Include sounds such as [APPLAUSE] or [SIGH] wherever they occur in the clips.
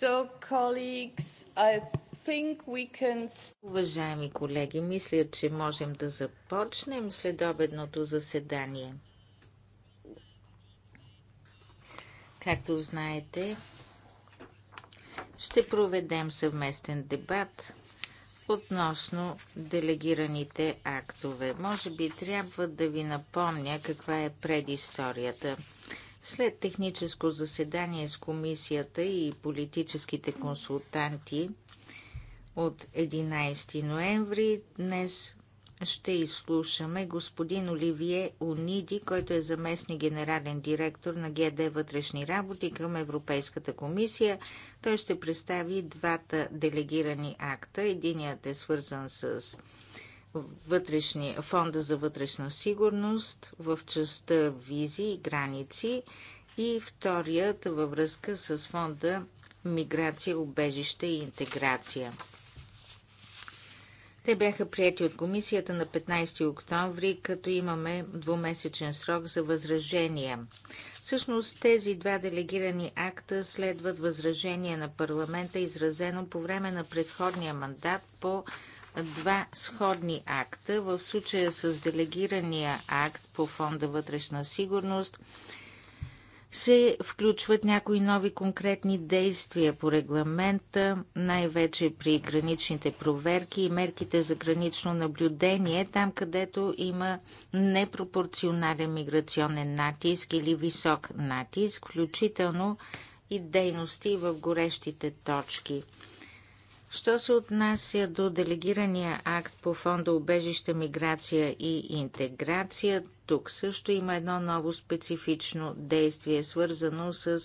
So, colleagues, I think we can... Уважаеми колеги, мисля, че можем да започнем след обедното заседание. Както знаете, ще проведем съвместен дебат относно делегираните актове. Може би трябва да ви напомня каква е предисторията – след техническо заседание с комисията и политическите консултанти от 11 ноември, днес ще изслушаме господин Оливие Униди, който е заместник генерален директор на ГД Вътрешни работи към Европейската комисия. Той ще представи двата делегирани акта. Единият е свързан с вътрешни, фонда за вътрешна сигурност в частта визи и граници и вторият във връзка с фонда миграция, убежище и интеграция. Те бяха прияти от комисията на 15 октомври, като имаме двумесечен срок за възражения. Всъщност тези два делегирани акта следват възражение на парламента, изразено по време на предходния мандат по два сходни акта. В случая с делегирания акт по Фонда вътрешна сигурност се включват някои нови конкретни действия по регламента, най-вече при граничните проверки и мерките за гранично наблюдение, там където има непропорционален миграционен натиск или висок натиск, включително и дейности в горещите точки. Що се отнася до делегирания акт по фонда Обежища, миграция и интеграция, тук също има едно ново специфично действие, свързано с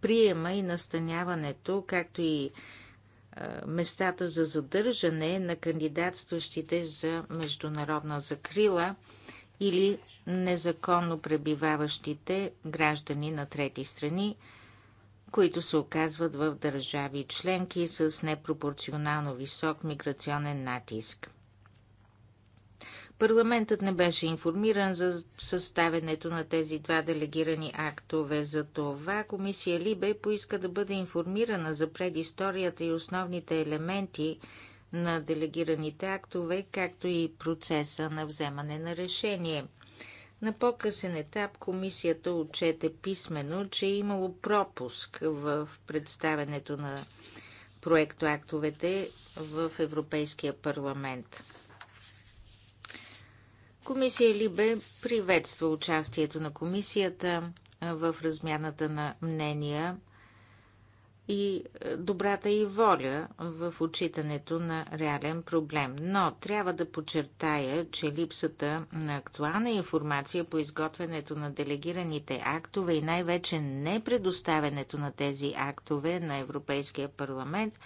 приема и настаняването, както и е, местата за задържане на кандидатстващите за международна закрила или незаконно пребиваващите граждани на трети страни – които се оказват в държави членки с непропорционално висок миграционен натиск. Парламентът не беше информиран за съставянето на тези два делегирани актове. За това комисия Либе поиска да бъде информирана за предисторията и основните елементи на делегираните актове, както и процеса на вземане на решение – на по-късен етап комисията отчете писменно, че е имало пропуск в представенето на проектоактовете в Европейския парламент. Комисия Либе приветства участието на комисията в размяната на мнения и е, добрата и воля в отчитането на реален проблем. Но трябва да подчертая, че липсата на актуална информация по изготвянето на делегираните актове и най-вече не предоставянето на тези актове на Европейския парламент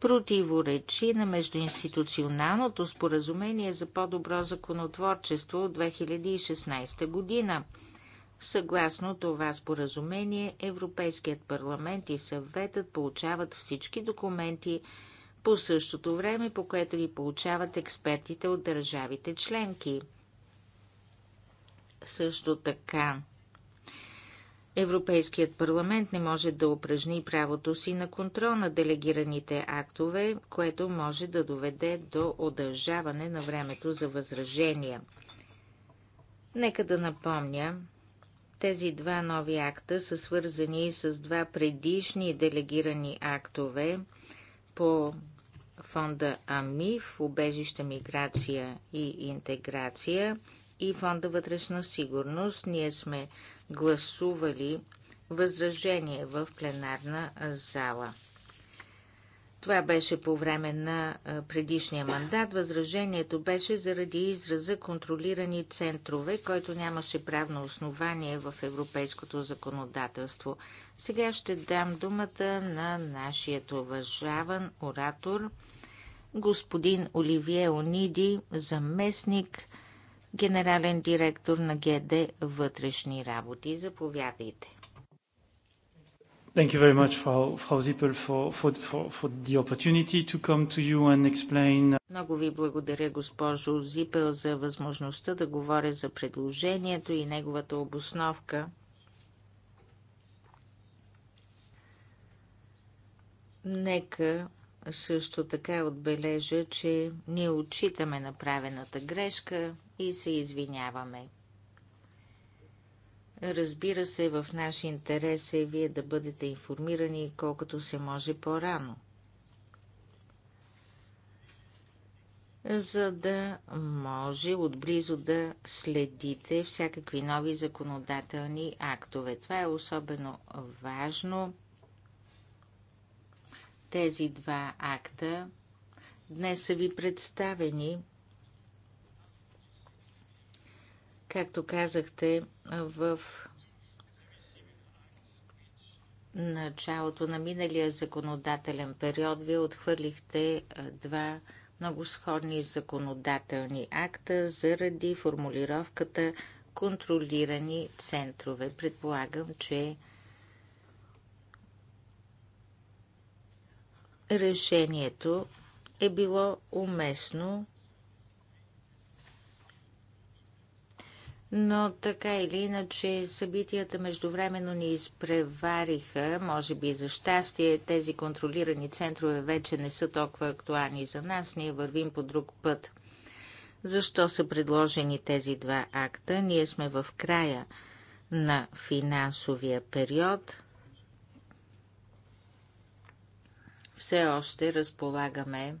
противоречи на междуинституционалното споразумение за по-добро законотворчество от 2016 година – Съгласно това споразумение, Европейският парламент и съветът получават всички документи по същото време, по което ги получават експертите от държавите членки. Също така, Европейският парламент не може да упражни правото си на контрол на делегираните актове, което може да доведе до удължаване на времето за възражения. Нека да напомня, тези два нови акта са свързани с два предишни делегирани актове по фонда АМИФ, убежища, миграция и интеграция и фонда вътрешна сигурност. Ние сме гласували възражение в пленарна зала. Това беше по време на предишния мандат. Възражението беше заради израза контролирани центрове, който нямаше правно основание в европейското законодателство. Сега ще дам думата на нашия уважаван оратор, господин Оливие Ониди, заместник генерален директор на ГД Вътрешни работи. Заповядайте. Thank you very much, Frau, Frau Zippel, for, for, for, for the opportunity to come to you and explain. Uh, Много ви благодаря, госпожо Зипел, за възможността да говоря за предложението и неговата обосновка. Нека също така отбележа, че ние отчитаме направената грешка и се извиняваме. Разбира се, в наш интерес е вие да бъдете информирани колкото се може по-рано. за да може отблизо да следите всякакви нови законодателни актове. Това е особено важно. Тези два акта днес са ви представени Както казахте, в началото на миналия законодателен период вие отхвърлихте два много сходни законодателни акта заради формулировката контролирани центрове. Предполагам, че решението е било уместно но така или иначе събитията междувременно ни изпревариха. Може би за щастие тези контролирани центрове вече не са толкова актуални за нас. Ние вървим по друг път. Защо са предложени тези два акта? Ние сме в края на финансовия период. Все още разполагаме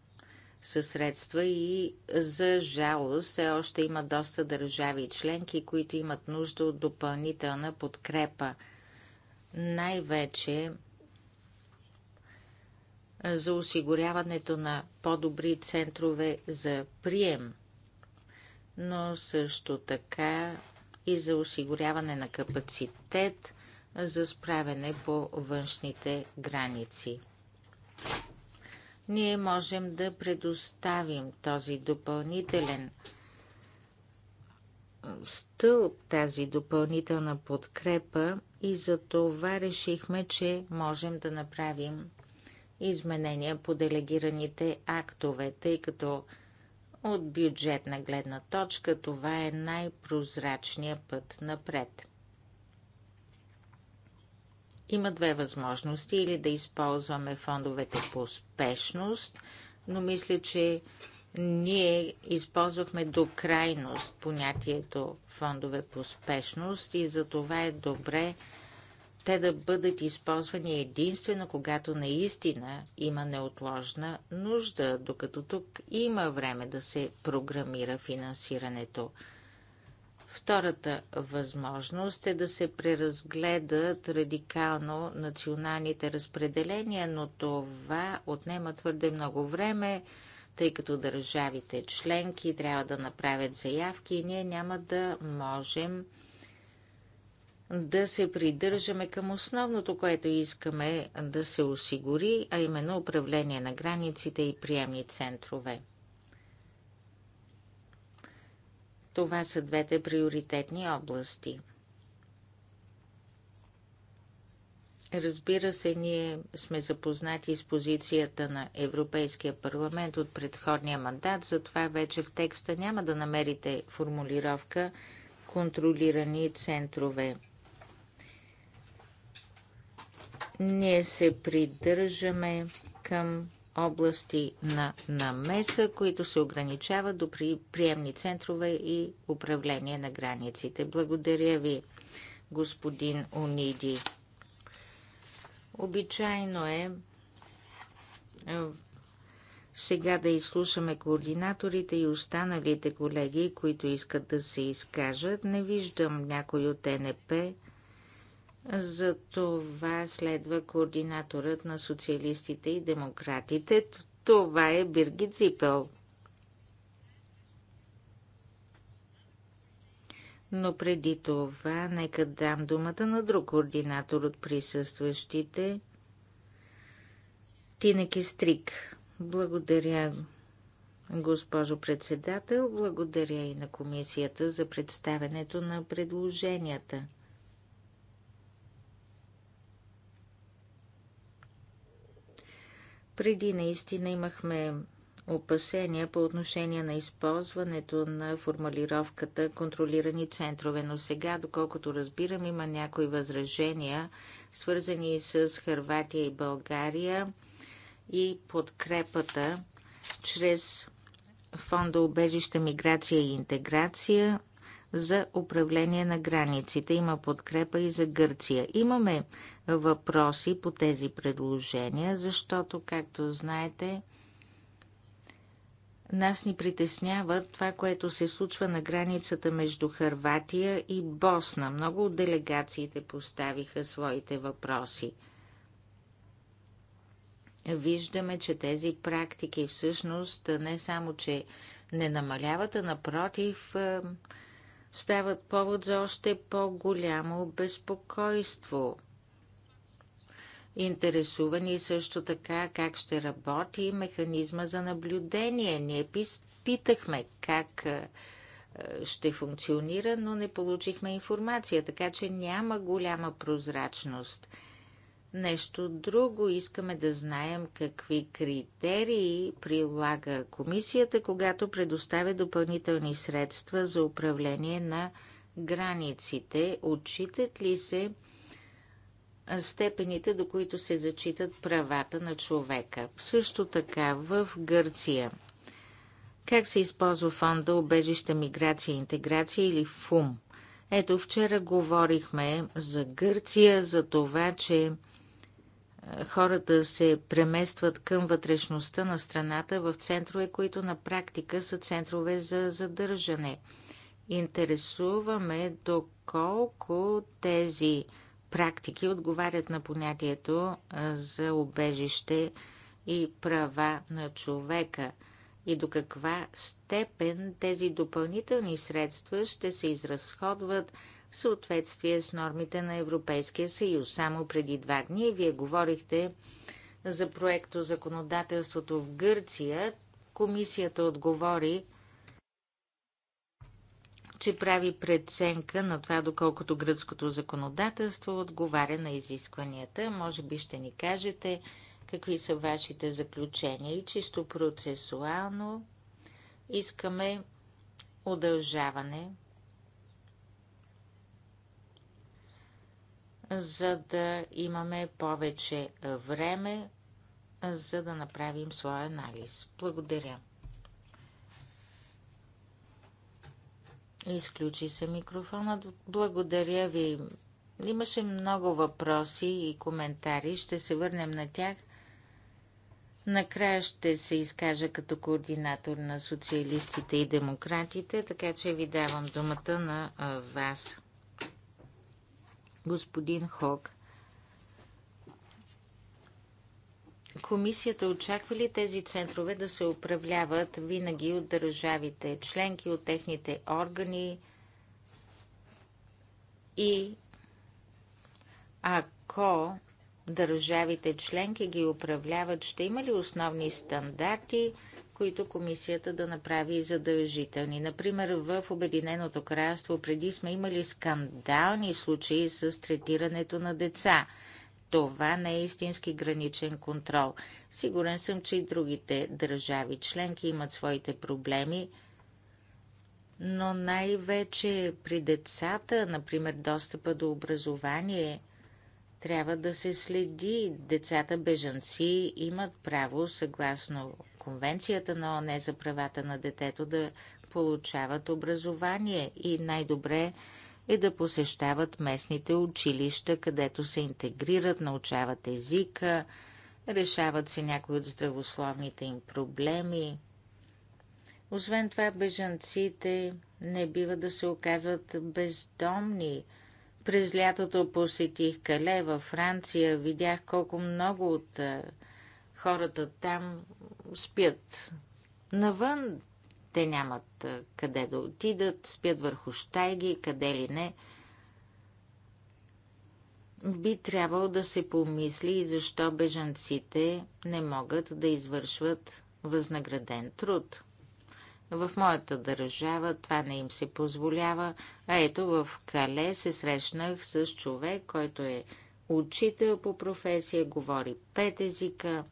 със средства и за жалост все още има доста държави и членки, които имат нужда от допълнителна подкрепа. Най-вече за осигуряването на по-добри центрове за прием, но също така и за осигуряване на капацитет за справяне по външните граници ние можем да предоставим този допълнителен стълб, тази допълнителна подкрепа и за това решихме, че можем да направим изменения по делегираните актове, тъй като от бюджетна гледна точка това е най-прозрачният път напред. Има две възможности. Или да използваме фондовете по спешност, но мисля, че ние използвахме до крайност понятието фондове по спешност и за това е добре те да бъдат използвани единствено, когато наистина има неотложна нужда, докато тук има време да се програмира финансирането. Втората възможност е да се преразгледат радикално националните разпределения, но това отнема твърде много време, тъй като държавите членки трябва да направят заявки и ние няма да можем да се придържаме към основното, което искаме да се осигури, а именно управление на границите и приемни центрове. Това са двете приоритетни области. Разбира се, ние сме запознати с позицията на Европейския парламент от предходния мандат, затова вече в текста няма да намерите формулировка контролирани центрове. Ние се придържаме към области на намеса, които се ограничават до при приемни центрове и управление на границите. Благодаря ви, господин Униди. Обичайно е, е сега да изслушаме координаторите и останалите колеги, които искат да се изкажат. Не виждам някой от НП. За това следва координаторът на социалистите и демократите. Това е Бирги Ципел. Но преди това, нека дам думата на друг координатор от присъстващите. Тинеки Стрик. Благодаря, госпожо председател. Благодаря и на комисията за представенето на предложенията. Преди наистина имахме опасения по отношение на използването на формулировката контролирани центрове, но сега, доколкото разбирам, има някои възражения, свързани с Хърватия и България и подкрепата чрез фонда Обежища, миграция и интеграция за управление на границите. Има подкрепа и за Гърция. Имаме въпроси по тези предложения, защото, както знаете, нас ни притеснява това, което се случва на границата между Харватия и Босна. Много от делегациите поставиха своите въпроси. Виждаме, че тези практики всъщност не само, че не намаляват, а напротив е, стават повод за още по-голямо безпокойство. Интересувани също така как ще работи механизма за наблюдение. Ние питахме как ще функционира, но не получихме информация, така че няма голяма прозрачност. Нещо друго искаме да знаем какви критерии прилага комисията, когато предоставя допълнителни средства за управление на границите. Отчитат ли се степените, до които се зачитат правата на човека. Също така в Гърция. Как се използва фонда Обежища, миграция и интеграция или ФУМ? Ето, вчера говорихме за Гърция, за това, че е, хората се преместват към вътрешността на страната в центрове, които на практика са центрове за задържане. Интересуваме доколко тези практики отговарят на понятието за убежище и права на човека и до каква степен тези допълнителни средства ще се изразходват в съответствие с нормите на Европейския съюз. Само преди два дни вие говорихте за проекто законодателството в Гърция. Комисията отговори, че прави преценка на това, доколкото гръцкото законодателство отговаря на изискванията. Може би ще ни кажете какви са вашите заключения и чисто процесуално искаме удължаване, за да имаме повече време, за да направим своя анализ. Благодаря. Изключи се микрофона. Благодаря ви. Имаше много въпроси и коментари. Ще се върнем на тях. Накрая ще се изкажа като координатор на социалистите и демократите, така че ви давам думата на вас. Господин Хок, Комисията очаква ли тези центрове да се управляват винаги от държавите, членки от техните органи и ако държавите членки ги управляват, ще има ли основни стандарти, които комисията да направи задължителни? Например, в Обединеното кралство преди сме имали скандални случаи с третирането на деца – това не е истински граничен контрол. Сигурен съм, че и другите държави членки имат своите проблеми, но най-вече при децата, например, достъпа до образование, трябва да се следи. Децата бежанци имат право, съгласно Конвенцията на ОНЕ за правата на детето, да получават образование и най-добре е да посещават местните училища, където се интегрират, научават езика, решават се някои от здравословните им проблеми. Освен това, бежанците не бива да се оказват бездомни. През лятото посетих Кале във Франция, видях колко много от хората там спят. Навън те нямат къде да отидат, спят върху щайги, къде ли не. Би трябвало да се помисли и защо бежанците не могат да извършват възнаграден труд. В моята държава това не им се позволява, а ето в Кале се срещнах с човек, който е учител по професия, говори пет езика.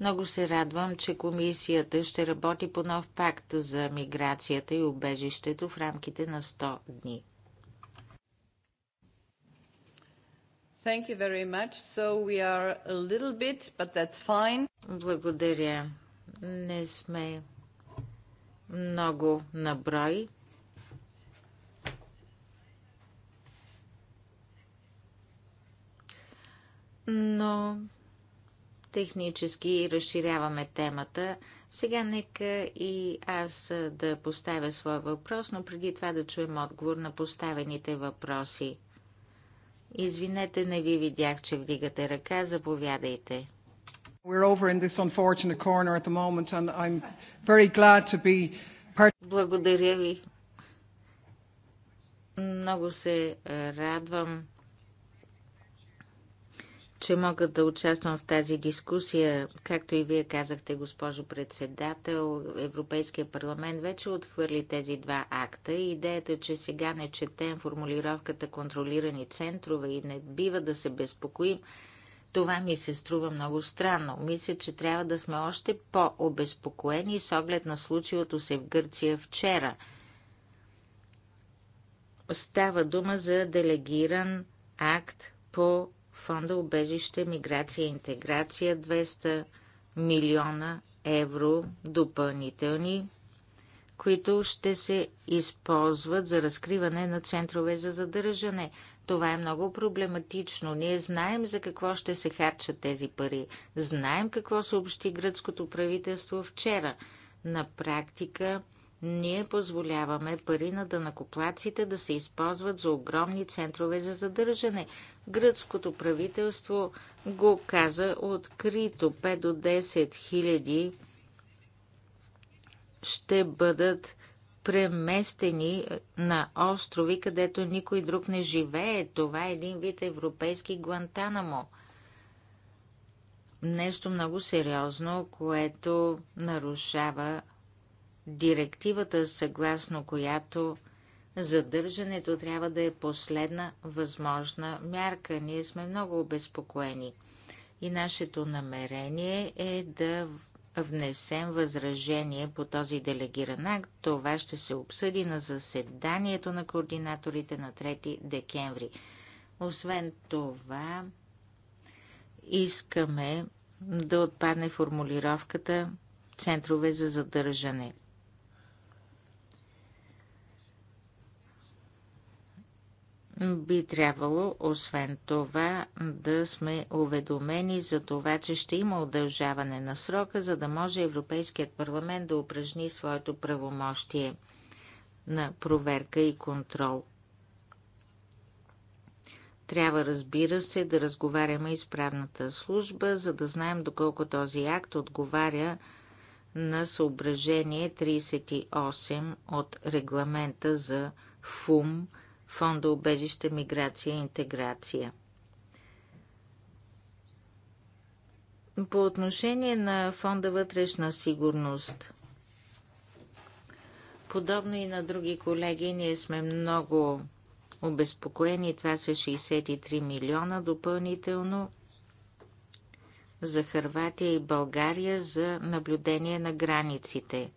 Много се радвам, че комисията ще работи по нов пакт за миграцията и убежището в рамките на 100 дни. Thank you very much. So we are a little bit, but that's fine. Благодаря. Не сме много брой. Но технически разширяваме темата. Сега нека и аз да поставя своя въпрос, но преди това да чуем отговор на поставените въпроси. Извинете, не ви видях, че вдигате ръка. Заповядайте. Благодаря ви. Много се радвам, че мога да участвам в тази дискусия. Както и вие казахте, госпожо председател, Европейския парламент вече отхвърли тези два акта и идеята, че сега не четем формулировката контролирани центрове и не бива да се безпокоим, това ми се струва много странно. Мисля, че трябва да сме още по-обезпокоени с оглед на случилото се в Гърция вчера. Става дума за делегиран акт по фонда Обежище, миграция и интеграция 200 милиона евро допълнителни, които ще се използват за разкриване на центрове за задържане. Това е много проблематично. Ние знаем за какво ще се харчат тези пари. Знаем какво съобщи гръцкото правителство вчера. На практика ние позволяваме пари на дънакоплаците да се използват за огромни центрове за задържане. Гръцкото правителство го каза открито. 5 до 10 хиляди ще бъдат преместени на острови, където никой друг не живее. Това е един вид европейски Гуантанамо. Нещо много сериозно, което нарушава директивата, съгласно която задържането трябва да е последна възможна мярка. Ние сме много обезпокоени и нашето намерение е да внесем възражение по този делегиран акт. Това ще се обсъди на заседанието на координаторите на 3 декември. Освен това, искаме да отпадне формулировката центрове за задържане. би трябвало, освен това, да сме уведомени за това, че ще има удължаване на срока, за да може Европейският парламент да упражни своето правомощие на проверка и контрол. Трябва, разбира се, да разговаряме и с правната служба, за да знаем доколко този акт отговаря на съображение 38 от регламента за ФУМ – фонда Обежище, миграция и интеграция. По отношение на фонда вътрешна сигурност, подобно и на други колеги, ние сме много обезпокоени. Това са 63 милиона допълнително за Харватия и България за наблюдение на границите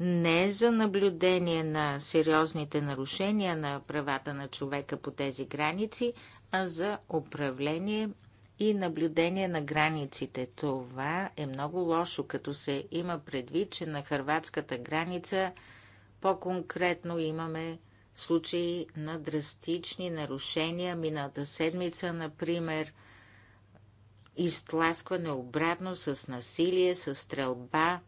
не за наблюдение на сериозните нарушения на правата на човека по тези граници, а за управление и наблюдение на границите. Това е много лошо, като се има предвид, че на хърватската граница по-конкретно имаме случаи на драстични нарушения. Миналата седмица, например, изтласкване обратно с насилие, с стрелба.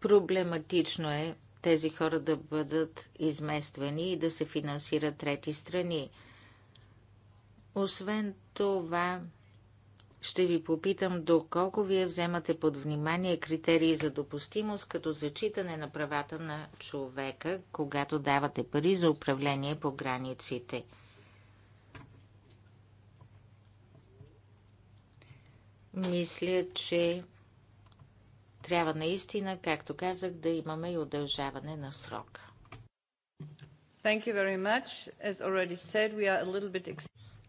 Проблематично е тези хора да бъдат измествани и да се финансират трети страни. Освен това, ще ви попитам доколко вие вземате под внимание критерии за допустимост като зачитане на правата на човека, когато давате пари за управление по границите. Мисля, че трябва наистина, както казах, да имаме и удължаване на срок. Bit...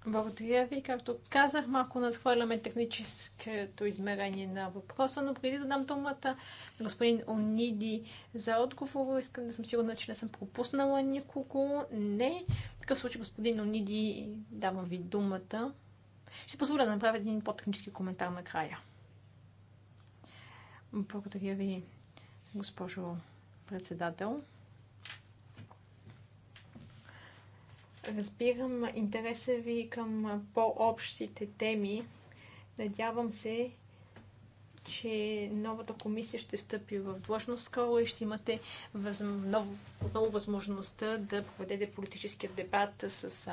Благодаря ви. Както казах, малко надхвърляме техническото измерение на въпроса, но преди да дам думата на господин Ониди за отговор, искам да съм сигурна, че не съм пропуснала никого. Не. В такъв случай, господин Ониди, давам ви думата. Ще позволя да направя един по-технически коментар накрая. Благодаря ви, госпожо председател. Разбирам интереса ви към по-общите теми. Надявам се, че новата комисия ще стъпи в длъжност скоро и ще имате въз... нов... отново възможността да проведете политическия дебат с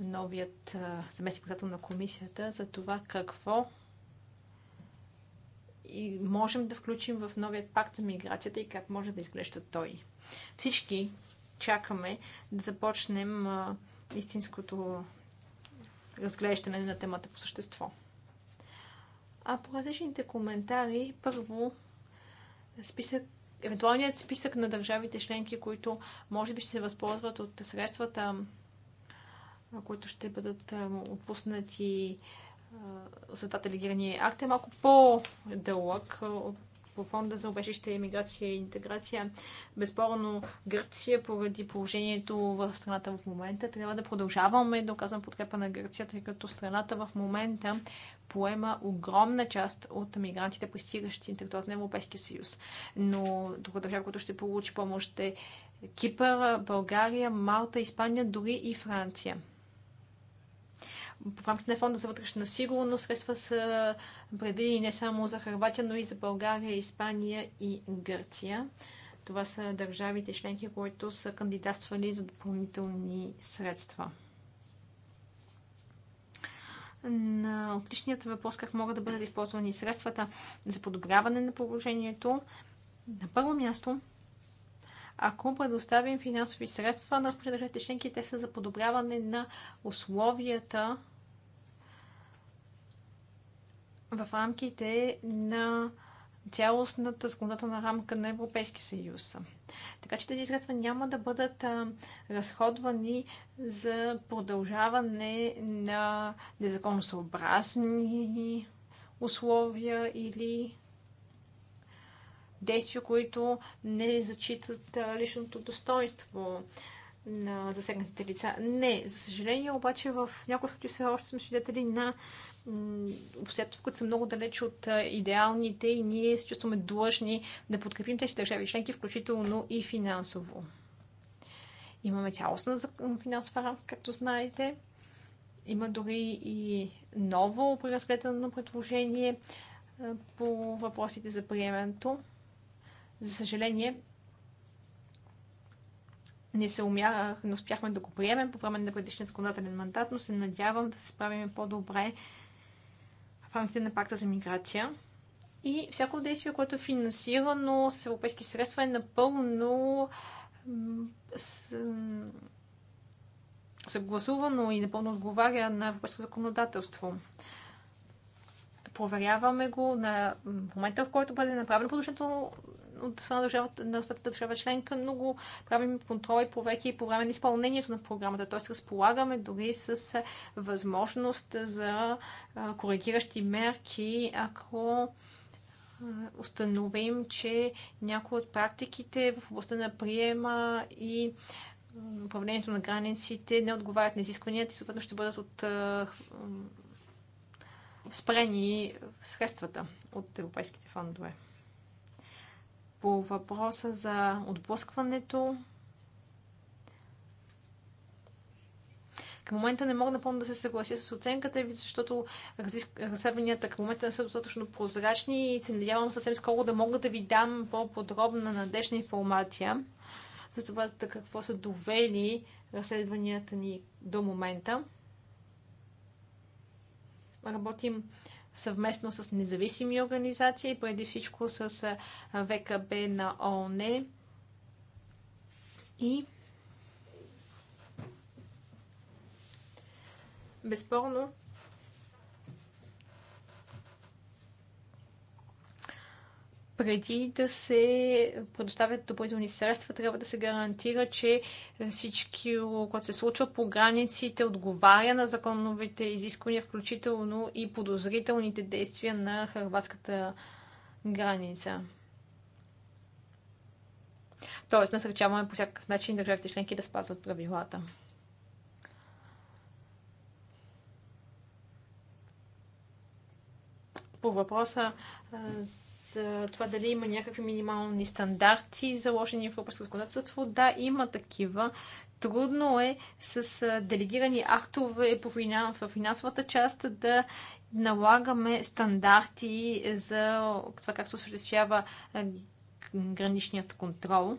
новият заместник председател на комисията за това какво и можем да включим в новият пакт за миграцията и как може да изглежда той. Всички чакаме да започнем а, истинското разглеждане на темата по същество. А по различните коментари, първо, списък, евентуалният списък на държавите членки, които може би ще се възползват от средствата, които ще бъдат отпуснати за това делегирания акт е малко по-дълъг по фонда за обещаща емиграция и интеграция. Безспорно Гърция, поради положението в страната в момента, трябва да продължаваме да оказваме подкрепа на Гърция, тъй като страната в момента поема огромна част от мигрантите, пристигащи на територията на Европейския съюз. Но друга държава, която ще получи помощ е Кипър, България, Малта, Испания, дори и Франция. В рамките на фонда за вътрешна сигурност средства са предвидени не само за Харватия, но и за България, Испания и Гърция. Това са държавите членки, които са кандидатствали за допълнителни средства. На отличният въпрос как могат да бъдат използвани средствата за подобряване на положението. На първо място ако предоставим финансови средства на държавите членки, те са за подобряване на условията в рамките на цялостната законодателна рамка на Европейския съюз. Така че тези средства няма да бъдат а, разходвани за продължаване на незаконосъобразни условия или действия, които не зачитат личното достоинство на засегнатите лица. Не, за съжаление обаче в някои случаи все още сме свидетели на обстоятелства, които са много далеч от идеалните и ние се чувстваме длъжни да подкрепим тези държави членки, включително и финансово. Имаме цялостна финансова рамка, както знаете. Има дори и ново преразгледано предложение по въпросите за приемането. За съжаление, не се умях, не успяхме да го приемем по време на предишния законодателен мандат, но се надявам да се справим по-добре в рамките на пакта за миграция. И всяко действие, което е финансирано с европейски средства, е напълно съгласувано и напълно отговаря на европейското законодателство. Проверяваме го на момента, в който бъде направено подушното от страна на съответната държава членка, но го правим контрол и проверки по време на изпълнението на програмата. Т.е. разполагаме дори с възможност за коригиращи мерки, ако установим, че някои от практиките в областта на приема и управлението на границите не отговарят на изискванията и съответно ще бъдат от спрени средствата от европейските фондове по въпроса за отблъскването. Към момента не мога напълно да се съглася с оценката ви, защото разследванията към момента не са достатъчно прозрачни и се надявам съвсем скоро да мога да ви дам по-подробна, надежна информация за това, за какво са довели разследванията ни до момента. Работим съвместно с независими организации, преди всичко с ВКБ на ООН и безспорно преди да се предоставят допълнителни средства, трябва да се гарантира, че всички, което се случва по границите, отговаря на законовите изисквания, включително и подозрителните действия на хрватската граница. Тоест, насърчаваме по всякакъв начин държавите членки да спазват правилата. По въпроса за това дали има някакви минимални стандарти, заложени в европейско законодателство. Да, има такива. Трудно е с делегирани актове по финансовата част да налагаме стандарти за това как се осъществява граничният контрол.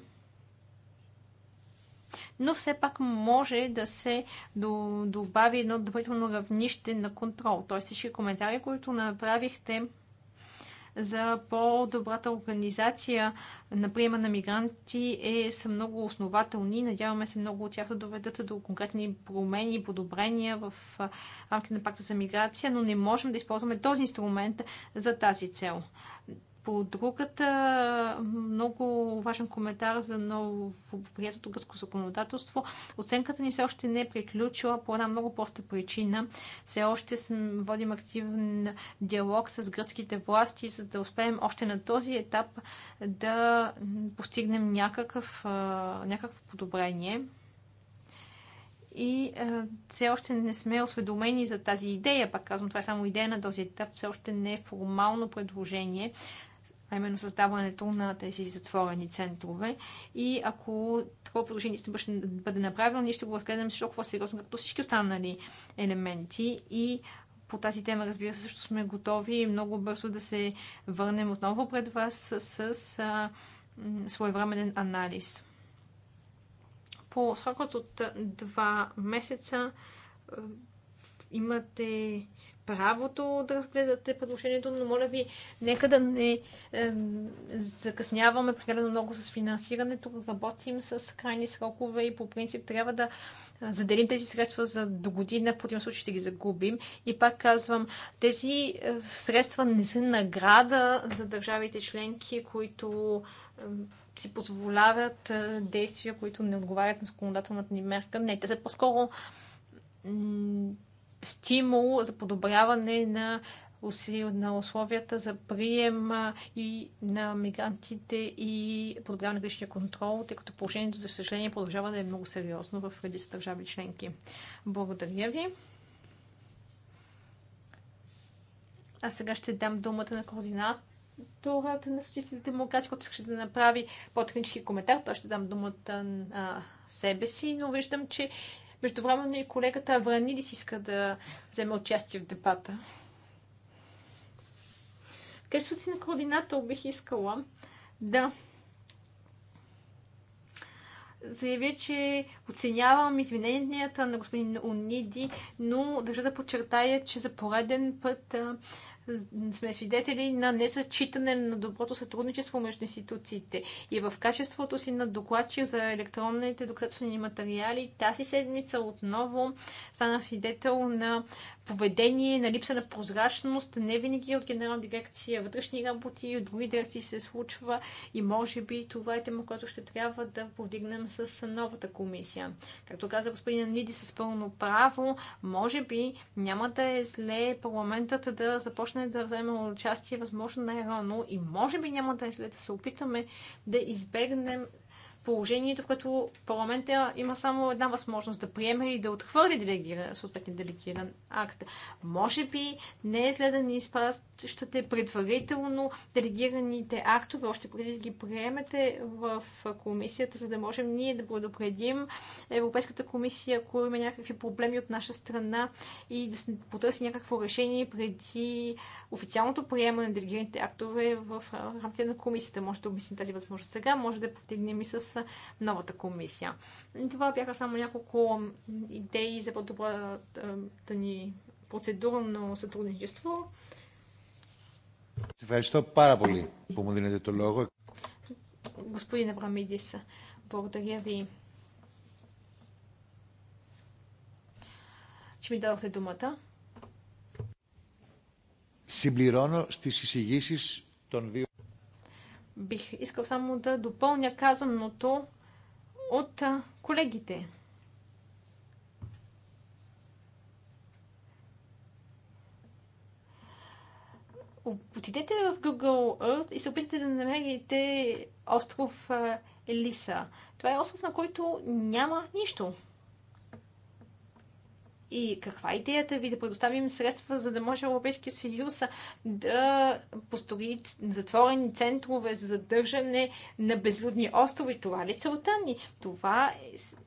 Но все пак може да се добави едно допълнително равнище на контрол. Тоест всички коментари, които направихте, за по-добрата организация на приема на мигранти е, са много основателни. Надяваме се много от тях да доведат до конкретни промени и подобрения в рамките на пакта за миграция, но не можем да използваме този инструмент за тази цел. По другата много важен коментар за ново приятелство гръцко законодателство, оценката ни все още не е приключила по една много проста причина. Все още водим активен диалог с гръцките власти, за да успеем още на този етап да постигнем някакъв, някакво подобрение и все още не сме осведомени за тази идея. Пак казвам, това е само идея на този етап, все още не е формално предложение а именно създаването на тези затворени центрове. И ако такова предложение ще бъде направено, ние ще го разгледаме толкова сериозно, както всички останали елементи и по тази тема, разбира се, също сме готови много бързо да се върнем отново пред вас с, с своевременен анализ. По срокът от два месеца имате правото да разгледате предложението, но моля ви, нека да не е, закъсняваме прекалено много с финансирането. Работим с крайни срокове и по принцип трябва да заделим тези средства за до година, в противен случай ще ги загубим. И пак казвам, тези е, средства не са награда за държавите членки, които е, си позволяват е, действия, които не отговарят на законодателната ни мерка. Не, те са по-скоро стимул за подобряване на на условията за прием и на мигрантите и подобряване на грешния контрол, тъй като положението, за съжаление, продължава да е много сериозно в редица държави членки. Благодаря ви. А сега ще дам думата на координатората на социалистите демократи, който ще да направи по-технически коментар. Той ще дам думата на себе си, но виждам, че време, и колегата Авранидис иска да вземе участие в дебата. Кресло си на координатор бих искала да Заявя, че оценявам извиненията на господин Ониди, но държа да подчертая, че за пореден път сме свидетели на несъчитане на доброто сътрудничество между институциите. И в качеството си на докладчик за електронните доказателствени материали тази седмица отново станах свидетел на поведение, на липса на прозрачност, не винаги от генерална дирекция вътрешни работи от други дирекции се случва и може би това е тема, която ще трябва да повдигнем с новата комисия. Както каза господин Ниди с пълно право, може би няма да е зле парламентът да започне да вземе участие възможно най-рано и може би няма да е зле да се опитаме да избегнем положението, в което парламента има само една възможност да приеме или да отхвърли делегиран, съответно делегиран акт. Може би не е след да ни изпращате предварително делегираните актове, още преди да ги приемете в комисията, за да можем ние да предупредим Европейската комисия, ако има някакви проблеми от наша страна и да се потърси някакво решение преди официалното приемане на делегираните актове в рамките на комисията. Може да обясним тази възможност сега, може да повдигнем и с с новата комисия. Това бяха само няколко идеи за по-добрата ни процедурно сътрудничество. Се ευχαριστώ πάρα πολύ που Господин Аврамидис, благодаря ви, че ми дадохте думата. Συμπληρώνω στις εισηγήσεις των δύο Бих искал само да допълня казаното от колегите. Отидете в Google Earth и се опитайте да намерите остров Елиса. Това е остров, на който няма нищо. И каква е идеята ви да предоставим средства, за да може Европейския съюз да построи затворени центрове за задържане на безлюдни острови? Това ли е целта ни? Това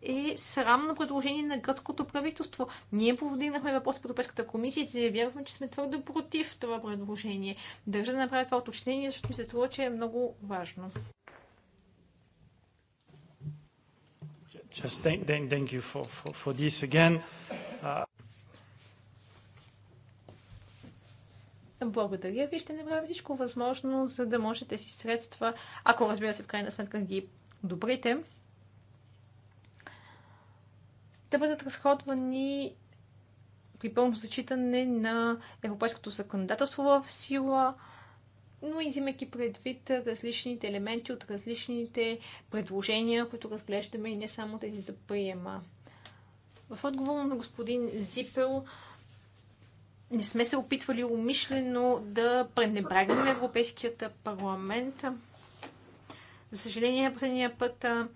е срамно предложение на гръцкото правителство. Ние повдигнахме въпрос по Европейската комисия и заявявахме, че сме твърдо против това предложение. Държа да направя това уточнение, защото ми се струва, че е много важно. Just thank, thank, thank you for, for, for this again. Благодаря ви. Ще направя всичко възможно, за да може тези средства, ако разбира се, в крайна сметка ги добрите, да бъдат разходвани при пълно зачитане на европейското законодателство в сила, но и взимайки предвид различните елементи от различните предложения, които разглеждаме и не само тези за приема. В отговор на господин Зипел, не сме се опитвали умишлено да пренебрегнем Европейският парламент. За съжаление, последния път а,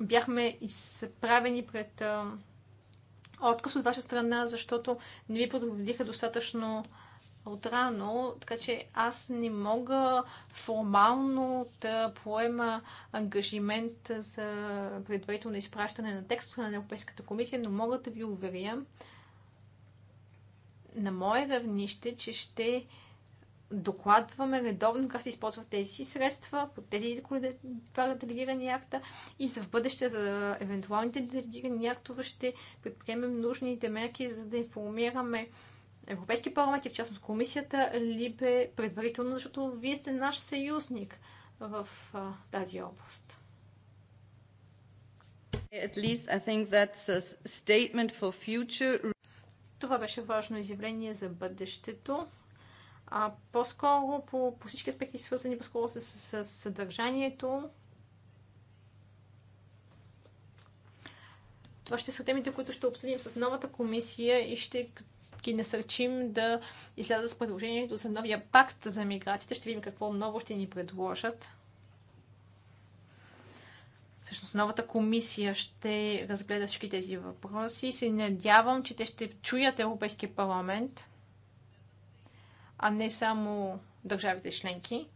бяхме изправени пред а, отказ от ваша страна, защото не ви подходиха достатъчно отрано, така че аз не мога формално да поема ангажимент за предварително изпращане на текста на Европейската комисия, но мога да ви уверя, на мое равнище, че ще докладваме редовно как се използват тези средства по тези делегирани акта и за в бъдеще за евентуалните делегирани актове ще предприемем нужните мерки, за да информираме Европейски парламент и в частност комисията Либе предварително, защото вие сте наш съюзник в а, тази област. At least I think that's a statement for future това беше важно изявление за бъдещето, а по-скоро по, по всички аспекти свързани по-скоро с, с, с съдържанието. Това ще са темите, които ще обсъдим с новата комисия и ще ги насърчим да излязат с предложението за новия пакт за миграцията. Ще видим какво ново ще ни предложат. Всъщност новата комисия ще разгледа всички тези въпроси. Се надявам, че те ще чуят Европейския парламент, а не само държавите членки.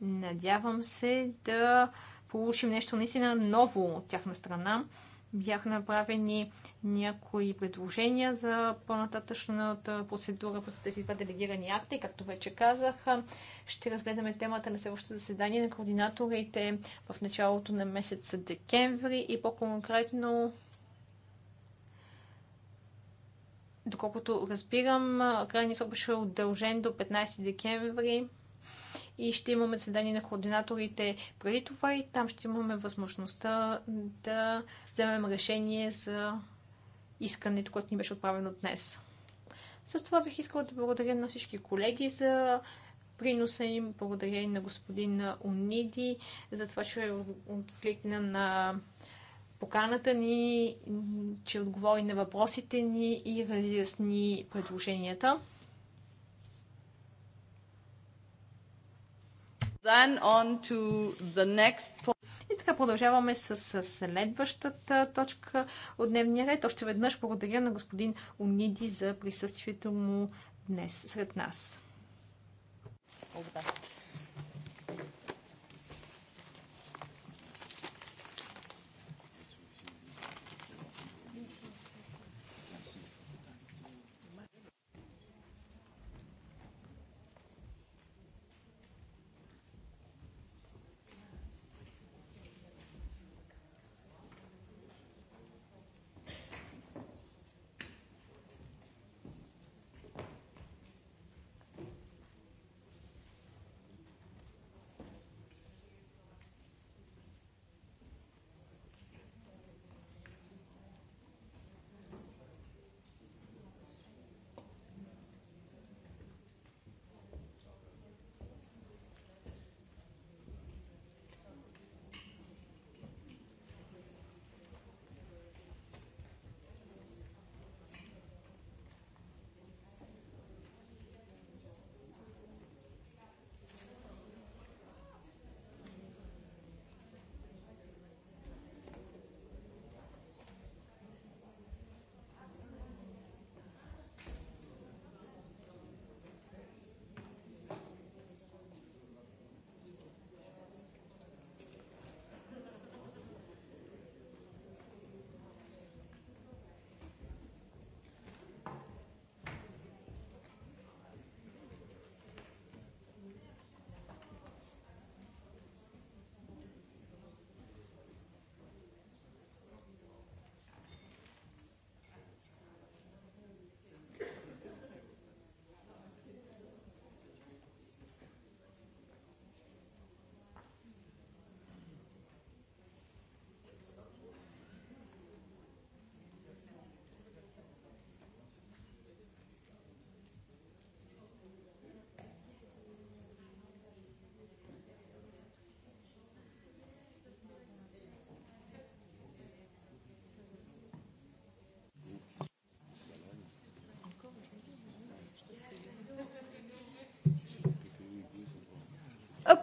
Надявам се да получим нещо наистина ново от тяхна страна бяха направени някои предложения за по-нататъчната процедура по тези два делегирани акта и както вече казах, ще разгледаме темата на следващото заседание на координаторите в началото на месеца декември и по-конкретно доколкото разбирам, крайният срок беше удължен до 15 декември и ще имаме заседание на координаторите преди това и там ще имаме възможността да вземем решение за искането, което ни беше отправено днес. С това бих искала да благодаря на всички колеги за приноса им. Благодаря и на господин Униди за това, че откликна на поканата ни, че отговори на въпросите ни и разясни предложенията. И така продължаваме с следващата точка от дневния ред. Още веднъж благодаря на господин Униди за присъствието му днес сред нас. Благодаря.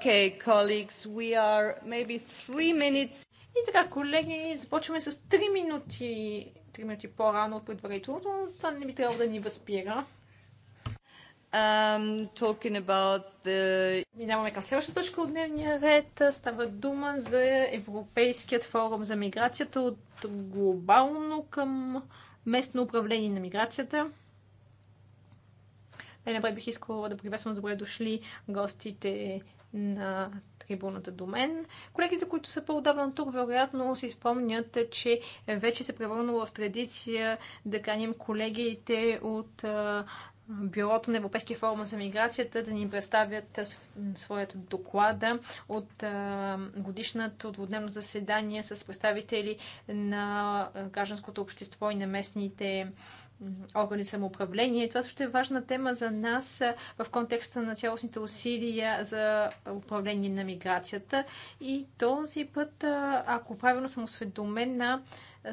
Okay, colleagues, we are maybe three minutes. И така, колеги, започваме с 3 минути, 3 минути по-рано от предварителното. Това не би трябвало да ни възпира. Um, talking about the... Минаваме към следващата точка от дневния ред. Става дума за Европейският форум за миграцията от глобално към местно управление на миграцията. Най-напред бих искала да приветствам добре дошли гостите на трибуната до мен. Колегите, които са по удавно тук, вероятно си спомнят, че вече се превърнало в традиция да каним колегите от Бюрото на Европейския форум за миграцията да ни представят своята доклада от годишната от заседание с представители на гражданското общество и на местните органи самоуправление. Това също е важна тема за нас в контекста на цялостните усилия за управление на миграцията. И този път, ако правилно съм осведомена,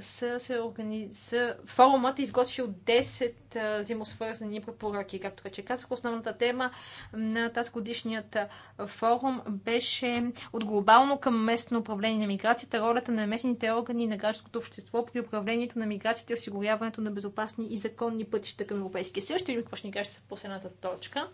са, се органи... са форумът е изготвил 10 взаимосвързани препоръки. Както вече казах, основната тема на тази годишният форум беше от глобално към местно управление на миграцията, ролята на местните органи на гражданското общество при управлението на миграцията и осигуряването на безопасни и законни пътища към Европейския съюз. Ще видим какво ще ни кажете по последната точка.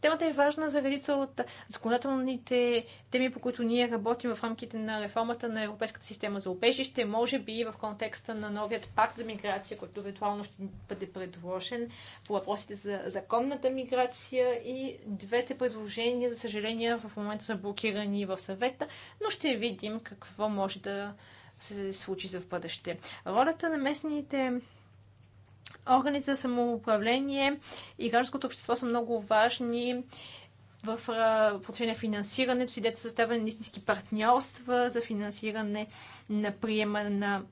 Темата е важна за редица от законодателните теми, по които ние работим в рамките на реформата на Европейската система за убежище, може би и в контекста на новият пакт за миграция, който евентуално ще бъде предложен по въпросите за законната миграция и двете предложения, за съжаление, в момента са блокирани в съвета, но ще видим какво може да се случи за в бъдеще. Ролята на местните органи за самоуправление и гражданското общество са много важни в отношение на финансирането. си, дете създаване на истински партньорства за финансиране на приема на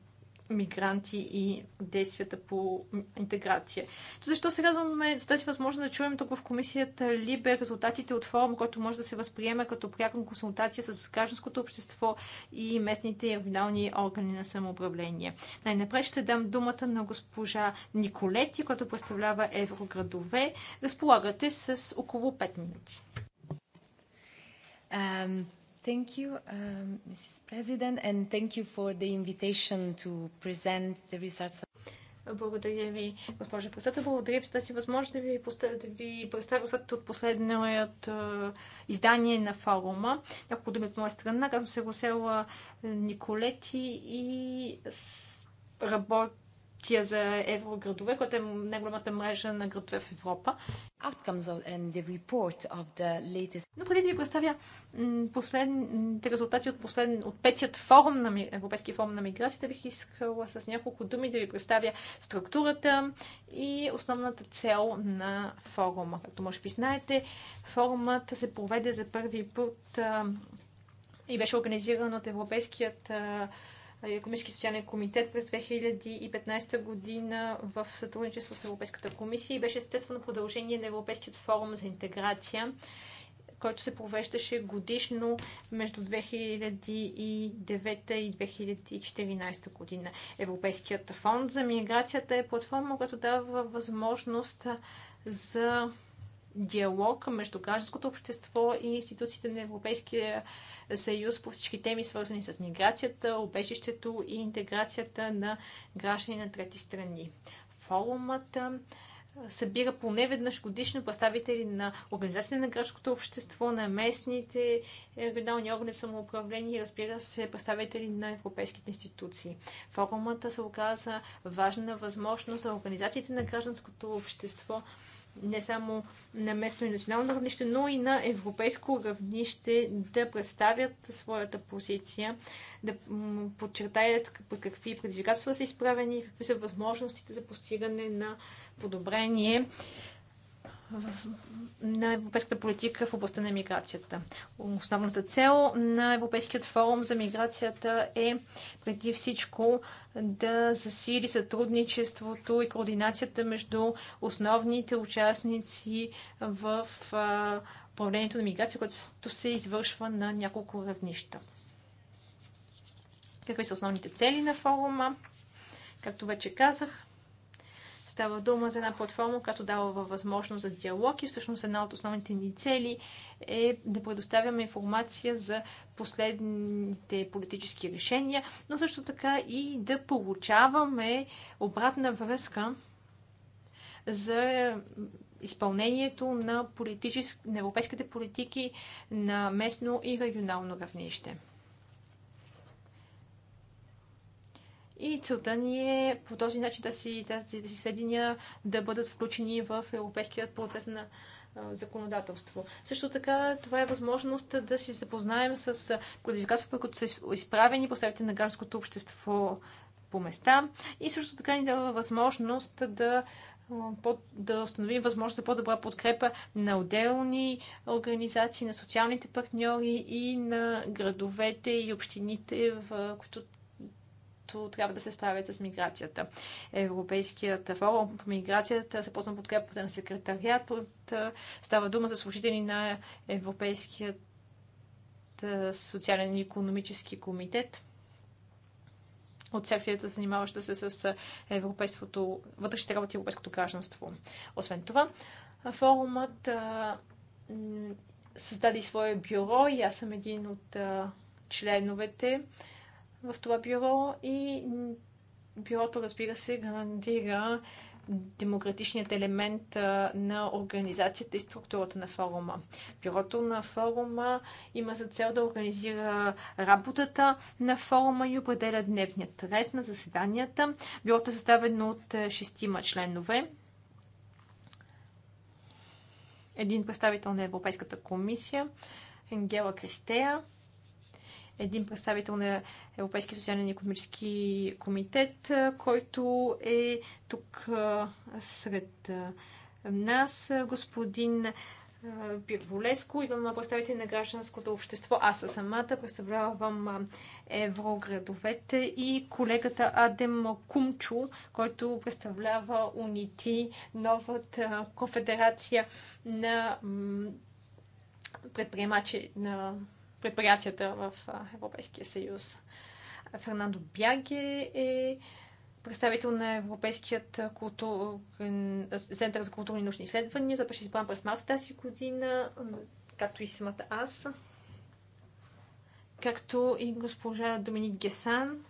мигранти и действията по интеграция. То защо се радваме за тази възможност да чуем тук в комисията Либе резултатите от форум, който може да се възприеме като пряка консултация с гражданското общество и местните и регионални органи на самоуправление. Най-напред ще дам думата на госпожа Николети, която представлява Евроградове. Разполагате с около 5 минути. Thank you, um, Mrs. President, and thank you for the invitation to present the results. Благодаря ви, госпожа председател. Благодаря ви за тази възможност да ви, да ви представя след от последният издание на форума. Няколко думи от моя страна, както се гласела Николети и работи тия за евроградове, което е най-голямата мрежа на градове в Европа. Но преди да ви представя последните резултати от, послед... от петият форум на Европейския форум на миграцията, бих искала с няколко думи да ви представя структурата и основната цел на форума. Както може би знаете, форумът се проведе за първи път и беше организиран от Европейският Економически социален комитет през 2015 година в сътрудничество с Европейската комисия и беше естествено продължение на Европейският форум за интеграция, който се провеждаше годишно между 2009 и 2014 година. Европейският фонд за миграцията е платформа, която дава възможност за диалог между гражданското общество и институциите на Европейския съюз по всички теми, свързани с миграцията, обежището и интеграцията на граждани на трети страни. Форумът събира поне веднъж годишно представители на Организацията на гражданското общество, на местните регионални органи самоуправление и разбира се представители на европейските институции. Форумата се оказа важна възможност за организациите на гражданското общество не само на местно и национално равнище, но и на европейско равнище да представят своята позиция, да подчертаят какви предизвикателства са изправени, какви са възможностите за постигане на подобрение на европейската политика в областта на миграцията. Основната цел на Европейският форум за миграцията е преди всичко да засили сътрудничеството и координацията между основните участници в управлението на миграция, което се извършва на няколко равнища. Какви са основните цели на форума? Както вече казах, Става дума за една платформа, която дава възможност за диалог и всъщност една от основните ни цели е да предоставяме информация за последните политически решения, но също така и да получаваме обратна връзка за изпълнението на, на европейските политики на местно и регионално равнище. И целта ни е по този начин да си, тези сведения да бъдат включени в европейският процес на законодателство. Също така, това е възможност да си запознаем с предизвикателства, които са изправени представите на гражданското общество по места. И също така ни дава възможност да да установим възможност за по-добра подкрепа на отделни организации, на социалните партньори и на градовете и общините, в които които трябва да се справят с миграцията. Европейският форум по миграцията се ползва подкрепата на секретариат. Става дума за служители на Европейският социален и економически комитет от секцията, занимаваща се с европейството, вътрешните работи и европейското гражданство. Освен това, форумът а, създаде и свое бюро и аз съм един от а, членовете в това бюро и бюрото, разбира се, гарантира демократичният елемент на организацията и структурата на форума. Бюрото на форума има за цел да организира работата на форума и определя дневният ред на заседанията. Бюрото е съставено от шестима членове. Един представител на Европейската комисия, Енгела Кристея, един представител на Европейски социален и економически комитет, който е тук сред нас, господин Пирволеско, на представители на гражданското общество. Аз самата представлявам евроградовете и колегата Адем Кумчо, който представлява Унити, новата конфедерация на предприемачи на предприятията в Европейския съюз. Фернандо Бяге е представител на Европейският култур... център за културни и научни изследвания. Той беше избран през марта тази година, както и самата аз. Както и госпожа Доминик Гесан,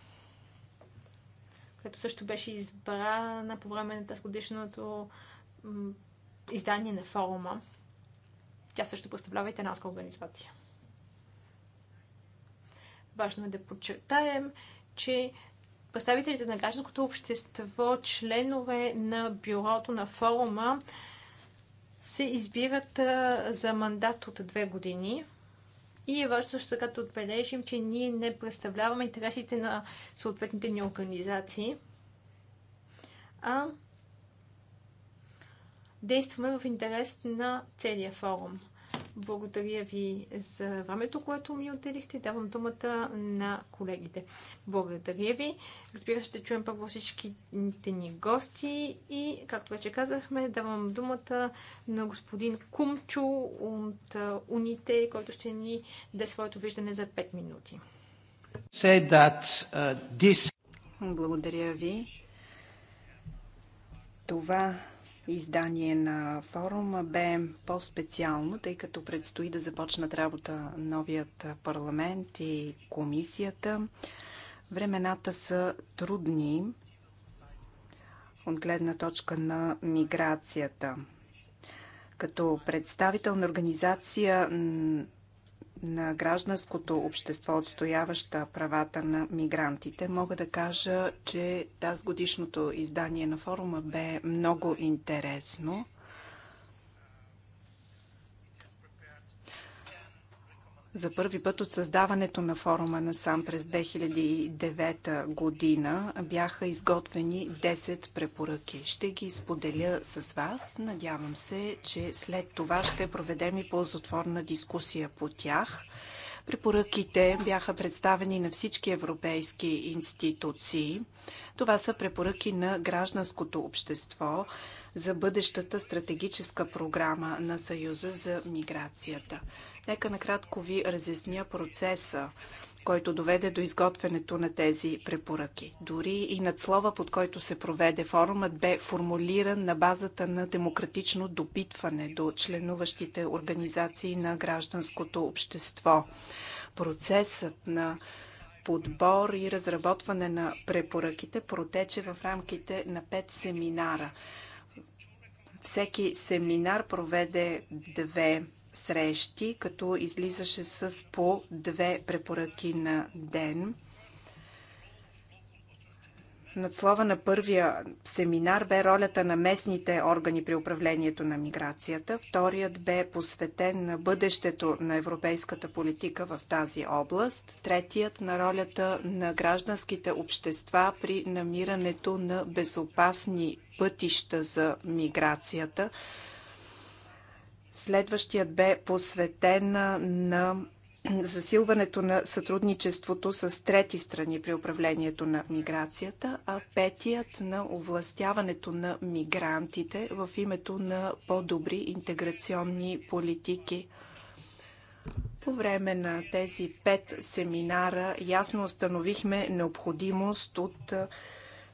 която също беше избрана по време на тази годишното издание на форума. Тя също представлява италянска организация. Важно е да подчертаем, че представителите на гражданското общество, членове на бюрото на форума, се избират за мандат от две години. И е важно също така да отбележим, че ние не представляваме интересите на съответните ни организации, а действаме в интерес на целия форум. Благодаря ви за времето, което ми отделихте. Давам думата на колегите. Благодаря ви. Разбира се, ще чуем първо всичките ни гости и, както вече казахме, давам думата на господин Кумчо от Уните, който ще ни даде своето виждане за 5 минути. That, uh, this... Благодаря ви. Това издание на форума бе по-специално, тъй като предстои да започнат работа новият парламент и комисията. Времената са трудни от гледна точка на миграцията. Като представител на организация на гражданското общество, отстояваща правата на мигрантите, мога да кажа, че тази годишното издание на форума бе много интересно. За първи път от създаването на форума на сам през 2009 година бяха изготвени 10 препоръки. Ще ги споделя с вас. Надявам се, че след това ще проведем и ползотворна дискусия по тях. Препоръките бяха представени на всички европейски институции. Това са препоръки на гражданското общество, за бъдещата стратегическа програма на Съюза за миграцията. Нека накратко ви разясня процеса, който доведе до изготвянето на тези препоръки. Дори и над слова, под който се проведе форумът, бе формулиран на базата на демократично допитване до членуващите организации на гражданското общество. Процесът на подбор и разработване на препоръките протече в рамките на пет семинара – всеки семинар проведе две срещи, като излизаше с по две препоръки на ден. Надслова на първия семинар бе ролята на местните органи при управлението на миграцията. Вторият бе посветен на бъдещето на европейската политика в тази област. Третият на ролята на гражданските общества при намирането на безопасни пътища за миграцията. Следващият бе посветен на засилването на сътрудничеството с трети страни при управлението на миграцията, а петият на овластяването на мигрантите в името на по-добри интеграционни политики. По време на тези пет семинара ясно установихме необходимост от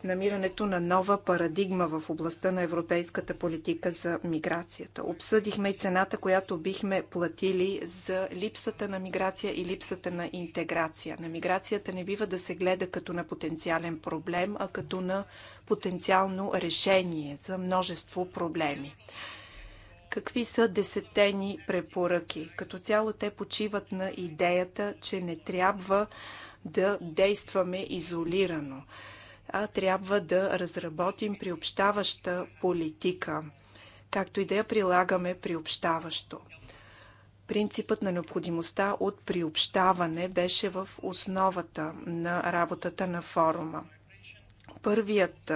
намирането на нова парадигма в областта на европейската политика за миграцията. Обсъдихме и цената, която бихме платили за липсата на миграция и липсата на интеграция. На миграцията не бива да се гледа като на потенциален проблем, а като на потенциално решение за множество проблеми. Какви са десетени препоръки? Като цяло те почиват на идеята, че не трябва да действаме изолирано а трябва да разработим приобщаваща политика, както и да я прилагаме приобщаващо. Принципът на необходимостта от приобщаване беше в основата на работата на форума. Първият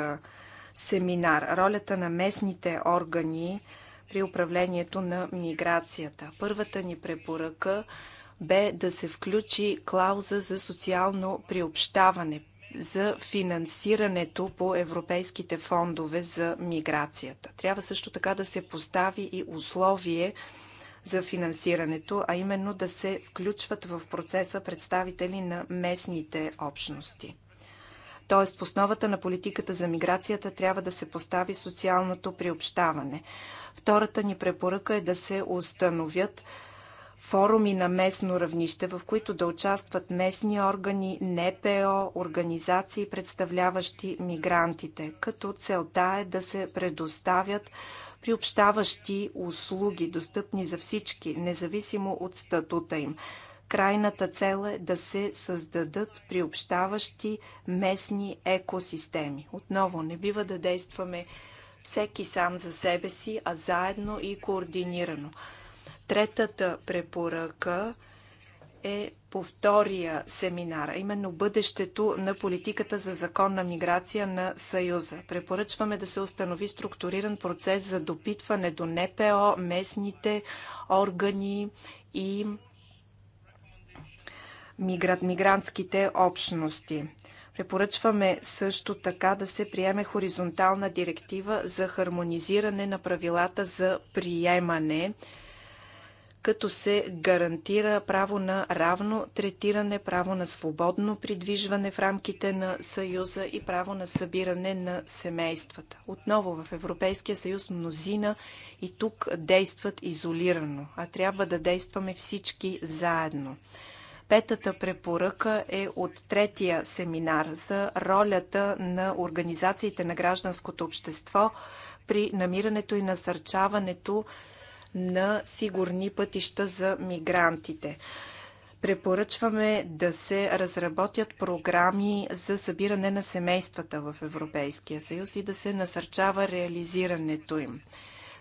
семинар ролята на местните органи при управлението на миграцията. Първата ни препоръка бе да се включи клауза за социално приобщаване, за финансирането по европейските фондове за миграцията. Трябва също така да се постави и условие за финансирането, а именно да се включват в процеса представители на местните общности. Тоест, в основата на политиката за миграцията трябва да се постави социалното приобщаване. Втората ни препоръка е да се установят форуми на местно равнище, в които да участват местни органи, НПО, организации, представляващи мигрантите, като целта е да се предоставят приобщаващи услуги, достъпни за всички, независимо от статута им. Крайната цел е да се създадат приобщаващи местни екосистеми. Отново, не бива да действаме всеки сам за себе си, а заедно и координирано. Третата препоръка е по втория семинар, именно бъдещето на политиката за законна миграция на Съюза. Препоръчваме да се установи структуриран процес за допитване до НПО, местните органи и мигрант, мигрантските общности. Препоръчваме също така да се приеме хоризонтална директива за хармонизиране на правилата за приемане като се гарантира право на равно третиране, право на свободно придвижване в рамките на Съюза и право на събиране на семействата. Отново в Европейския съюз мнозина и тук действат изолирано, а трябва да действаме всички заедно. Петата препоръка е от третия семинар за ролята на организациите на гражданското общество при намирането и насърчаването на сигурни пътища за мигрантите. Препоръчваме да се разработят програми за събиране на семействата в Европейския съюз и да се насърчава реализирането им.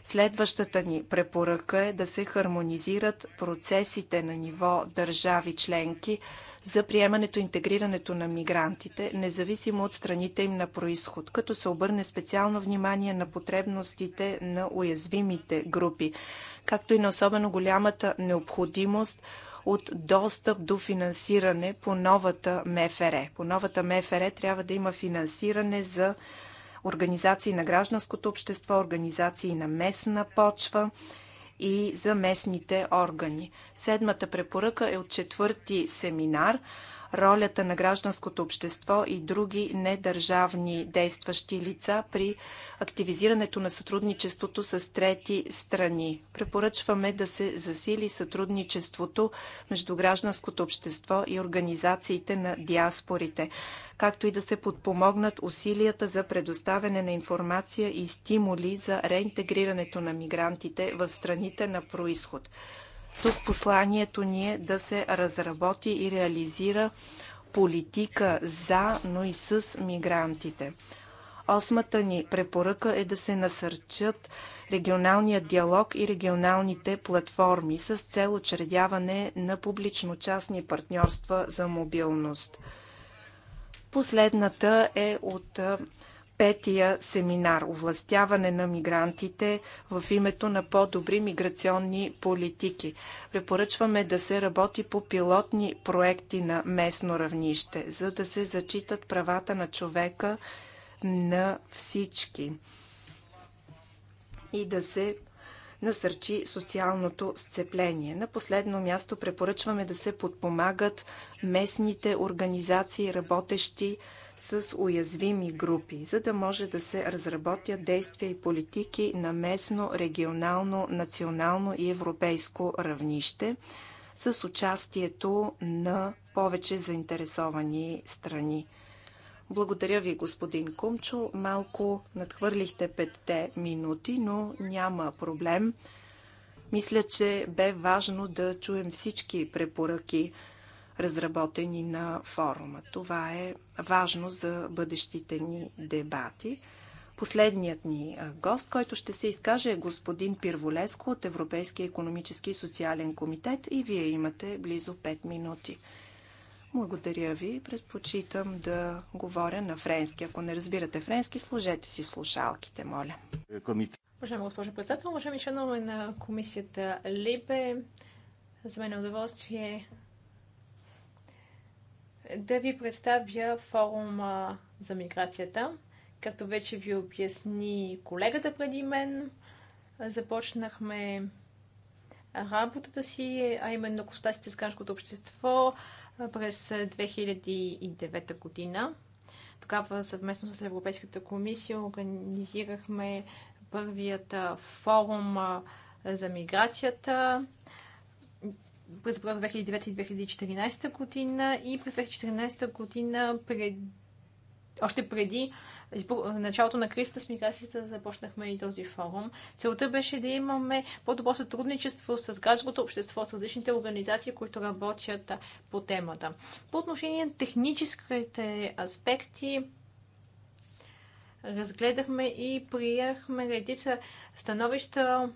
Следващата ни препоръка е да се хармонизират процесите на ниво държави членки за приемането и интегрирането на мигрантите, независимо от страните им на происход, като се обърне специално внимание на потребностите на уязвимите групи, както и на особено голямата необходимост от достъп до финансиране по новата МФР. По новата МФР трябва да има финансиране за организации на гражданското общество, организации на местна почва и за местните органи. Седмата препоръка е от четвърти семинар ролята на гражданското общество и други недържавни действащи лица при активизирането на сътрудничеството с трети страни. Препоръчваме да се засили сътрудничеството между гражданското общество и организациите на диаспорите, както и да се подпомогнат усилията за предоставяне на информация и стимули за реинтегрирането на мигрантите в страните на происход. Тук посланието ни е да се разработи и реализира политика за, но и с мигрантите. Осмата ни препоръка е да се насърчат регионалния диалог и регионалните платформи с цел очредяване на публично-частни партньорства за мобилност. Последната е от петия семинар Овластяване на мигрантите в името на по-добри миграционни политики. Препоръчваме да се работи по пилотни проекти на местно равнище, за да се зачитат правата на човека на всички и да се насърчи социалното сцепление. На последно място препоръчваме да се подпомагат местните организации, работещи с уязвими групи, за да може да се разработят действия и политики на местно, регионално, национално и европейско равнище с участието на повече заинтересовани страни. Благодаря ви, господин Кумчо. Малко надхвърлихте петте минути, но няма проблем. Мисля, че бе важно да чуем всички препоръки разработени на форума. Това е важно за бъдещите ни дебати. Последният ни гост, който ще се изкаже е господин Пирволеско от Европейския економически и социален комитет и вие имате близо 5 минути. Благодаря ви. Предпочитам да говоря на френски. Ако не разбирате френски, служете си слушалките, моля. Уважаема госпожо председател, уважаеми членове на комисията Либе, за мен е удоволствие да ви представя форума за миграцията. Както вече ви обясни колегата преди мен, започнахме работата си, а именно Костасите с гражданското общество през 2009 година. Тогава съвместно с Европейската комисия организирахме първият форум за миграцията през периода 2009 и 2014 година и през 2014 година пред... още преди началото на кризата с миграцията започнахме и този форум. Целта беше да имаме по-добро сътрудничество с гражданското общество, с различните организации, които работят по темата. По отношение на техническите аспекти, разгледахме и приехме редица становища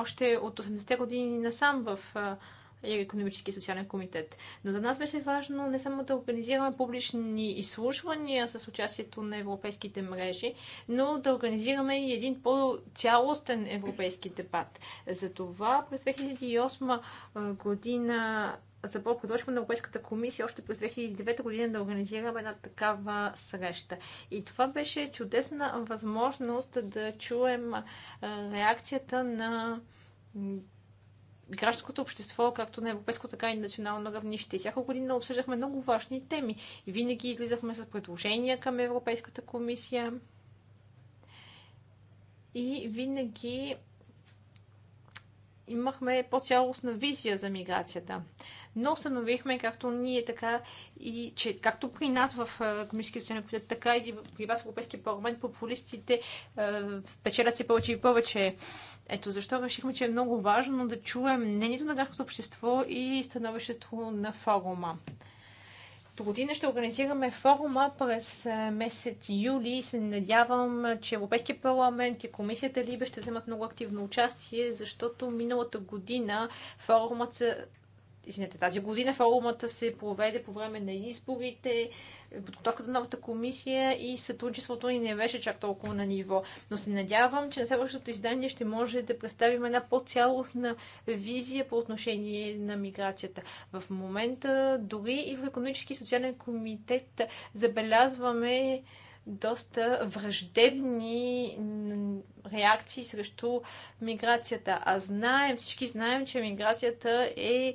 още от 80-те години насам в е, економически и социален комитет. Но за нас беше важно не само да организираме публични изслушвания с участието на европейските мрежи, но да организираме и един по-цялостен европейски дебат. Затова през 2008 година Забор предложихме на Европейската комисия още през 2009 година да организираме една такава среща. И това беше чудесна възможност да чуем реакцията на гражданското общество, както на европейско, така и национално равнище. И всяка година обсъждахме много важни теми. И винаги излизахме с предложения към Европейската комисия. И винаги имахме по-цялостна визия за миграцията но установихме, както ние така и че както при нас в Комисийския съюз, така и при вас в Европейския парламент, популистите печелят се повече и повече. Ето защо решихме, че е много важно да чуем мнението на гражданското общество и становището на форума. До година ще организираме форума през месец юли и се надявам, че Европейския парламент и Комисията Либе ще вземат много активно участие, защото миналата година форумът се извинете, тази година форумата се проведе по време на изборите, подготовката на новата комисия и сътрудничеството ни не беше чак толкова на ниво. Но се надявам, че на следващото издание ще може да представим една по-цялостна визия по отношение на миграцията. В момента дори и в економически и социален комитет забелязваме доста враждебни реакции срещу миграцията. А знаем, всички знаем, че миграцията е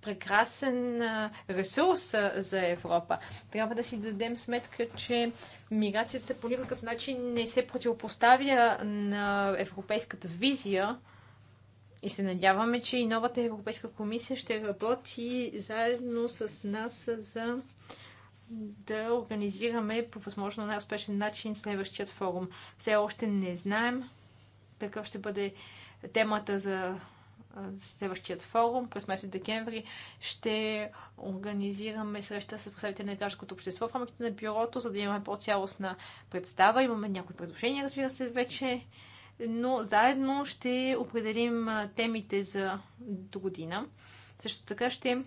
прекрасен ресурс за Европа. Трябва да си дадем сметка, че миграцията по никакъв начин не се противопоставя на европейската визия и се надяваме, че и новата Европейска комисия ще работи заедно с нас за да организираме по възможно най-успешен начин следващият форум. Все още не знаем какъв ще бъде темата за следващият форум през месец декември ще организираме среща с представители на гражданското общество в рамките на бюрото, за да имаме по-цялостна представа. Имаме някои предложения, разбира се, вече, но заедно ще определим темите за до година. Също така ще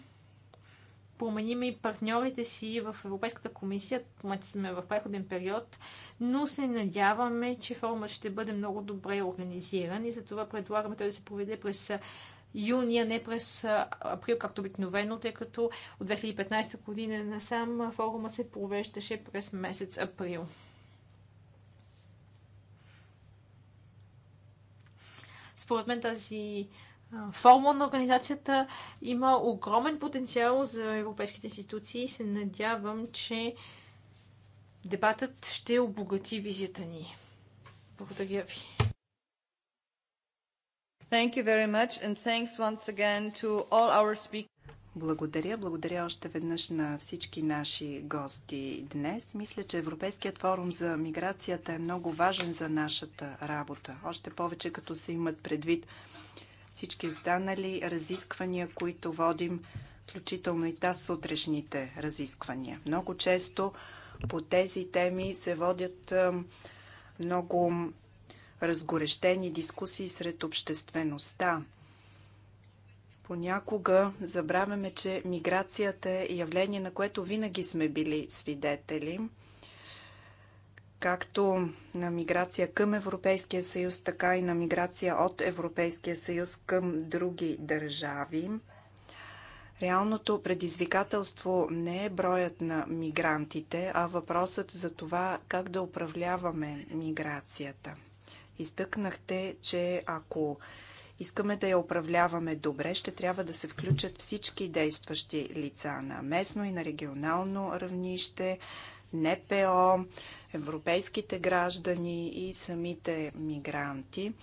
променим и партньорите си в Европейската комисия. В момента сме в преходен период, но се надяваме, че форумът ще бъде много добре организиран и затова предлагаме той да се проведе през юни, а не през април, както обикновено, тъй като от 2015 година насам форумът се провеждаше през месец април. Според мен тази Форма на организацията има огромен потенциал за европейските институции и се надявам, че дебатът ще обогати визията ни. Благодаря ви. Thank you very much and thanks once again to all our speakers. Благодаря. Благодаря още веднъж на всички наши гости днес. Мисля, че Европейският форум за миграцията е много важен за нашата работа. Още повече като се имат предвид всички останали разисквания, които водим, включително и тази сутрешните разисквания. Много често по тези теми се водят много разгорещени дискусии сред обществеността. Понякога забравяме, че миграцията е явление, на което винаги сме били свидетели както на миграция към Европейския съюз, така и на миграция от Европейския съюз към други държави. Реалното предизвикателство не е броят на мигрантите, а въпросът за това как да управляваме миграцията. Изтъкнахте, че ако искаме да я управляваме добре, ще трябва да се включат всички действащи лица на местно и на регионално равнище, НПО, европейските граждани и самите мигранти.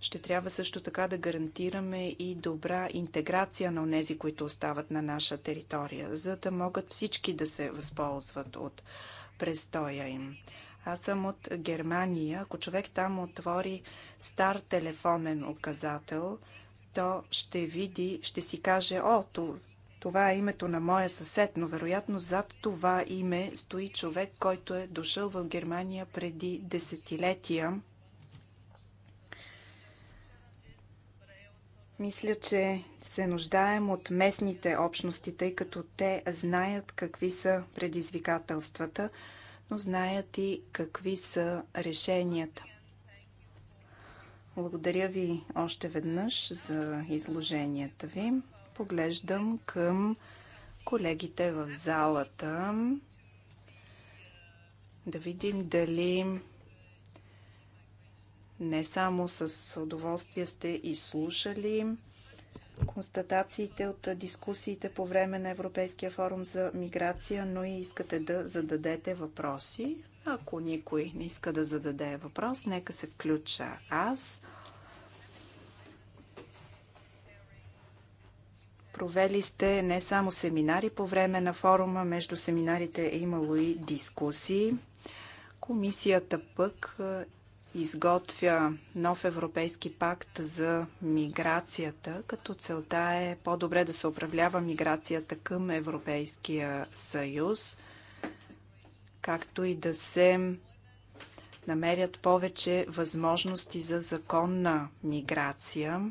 Ще трябва също така да гарантираме и добра интеграция на тези, които остават на наша територия, за да могат всички да се възползват от престоя им. Аз съм от Германия. Ако човек там отвори стар телефонен указател, то ще види, ще си каже, о, това е името на моя съсед, но вероятно зад това име стои човек, който е дошъл в Германия преди десетилетия. Мисля, че се нуждаем от местните общности, тъй като те знаят какви са предизвикателствата, но знаят и какви са решенията. Благодаря ви още веднъж за изложенията ви поглеждам към колегите в залата. Да видим дали не само с удоволствие сте изслушали констатациите от дискусиите по време на Европейския форум за миграция, но и искате да зададете въпроси. Ако никой не иска да зададе въпрос, нека се включа аз. Провели сте не само семинари по време на форума, между семинарите е имало и дискусии. Комисията пък е, изготвя нов европейски пакт за миграцията, като целта е по-добре да се управлява миграцията към Европейския съюз, както и да се намерят повече възможности за законна миграция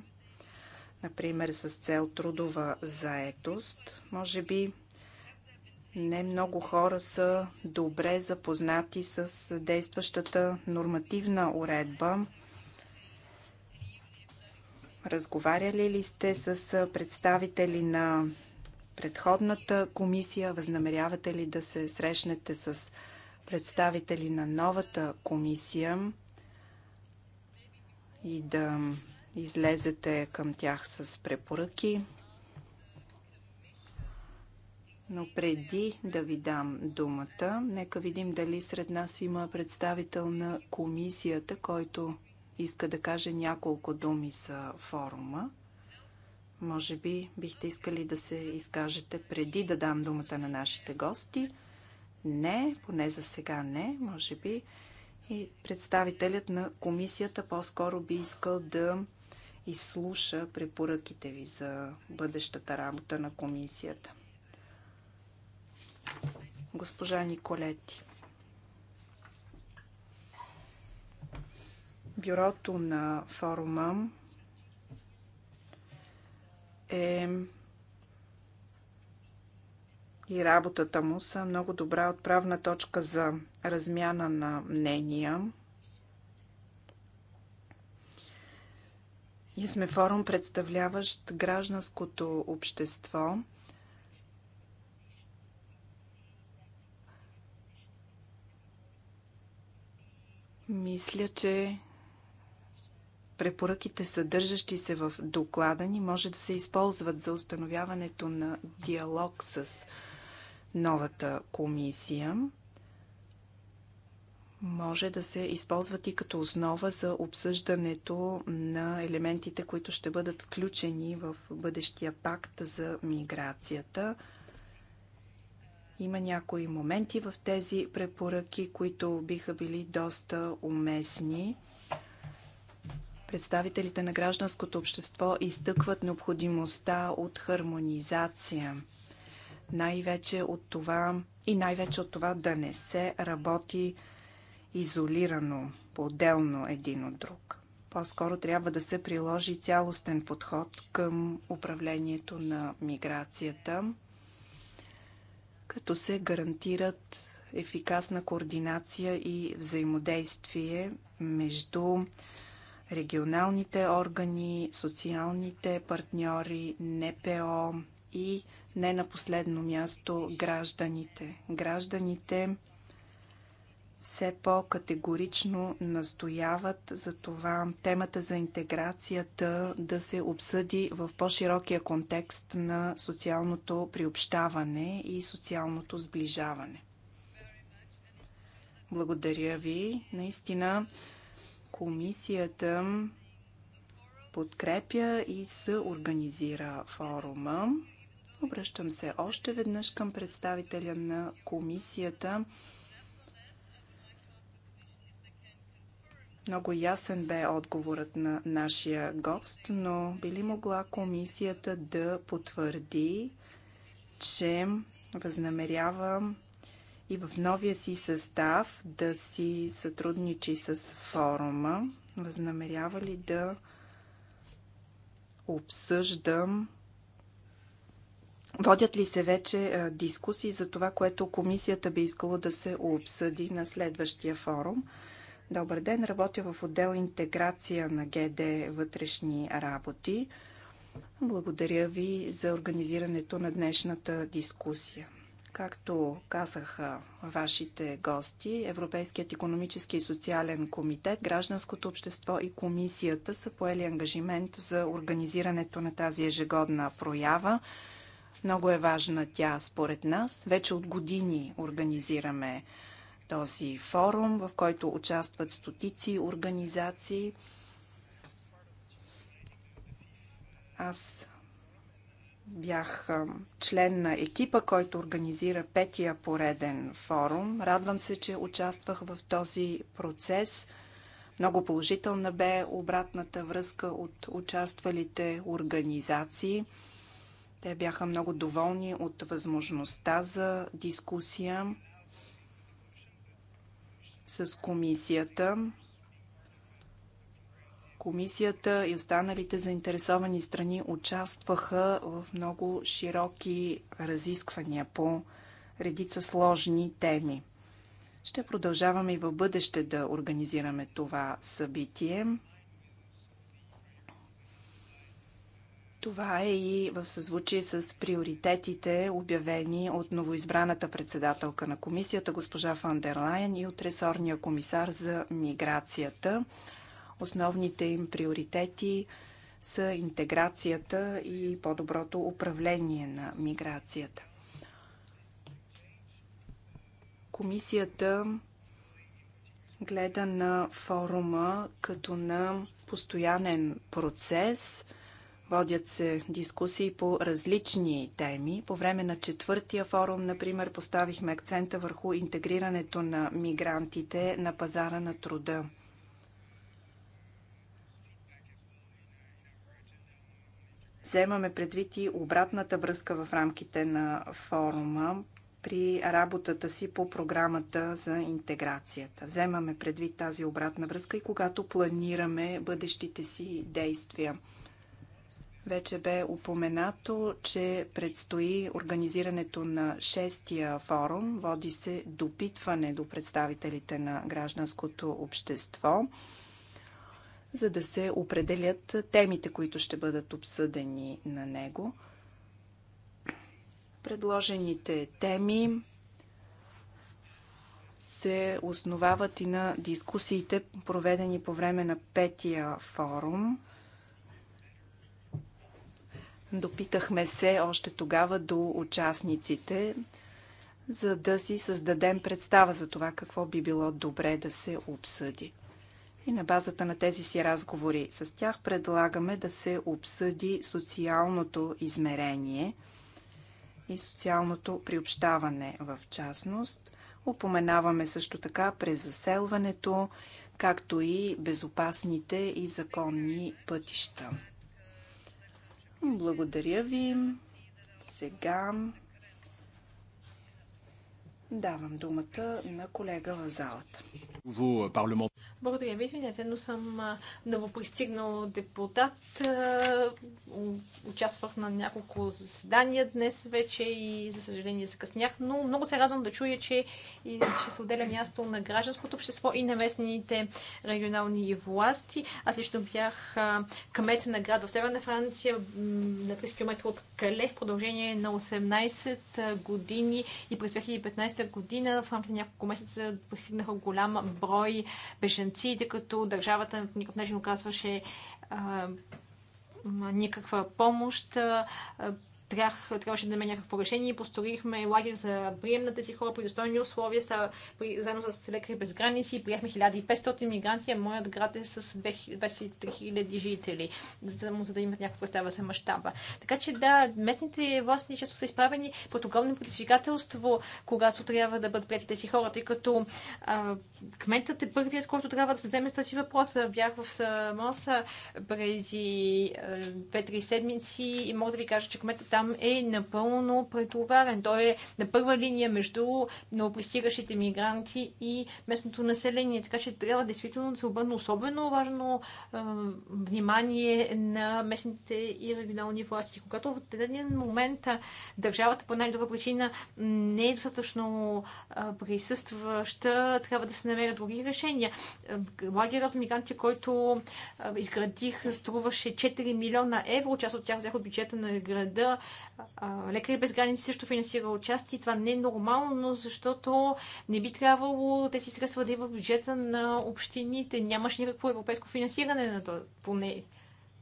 например с цел трудова заетост. Може би не много хора са добре запознати с действащата нормативна уредба. Разговаряли ли сте с представители на предходната комисия? Възнамерявате ли да се срещнете с представители на новата комисия и да излезете към тях с препоръки. Но преди да ви дам думата, нека видим дали сред нас има представител на комисията, който иска да каже няколко думи за форума. Може би бихте искали да се изкажете преди да дам думата на нашите гости. Не, поне за сега не, може би. И представителят на комисията по-скоро би искал да и слуша препоръките ви за бъдещата работа на комисията. Госпожа Николети. Бюрото на форума е и работата му са много добра отправна точка за размяна на мнения. Ние сме форум, представляващ гражданското общество. Мисля, че препоръките, съдържащи се в доклада ни, може да се използват за установяването на диалог с новата комисия може да се използват и като основа за обсъждането на елементите, които ще бъдат включени в бъдещия пакт за миграцията. Има някои моменти в тези препоръки, които биха били доста уместни. Представителите на гражданското общество изтъкват необходимостта от хармонизация. Най-вече от това и най-вече от това да не се работи изолирано, по-отделно един от друг. По-скоро трябва да се приложи цялостен подход към управлението на миграцията, като се гарантират ефикасна координация и взаимодействие между регионалните органи, социалните партньори, НПО и не на последно място гражданите. Гражданите все по-категорично настояват за това темата за интеграцията да се обсъди в по-широкия контекст на социалното приобщаване и социалното сближаване. Благодаря ви. Наистина, комисията подкрепя и се организира форума. Обръщам се още веднъж към представителя на комисията. Много ясен бе отговорът на нашия гост, но би ли могла комисията да потвърди, че възнамерява и в новия си състав да си сътрудничи с форума? Възнамерява ли да обсъждам Водят ли се вече е, дискусии за това, което комисията би искала да се обсъди на следващия форум? Добър ден, работя в отдел интеграция на ГД вътрешни работи. Благодаря ви за организирането на днешната дискусия. Както казаха вашите гости, Европейският економически и социален комитет, гражданското общество и комисията са поели ангажимент за организирането на тази ежегодна проява. Много е важна тя според нас. Вече от години организираме този форум, в който участват стотици организации. Аз бях член на екипа, който организира петия пореден форум. Радвам се, че участвах в този процес. Много положителна бе обратната връзка от участвалите организации. Те бяха много доволни от възможността за дискусия с комисията. Комисията и останалите заинтересовани страни участваха в много широки разисквания по редица сложни теми. Ще продължаваме и в бъдеще да организираме това събитие. Това е и в съзвучие с приоритетите, обявени от новоизбраната председателка на комисията, госпожа Фан дер Лайен и от ресорния комисар за миграцията. Основните им приоритети са интеграцията и по-доброто управление на миграцията. Комисията гледа на форума като на постоянен процес – Водят се дискусии по различни теми. По време на четвъртия форум, например, поставихме акцента върху интегрирането на мигрантите на пазара на труда. Вземаме предвид и обратната връзка в рамките на форума при работата си по програмата за интеграцията. Вземаме предвид тази обратна връзка и когато планираме бъдещите си действия. Вече бе упоменато, че предстои организирането на шестия форум. Води се допитване до представителите на гражданското общество, за да се определят темите, които ще бъдат обсъдени на него. Предложените теми се основават и на дискусиите, проведени по време на петия форум – Допитахме се още тогава до участниците, за да си създадем представа за това какво би било добре да се обсъди. И на базата на тези си разговори с тях предлагаме да се обсъди социалното измерение и социалното приобщаване в частност. Опоменаваме също така през заселването, както и безопасните и законни пътища. Благодаря ви. Сега Давам думата на колега в залата. Euh, Благодаря ви, извинете, но съм новопристигнал депутат. Участвах на няколко заседания днес вече и за съжаление закъснях, но много се радвам да чуя, че ще се отделя място на гражданското общество и на местните регионални власти. Аз лично бях кмет на град в Северна Франция на 30 км от Кале в продължение на 18 години и през 2015 2015 година в рамките на няколко месеца постигнаха голям брой беженци, тъй като държавата в никакъв начин оказваше никаква помощ трях, трябваше да намеря някакво решение. Построихме лагер за приемната си хора при достойни условия, става, при, заедно с лекари без граници. Приехме 1500 мигранти, а моят град е с 23 000 жители, за, за да имат някаква представа за мащаба. Така че да, местните власти често са изправени под огромно предизвикателство, когато трябва да бъдат прияти тези хора, тъй като а, кметът е първият, който трябва да се вземе с този въпрос. Бях в Самоса преди 2-3 седмици и мога да ви кажа, че кметът там е напълно претоварен. Той е на първа линия между новопристигащите мигранти и местното население. Така че трябва действително да се обърне особено важно е, внимание на местните и регионални власти. Когато в даден момент държавата по най-добра причина не е достатъчно е, присъстваща, трябва да се намерят други решения. Лагерът за мигранти, който изградих, струваше 4 милиона евро. Част от тях взех от бюджета на града, Лекари без граници също финансира участие. Това не е нормално, защото не би трябвало тези средства да има е в бюджета на общините. Нямаш никакво европейско финансиране на това поне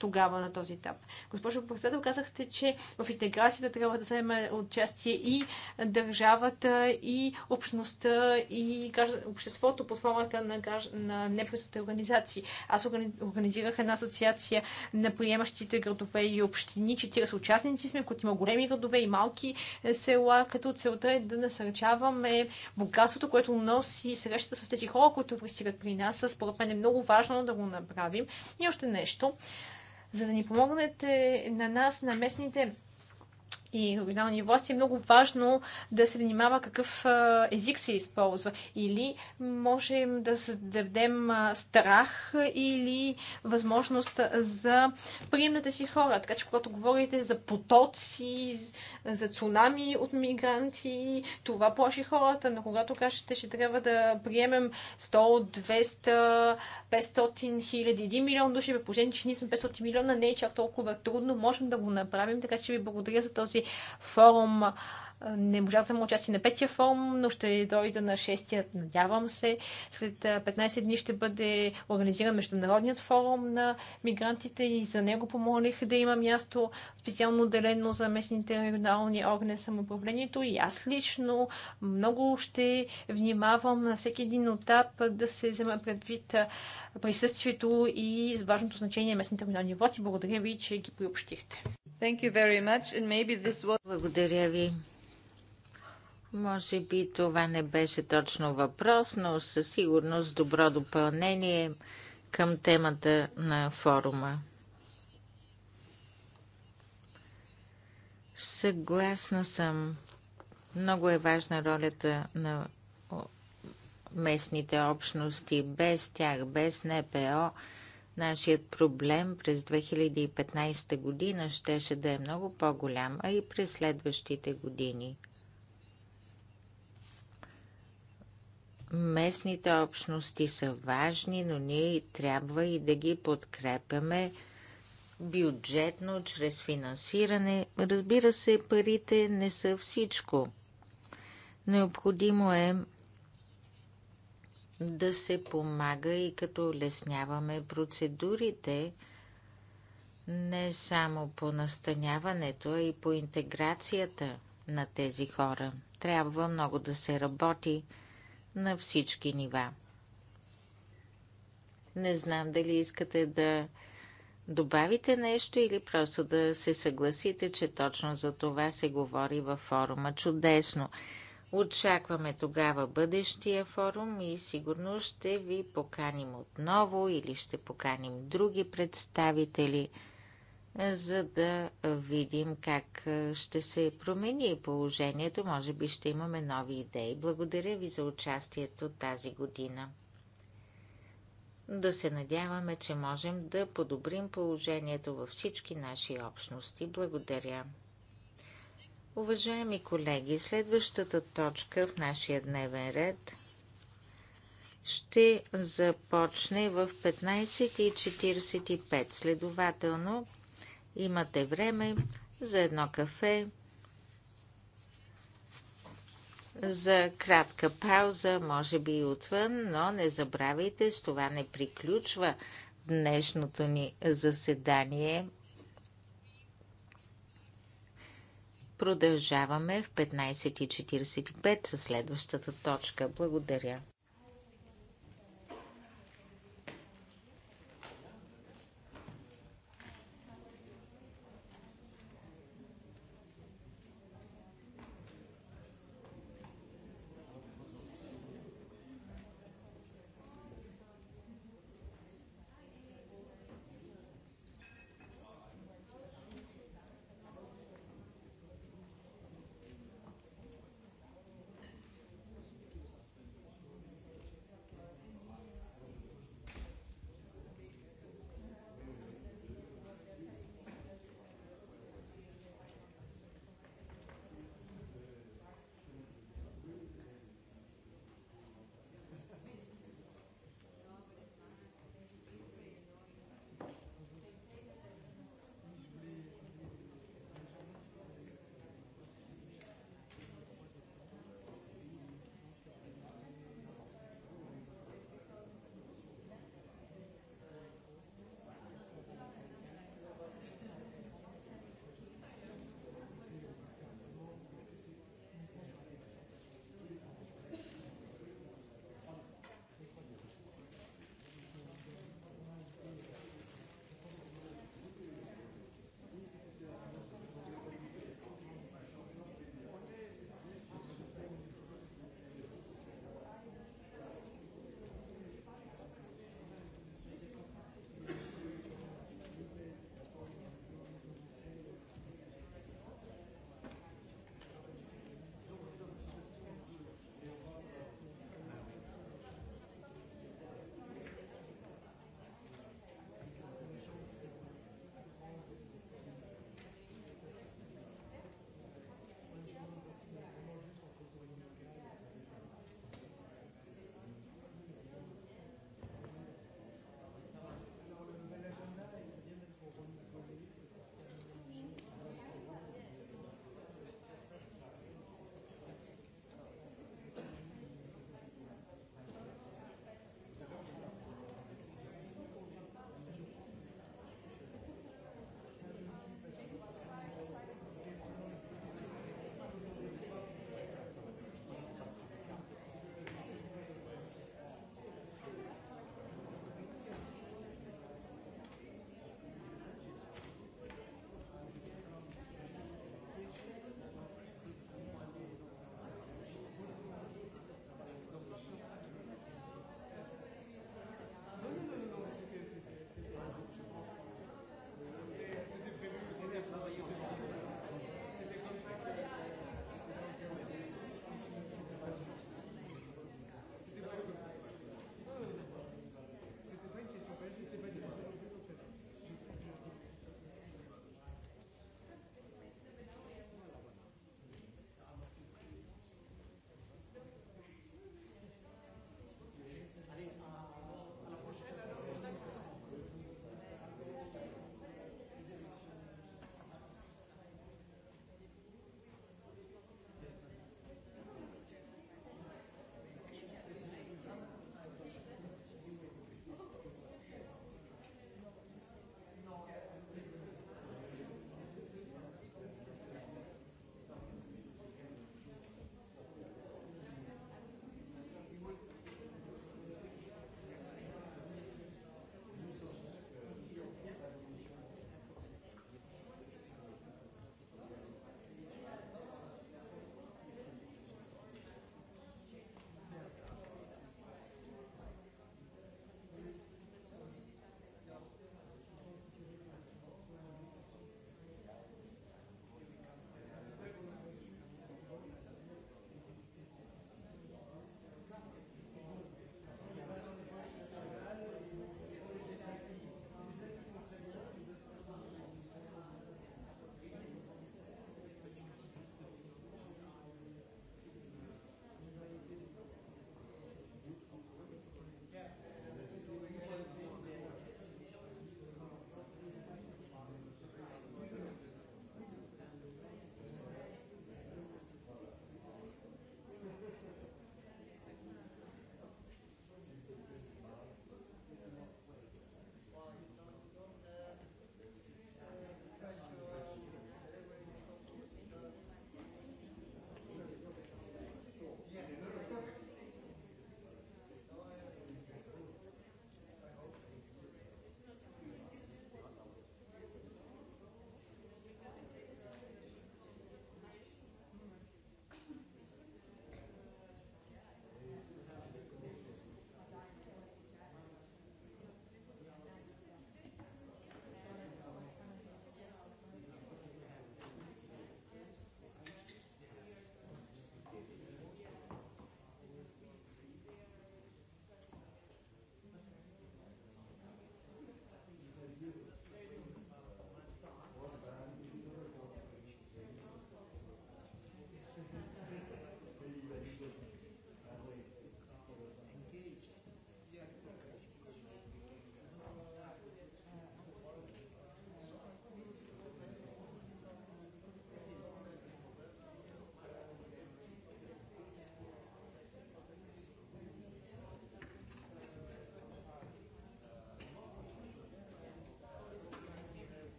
тогава на този етап. Госпожо председател, казахте, че в интеграцията трябва да вземе участие и държавата, и общността, и обществото под формата на, гаж... на организации. Аз организирах една асоциация на приемащите градове и общини. 40 участници сме, които има големи градове и малки е, села, като целта е да насърчаваме богатството, което носи срещата с тези хора, които пристигат при нас. Според мен е много важно да го направим. И още нещо за да ни помогнете на нас, на местните и регионални власти, е много важно да се внимава какъв език се използва. Или можем да създадем страх или възможност за приемната си хора. Така че, когато говорите за потоци, за цунами от мигранти, това плаши хората. Но когато кажете, ще трябва да приемем 100, 200 500 хиляди, 1 милион души, при положение, че ние сме 500 милиона, не е чак толкова трудно, можем да го направим, така че ви благодаря за този форум не можах да съм участие на петия форум, но ще дойда на шестия, надявам се. След 15 дни ще бъде организиран Международният форум на мигрантите и за него помолих да има място специално отделено за местните регионални органи на самоуправлението. И аз лично много ще внимавам на всеки един етап да се взема предвид присъствието и важното значение на местните регионални власти. Благодаря ви, че ги приобщихте. Благодаря ви. Може би това не беше точно въпрос, но със сигурност добро допълнение към темата на форума. Съгласна съм. Много е важна ролята на местните общности. Без тях, без НПО, нашият проблем през 2015 година щеше да е много по-голям, а и през следващите години – Местните общности са важни, но ние трябва и да ги подкрепяме бюджетно, чрез финансиране. Разбира се, парите не са всичко. Необходимо е да се помага и като лесняваме процедурите, не само по настаняването, а и по интеграцията на тези хора. Трябва много да се работи на всички нива. Не знам дали искате да добавите нещо или просто да се съгласите, че точно за това се говори във форума. Чудесно! Очакваме тогава бъдещия форум и сигурно ще ви поканим отново или ще поканим други представители – за да видим как ще се промени положението. Може би ще имаме нови идеи. Благодаря ви за участието тази година. Да се надяваме, че можем да подобрим положението във всички наши общности. Благодаря. Уважаеми колеги, следващата точка в нашия дневен ред ще започне в 15.45. Следователно, Имате време за едно кафе, за кратка пауза, може би и отвън, но не забравяйте, с това не приключва днешното ни заседание. Продължаваме в 15.45 със следващата точка. Благодаря.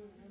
Mm-hmm.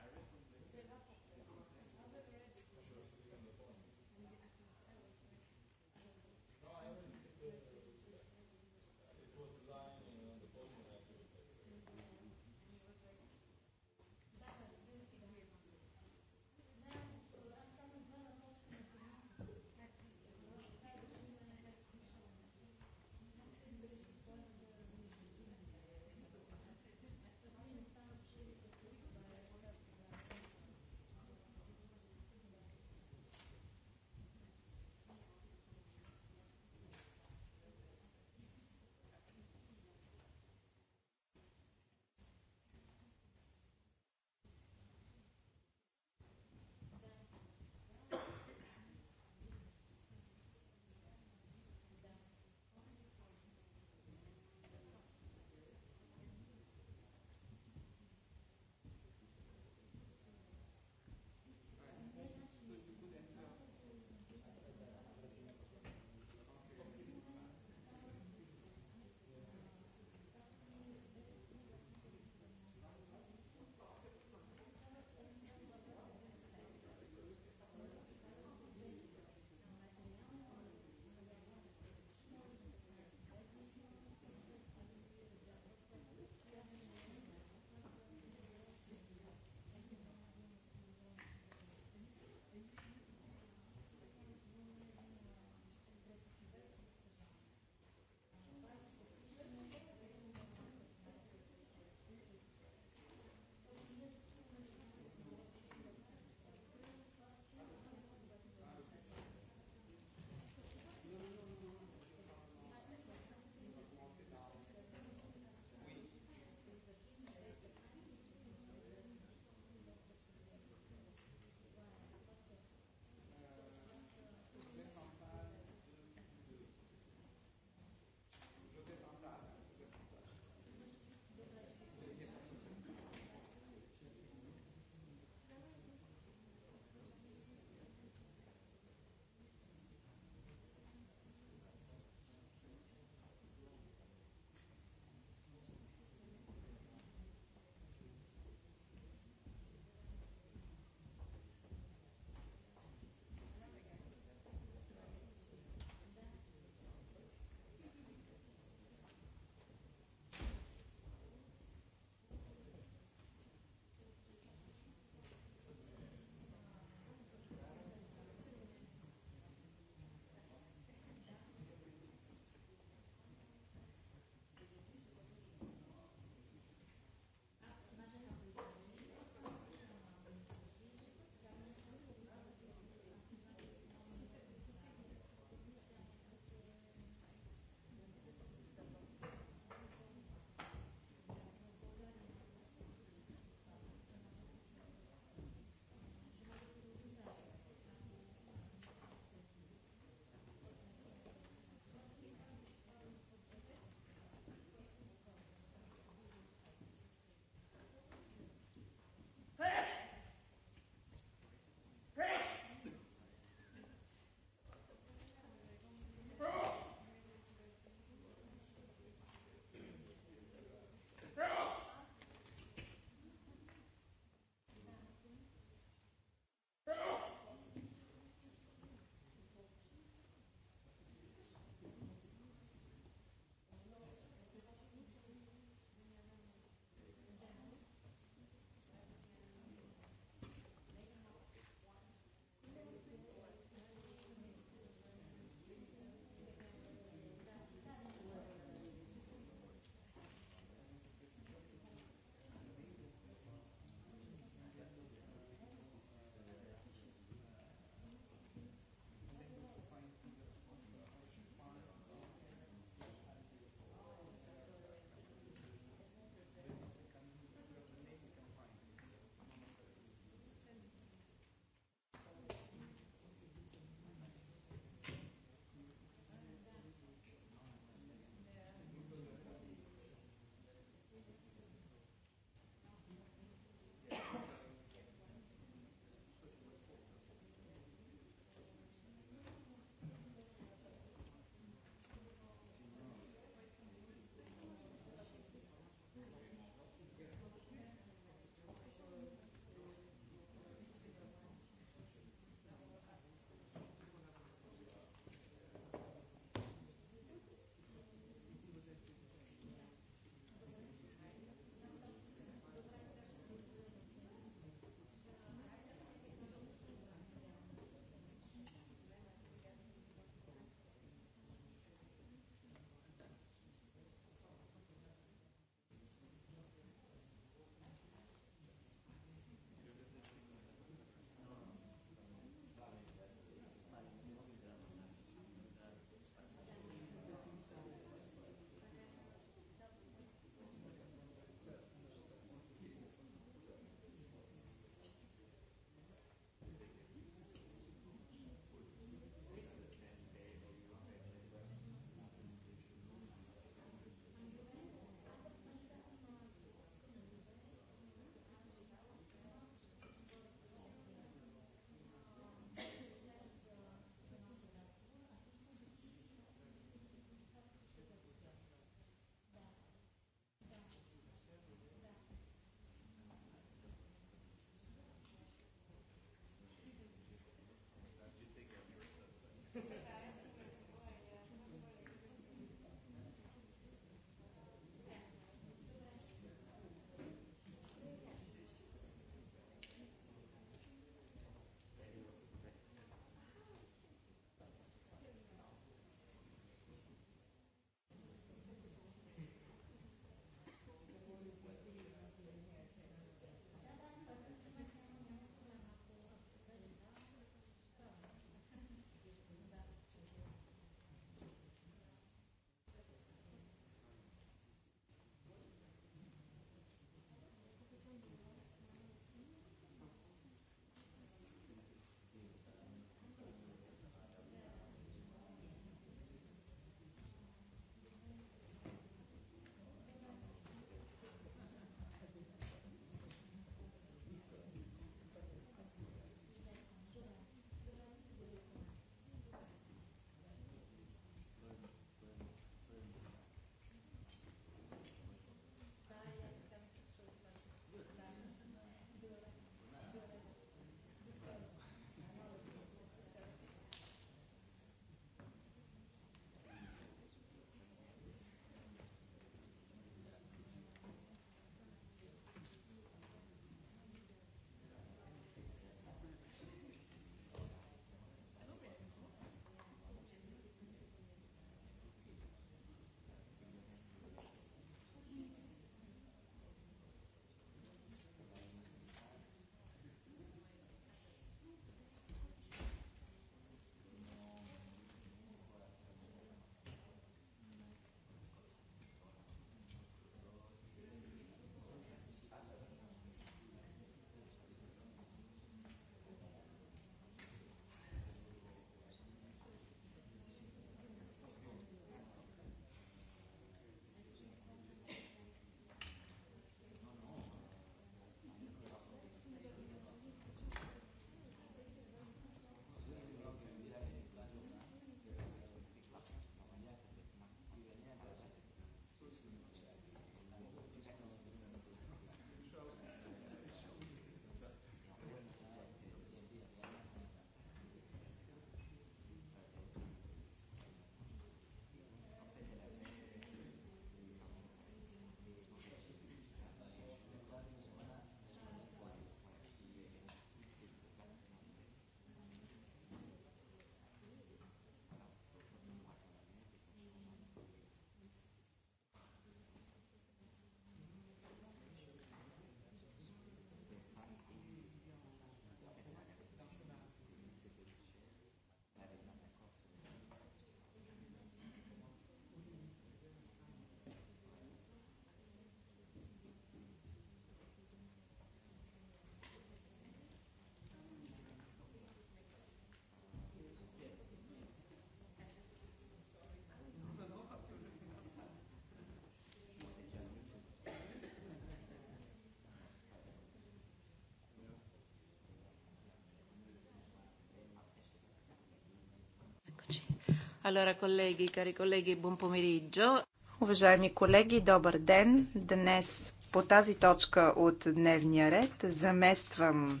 Allora, colleghi, cari колеги, buon pomeriggio. Уважаеми колеги, добър ден! Днес по тази точка от дневния ред замествам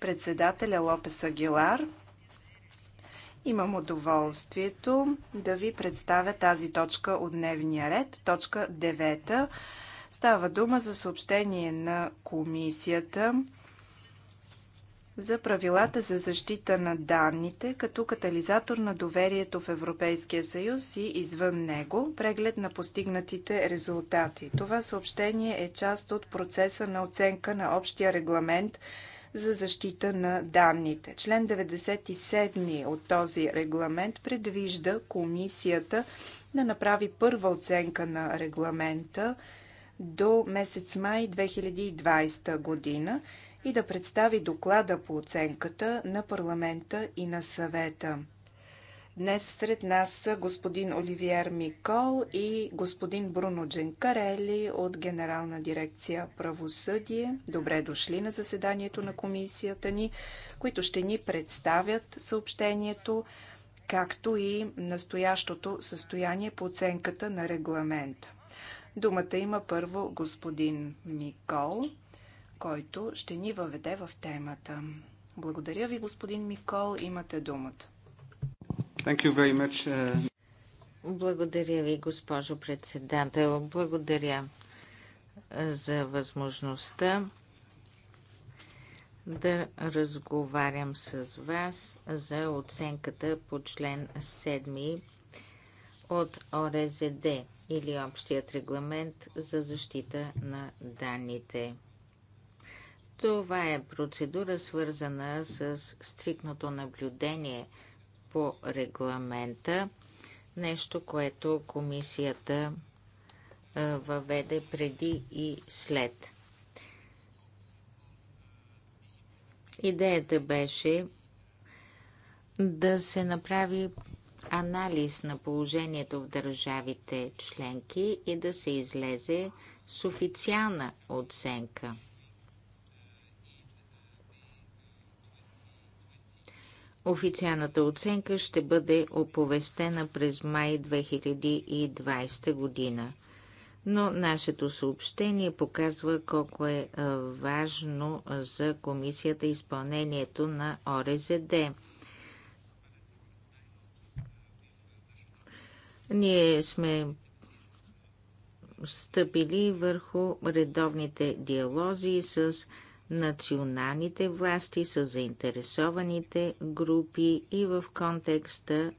председателя Лопес Агилар. Имам удоволствието да ви представя тази точка от дневния ред, точка 9. Става дума за съобщение на комисията за правилата за защита на данните като катализатор на доверието в Европейския съюз и извън него, преглед на постигнатите резултати. Това съобщение е част от процеса на оценка на общия регламент за защита на данните. Член 97 от този регламент предвижда комисията да направи първа оценка на регламента до месец май 2020 година и да представи доклада по оценката на парламента и на съвета. Днес сред нас са господин Оливиер Микол и господин Бруно Дженкарели от Генерална дирекция Правосъдие. Добре дошли на заседанието на комисията ни, които ще ни представят съобщението, както и настоящото състояние по оценката на регламента. Думата има първо господин Микол който ще ни въведе в темата. Благодаря ви, господин Микол. Имате думата. Thank you very much. Uh, Благодаря ви, госпожо председател. Благодаря за възможността да разговарям с вас за оценката по член 7 от ОРЗД или Общият регламент за защита на данните. Това е процедура свързана с стрикното наблюдение по регламента, нещо, което комисията въведе преди и след. Идеята беше да се направи анализ на положението в държавите членки и да се излезе с официална оценка – Официалната оценка ще бъде оповестена през май 2020 година. Но нашето съобщение показва колко е важно за комисията изпълнението на ОРЗД. Ние сме стъпили върху редовните диалози с националните власти, с заинтересованите групи и в контекста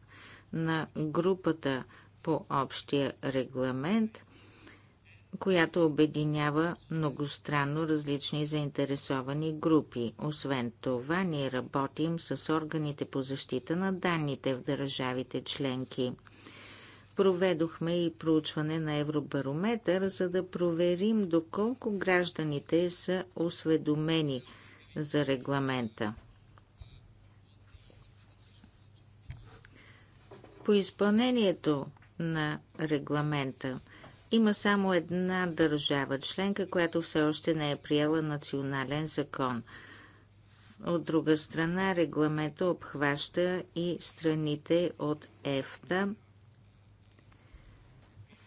на групата по общия регламент, която обединява многостранно различни заинтересовани групи. Освен това, ние работим с органите по защита на данните в държавите членки – проведохме и проучване на Евробарометър, за да проверим доколко гражданите са осведомени за регламента. По изпълнението на регламента има само една държава членка, която все още не е приела национален закон. От друга страна, регламента обхваща и страните от ЕФТА –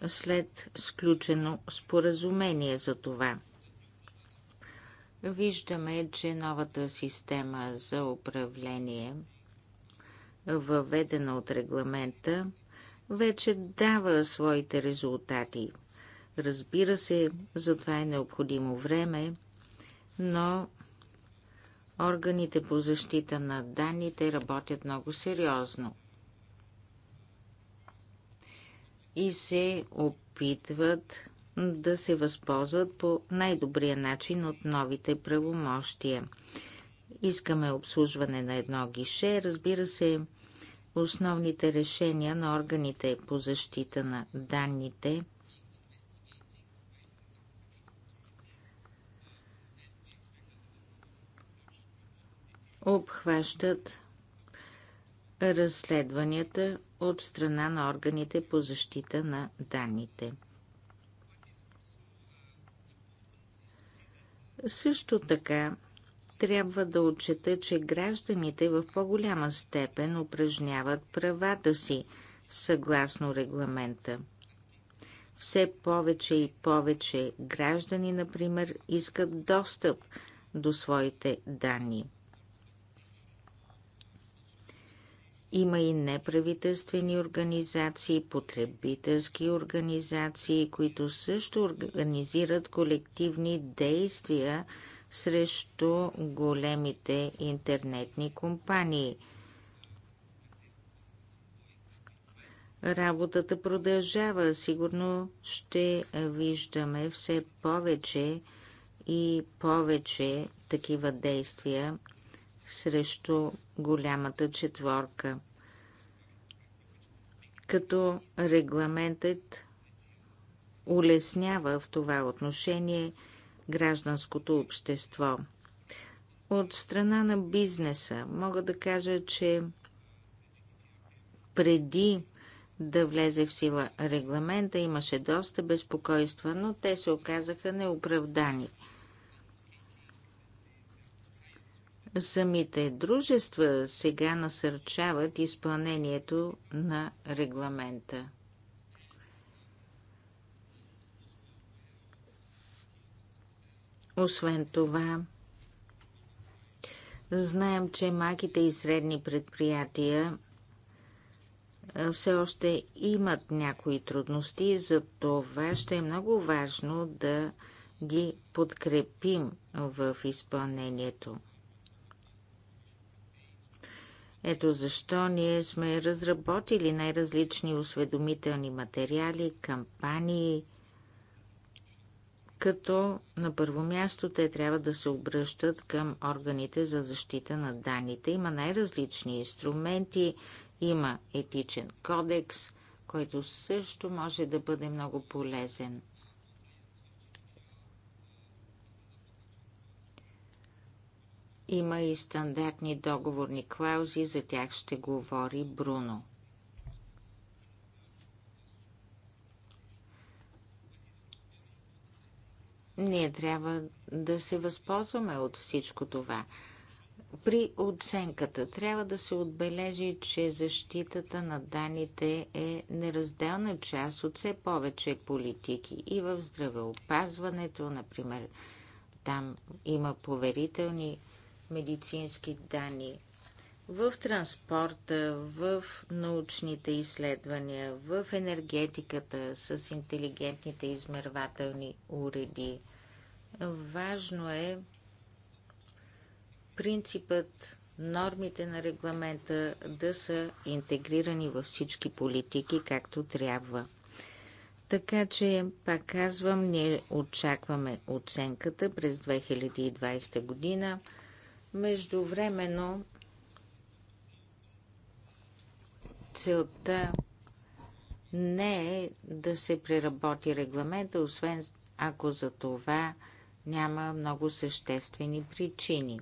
след сключено споразумение за това. Виждаме, че новата система за управление, въведена от регламента, вече дава своите резултати. Разбира се, за това е необходимо време, но органите по защита на данните работят много сериозно и се опитват да се възползват по най-добрия начин от новите правомощия. Искаме обслужване на едно гише. Разбира се, основните решения на органите по защита на данните обхващат разследванията от страна на органите по защита на данните. Също така трябва да отчета, че гражданите в по-голяма степен упражняват правата си съгласно регламента. Все повече и повече граждани, например, искат достъп до своите данни – Има и неправителствени организации, потребителски организации, които също организират колективни действия срещу големите интернетни компании. Работата продължава. Сигурно ще виждаме все повече и повече такива действия срещу голямата четворка. Като регламентът улеснява в това отношение гражданското общество. От страна на бизнеса мога да кажа, че преди да влезе в сила регламента имаше доста безпокойства, но те се оказаха неоправдани – Самите дружества сега насърчават изпълнението на регламента. Освен това, знаем, че малките и средни предприятия все още имат някои трудности, за това ще е много важно да ги подкрепим в изпълнението. Ето защо ние сме разработили най-различни осведомителни материали, кампании, като на първо място те трябва да се обръщат към органите за защита на данните. Има най-различни инструменти, има етичен кодекс, който също може да бъде много полезен. Има и стандартни договорни клаузи, за тях ще говори Бруно. Ние трябва да се възползваме от всичко това. При оценката трябва да се отбележи, че защитата на данните е неразделна част от все повече политики и в здравеопазването, например, там има поверителни медицински данни в транспорта, в научните изследвания, в енергетиката с интелигентните измервателни уреди. Важно е принципът, нормите на регламента да са интегрирани във всички политики както трябва. Така че, пак казвам, ние очакваме оценката през 2020 година. Междувременно целта не е да се преработи регламента, освен ако за това няма много съществени причини.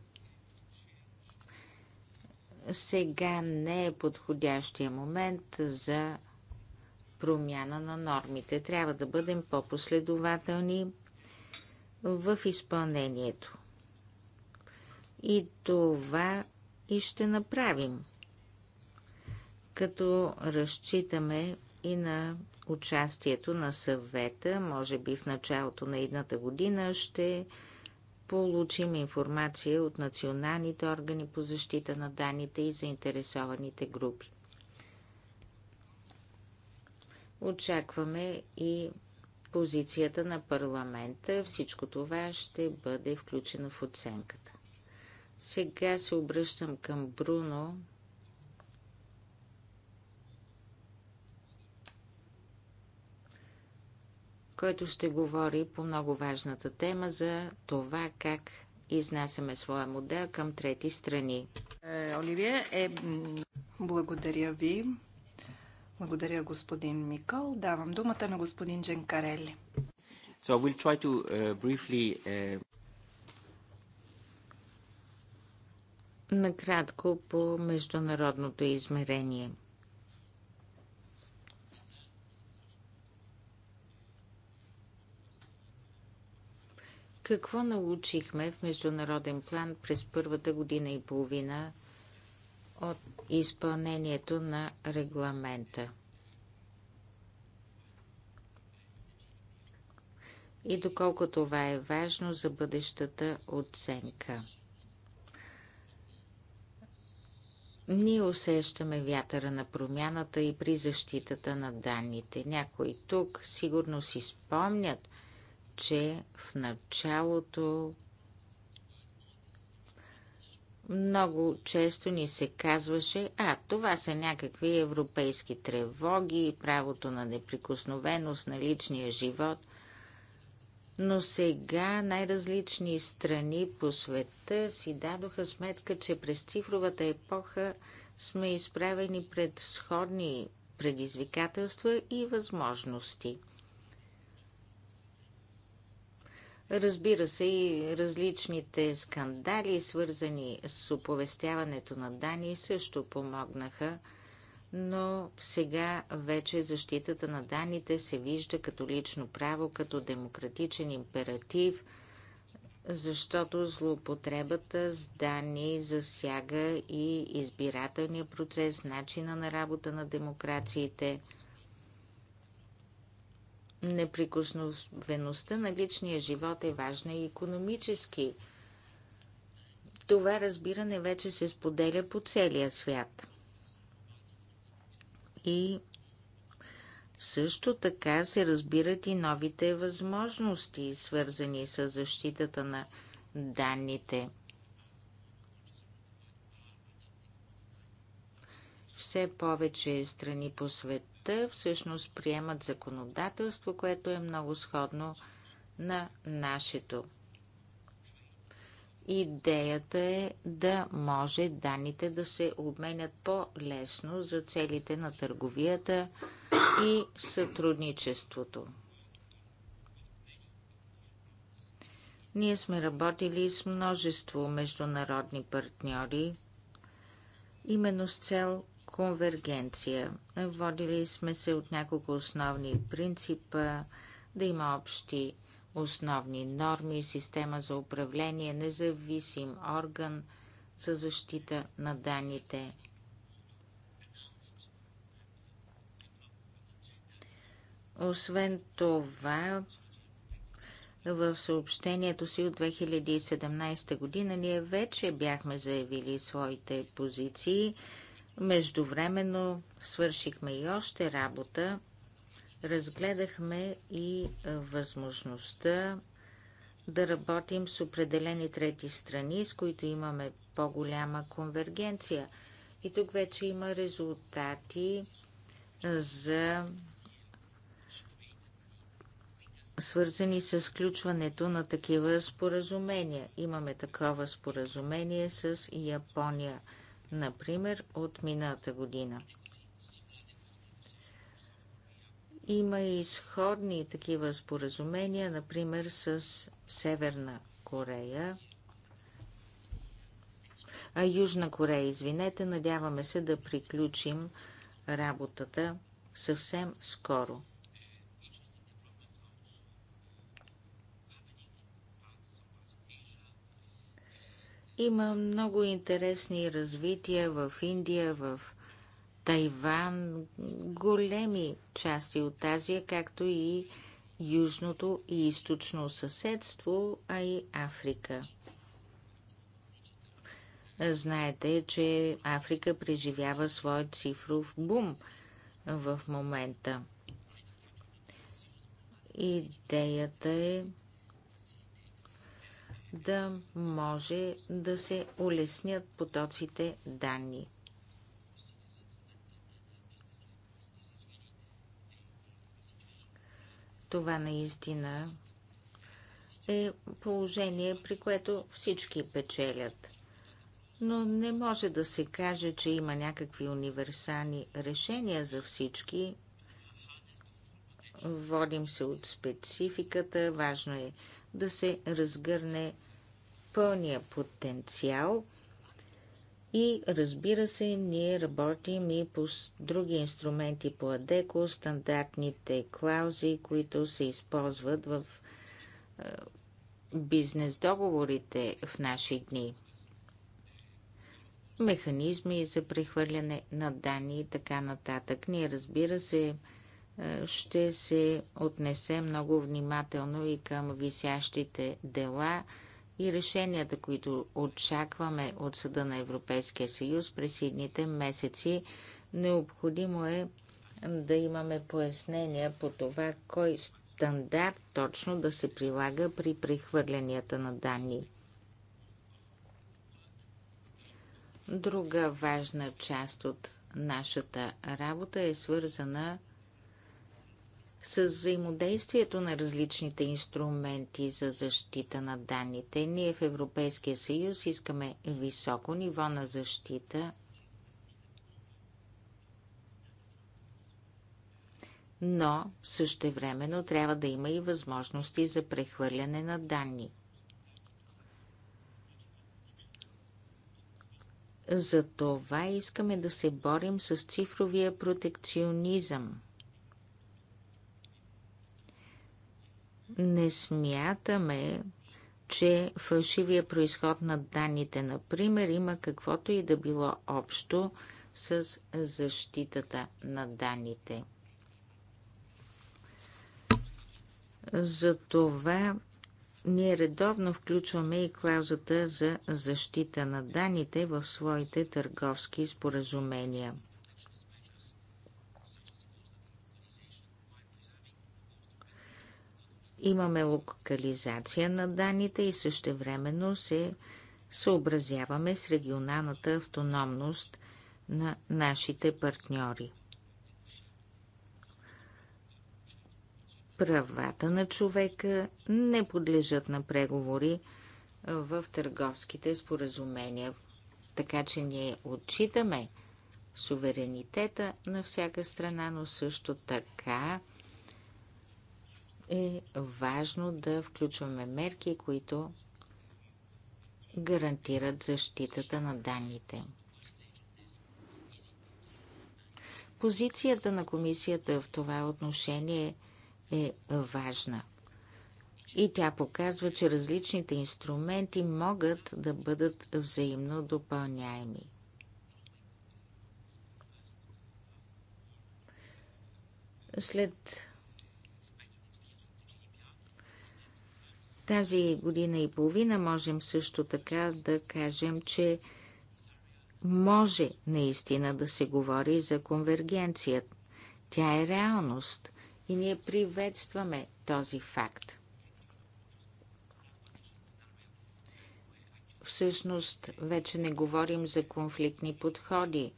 Сега не е подходящия момент за промяна на нормите. Трябва да бъдем по-последователни в изпълнението. И това и ще направим, като разчитаме и на участието на съвета, може би в началото на едната година ще получим информация от националните органи по защита на данните и заинтересованите групи. Очакваме и позицията на парламента. Всичко това ще бъде включено в оценката. Сега се обръщам към Бруно. който ще говори по много важната тема за това как изнасяме своя модел към трети страни. Оливия, е... е благодаря ви. Благодаря, господин Микол. Давам думата на господин Дженкарели. So I will try to uh, briefly uh... Накратко по международното измерение. Какво научихме в международен план през първата година и половина от изпълнението на регламента? И доколко това е важно за бъдещата оценка – Ние усещаме вятъра на промяната и при защитата на данните. Някои тук сигурно си спомнят, че в началото много често ни се казваше, а това са някакви европейски тревоги, правото на неприкосновеност на личния живот но сега най-различни страни по света си дадоха сметка, че през цифровата епоха сме изправени пред сходни предизвикателства и възможности. Разбира се и различните скандали, свързани с оповестяването на Дани, също помогнаха – но сега вече защитата на данните се вижда като лично право, като демократичен императив, защото злоупотребата с данни засяга и избирателния процес, начина на работа на демокрациите. Неприкосновеността на личния живот е важна и економически. Това разбиране вече се споделя по целия свят – и също така се разбират и новите възможности, свързани с защитата на данните. Все повече страни по света всъщност приемат законодателство, което е много сходно на нашето. Идеята е да може данните да се обменят по-лесно за целите на търговията и сътрудничеството. Ние сме работили с множество международни партньори, именно с цел конвергенция. Водили сме се от няколко основни принципа да има общи основни норми, система за управление, независим орган за защита на данните. Освен това, в съобщението си от 2017 година ние вече бяхме заявили своите позиции. Междувременно свършихме и още работа разгледахме и възможността да работим с определени трети страни, с които имаме по-голяма конвергенция. И тук вече има резултати за свързани с включването на такива споразумения. Имаме такова споразумение с Япония, например, от миналата година. Има и изходни такива споразумения, например с Северна Корея, а Южна Корея, извинете, надяваме се да приключим работата съвсем скоро. Има много интересни развития в Индия, в Тайван, големи части от Азия, както и южното и източно съседство, а и Африка. Знаете, че Африка преживява свой цифров бум в момента. Идеята е да може да се улеснят потоците данни. Това наистина е положение, при което всички печелят. Но не може да се каже, че има някакви универсални решения за всички. Водим се от спецификата. Важно е да се разгърне пълния потенциал – и разбира се, ние работим и по други инструменти по АДЕКО, стандартните клаузи, които се използват в бизнес договорите в наши дни. Механизми за прехвърляне на данни и така нататък. Ние, разбира се, ще се отнесе много внимателно и към висящите дела – и решенията, които очакваме от Съда на Европейския съюз през едните месеци, необходимо е да имаме пояснения по това, кой стандарт точно да се прилага при прехвърлянията на данни. Друга важна част от нашата работа е свързана с взаимодействието на различните инструменти за защита на данните. Ние в Европейския съюз искаме високо ниво на защита но същевременно трябва да има и възможности за прехвърляне на данни. Затова искаме да се борим с цифровия протекционизъм. не смятаме, че фалшивия происход на данните, например, има каквото и да било общо с защитата на данните. Затова ние редовно включваме и клаузата за защита на данните в своите търговски споразумения – Имаме локализация на данните и същевременно се съобразяваме с регионалната автономност на нашите партньори. Правата на човека не подлежат на преговори в търговските споразумения, така че ние отчитаме суверенитета на всяка страна, но също така е важно да включваме мерки, които гарантират защитата на данните. Позицията на комисията в това отношение е важна. И тя показва, че различните инструменти могат да бъдат взаимно допълняеми. След Тази година и половина можем също така да кажем, че може наистина да се говори за конвергенцията. Тя е реалност и ние приветстваме този факт. Всъщност, вече не говорим за конфликтни подходи.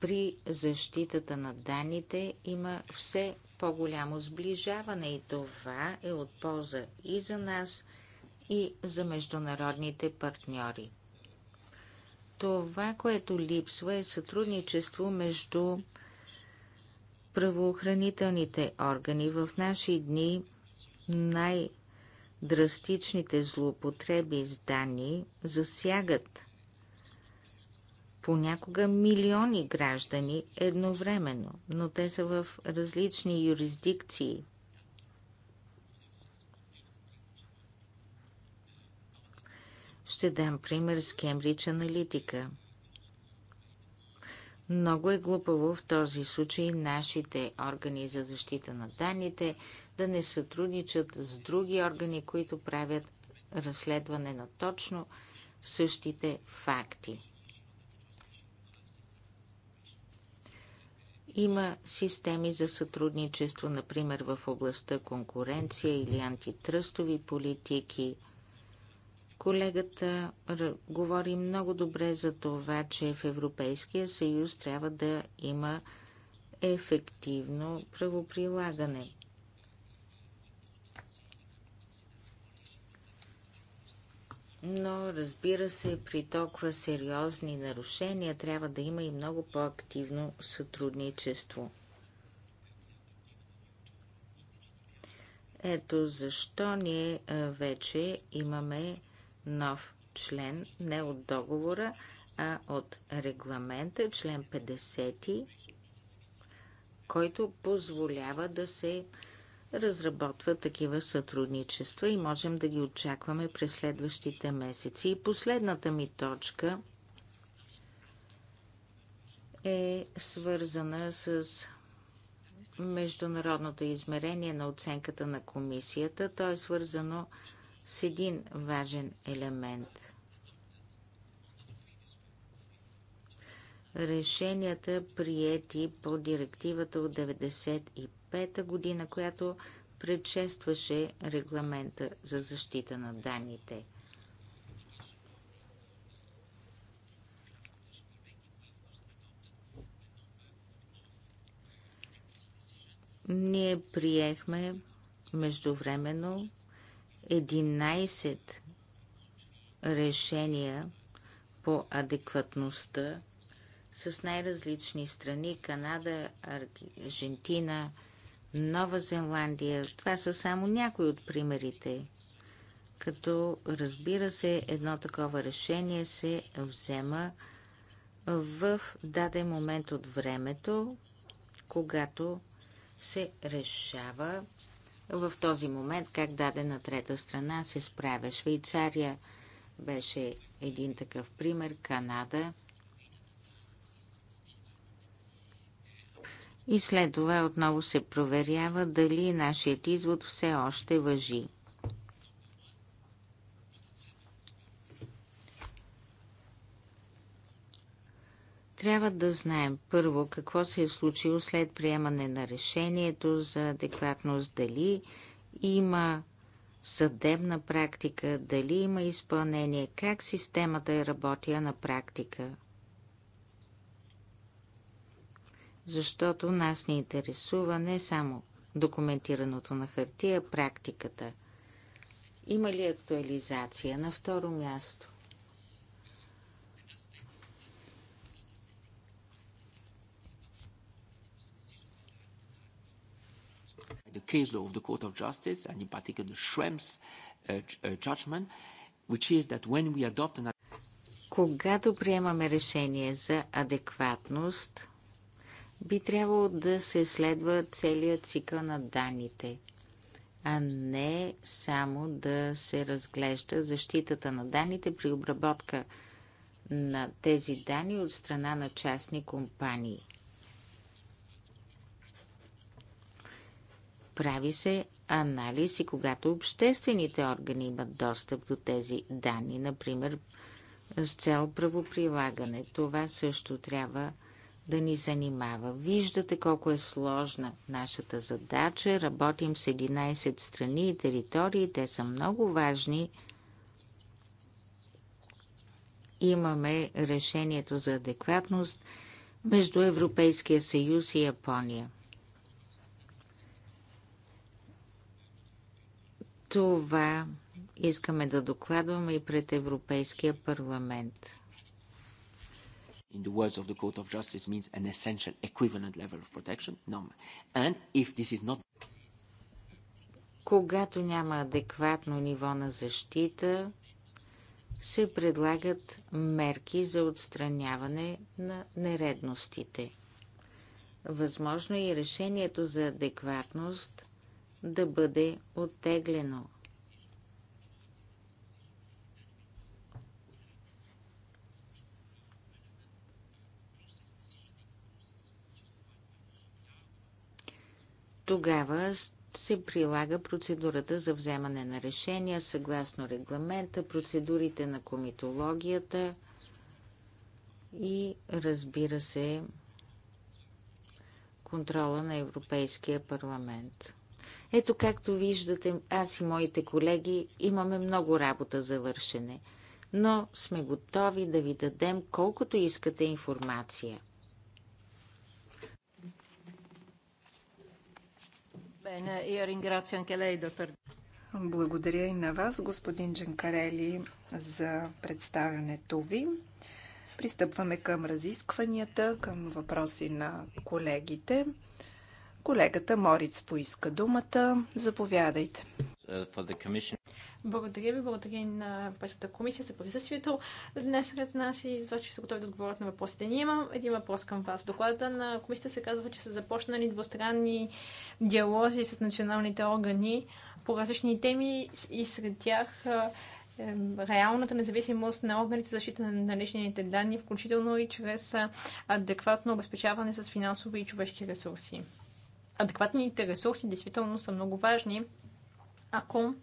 При защитата на данните има все по-голямо сближаване и това е от полза и за нас, и за международните партньори. Това, което липсва е сътрудничество между правоохранителните органи. В наши дни най-драстичните злоупотреби с данни засягат понякога милиони граждани едновременно, но те са в различни юрисдикции. Ще дам пример с Кембридж Аналитика. Много е глупаво в този случай нашите органи за защита на данните да не сътрудничат с други органи, които правят разследване на точно същите факти. Има системи за сътрудничество, например в областта конкуренция или антитръстови политики. Колегата говори много добре за това, че в Европейския съюз трябва да има ефективно правоприлагане. но разбира се, при толкова сериозни нарушения трябва да има и много по-активно сътрудничество. Ето защо ние вече имаме нов член не от договора, а от регламента, член 50, който позволява да се разработва такива сътрудничества и можем да ги очакваме през следващите месеци. И последната ми точка е свързана с международното измерение на оценката на комисията. То е свързано с един важен елемент. Решенията, приети по директивата от 95 1995 година, която предшестваше регламента за защита на данните. Ние приехме междувременно 11 решения по адекватността с най-различни страни Канада, Аржентина, Нова Зеландия. Това са само някои от примерите. Като разбира се, едно такова решение се взема в даден момент от времето, когато се решава в този момент как дадена трета страна се справя. Швейцария беше един такъв пример, Канада – и след това отново се проверява дали нашият извод все още въжи. Трябва да знаем първо какво се е случило след приемане на решението за адекватност, дали има съдебна практика, дали има изпълнение, как системата е работила на практика – защото нас ни интересува не само документираното на хартия, практиката. Има ли актуализация? На второ място. The case law of the Court of Justice, and in particular the Schrems uh, uh, judgment, which is that when we adopt an... Когато приемаме решение за адекватност, би трябвало да се следва целият цикъл на данните, а не само да се разглежда защитата на данните при обработка на тези данни от страна на частни компании. Прави се анализ и когато обществените органи имат достъп до тези данни, например с цел правоприлагане. Това също трябва да да ни занимава. Виждате колко е сложна нашата задача. Работим с 11 страни и територии. Те са много важни. Имаме решението за адекватност между Европейския съюз и Япония. Това искаме да докладваме и пред Европейския парламент in the words of the Court of Justice, means an essential equivalent level of protection. No. And if this is not... Когато няма адекватно ниво на защита, се предлагат мерки за отстраняване на нередностите. Възможно е и решението за адекватност да бъде оттеглено – тогава се прилага процедурата за вземане на решения съгласно регламента, процедурите на комитологията и разбира се контрола на Европейския парламент. Ето както виждате, аз и моите колеги имаме много работа за вършене, но сме готови да ви дадем колкото искате информация – Благодаря и на вас, господин Дженкарели, за представянето ви. Пристъпваме към разискванията, към въпроси на колегите. Колегата Мориц поиска думата. Заповядайте. Благодаря ви, благодаря на Европейската комисия за присъствието днес сред нас и за това, че са готови да отговорят на въпросите. Ние имам един въпрос към вас. Доклада на комисията се казва, че са започнали двустранни диалози с националните органи по различни теми и сред тях е, реалната независимост на органите за защита на личните данни, включително и чрез е, адекватно обезпечаване с финансови и човешки ресурси. Адекватните ресурси действително са много важни, ако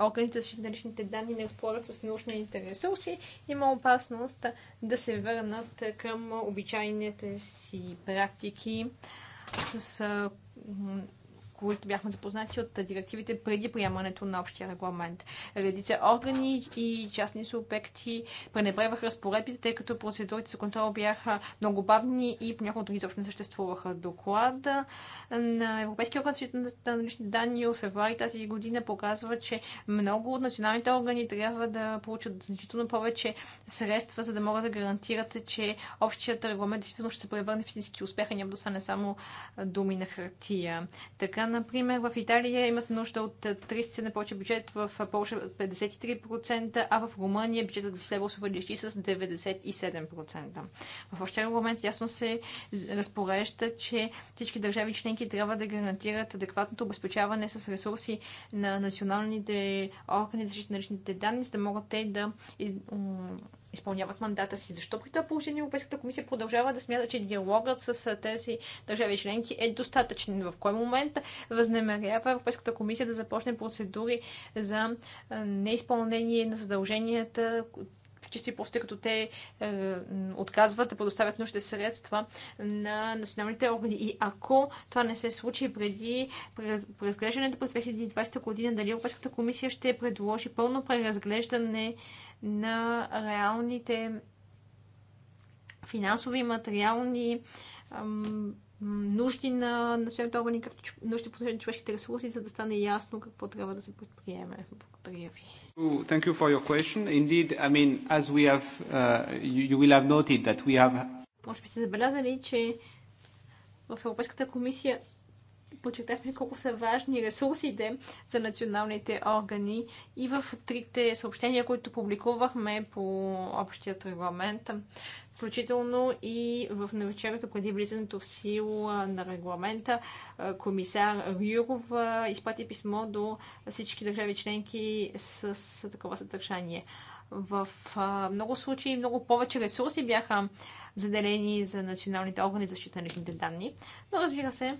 органите за личните данни не разполагат с научни ресурси, има опасност да се върнат към обичайните си практики, с които бяхме запознати от директивите преди приемането на общия регламент. Редица органи и частни субекти пренебреваха разпоредбите, тъй като процедурите за контрол бяха много бавни и понякога други изобщо не съществуваха. Доклада на Европейския орган на лични данни от февруари тази година показва, че много от националните органи трябва да получат значително повече средства, за да могат да гарантират, че общият регламент действително ще се превърне в истински успех, а няма да остане само думи на хартия. Така например, в Италия имат нужда от 30% на повече бюджет, в Польша 53%, а в Румъния бюджетът в следва се увеличи с 97%. В общия регламент ясно се разпорежда, че всички държави членки трябва да гарантират адекватното обезпечаване с ресурси на националните органи за защита на личните данни, за да могат те да изпълняват мандата си. Защо при това положение Европейската комисия продължава да смята, че диалогът с тези държави членки е достатъчен? В кой момент възнамерява Европейската комисия да започне процедури за неизпълнение на задълженията, чисто и просто като те е, отказват да предоставят нужните средства на националните органи. И ако това не се случи преди преразглеждането през 2020 година, дали Европейската комисия ще предложи пълно преразглеждане на реалните финансови, материални нужди на населените органи, както нужди по на човешките ресурси, за да стане ясно какво трябва да се предприеме. Благодаря ви. Thank you for your question. Indeed, I mean, as we have, uh, you will have noted that we have... Може би сте забелязали, че в Европейската комисия Почетахме колко са важни ресурсите за националните органи и в трите съобщения, които публикувахме по общият регламент, включително и в навечерието преди влизането в сила на регламента, комисар Юров изпрати писмо до всички държави членки с такова съдържание. В много случаи много повече ресурси бяха заделени за националните органи за защита на личните данни, но разбира се,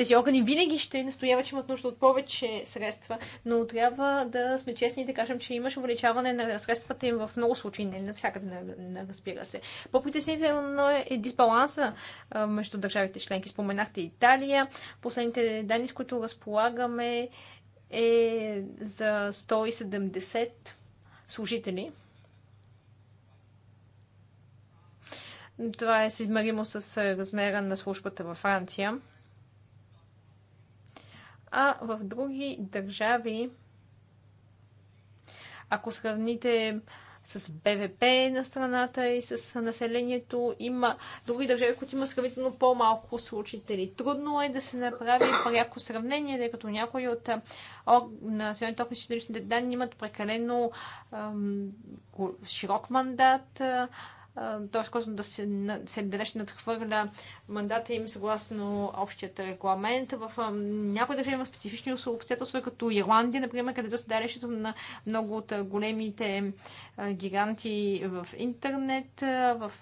тези органи винаги ще настояват, че имат нужда от повече средства, но трябва да сме честни и да кажем, че имаш увеличаване на средствата им в много случаи, не навсякъде, разбира се. По-притеснително е дисбаланса между държавите членки. Споменахте Италия. Последните данни, с които разполагаме, е за 170 служители. Това е съизмеримо с размера на службата във Франция а в други държави, ако сравните с БВП на страната и с населението. Има други държави, които има сравнително по-малко случители. Трудно е да се направи пряко сравнение, тъй като някои от националните органи личните данни имат прекалено широк мандат, т.е. който да се, се далеч надхвърля мандата им съгласно общият регламент. В някои държави има специфични обстоятелства, като Ирландия, например, където седалището на много от големите гиганти в интернет, в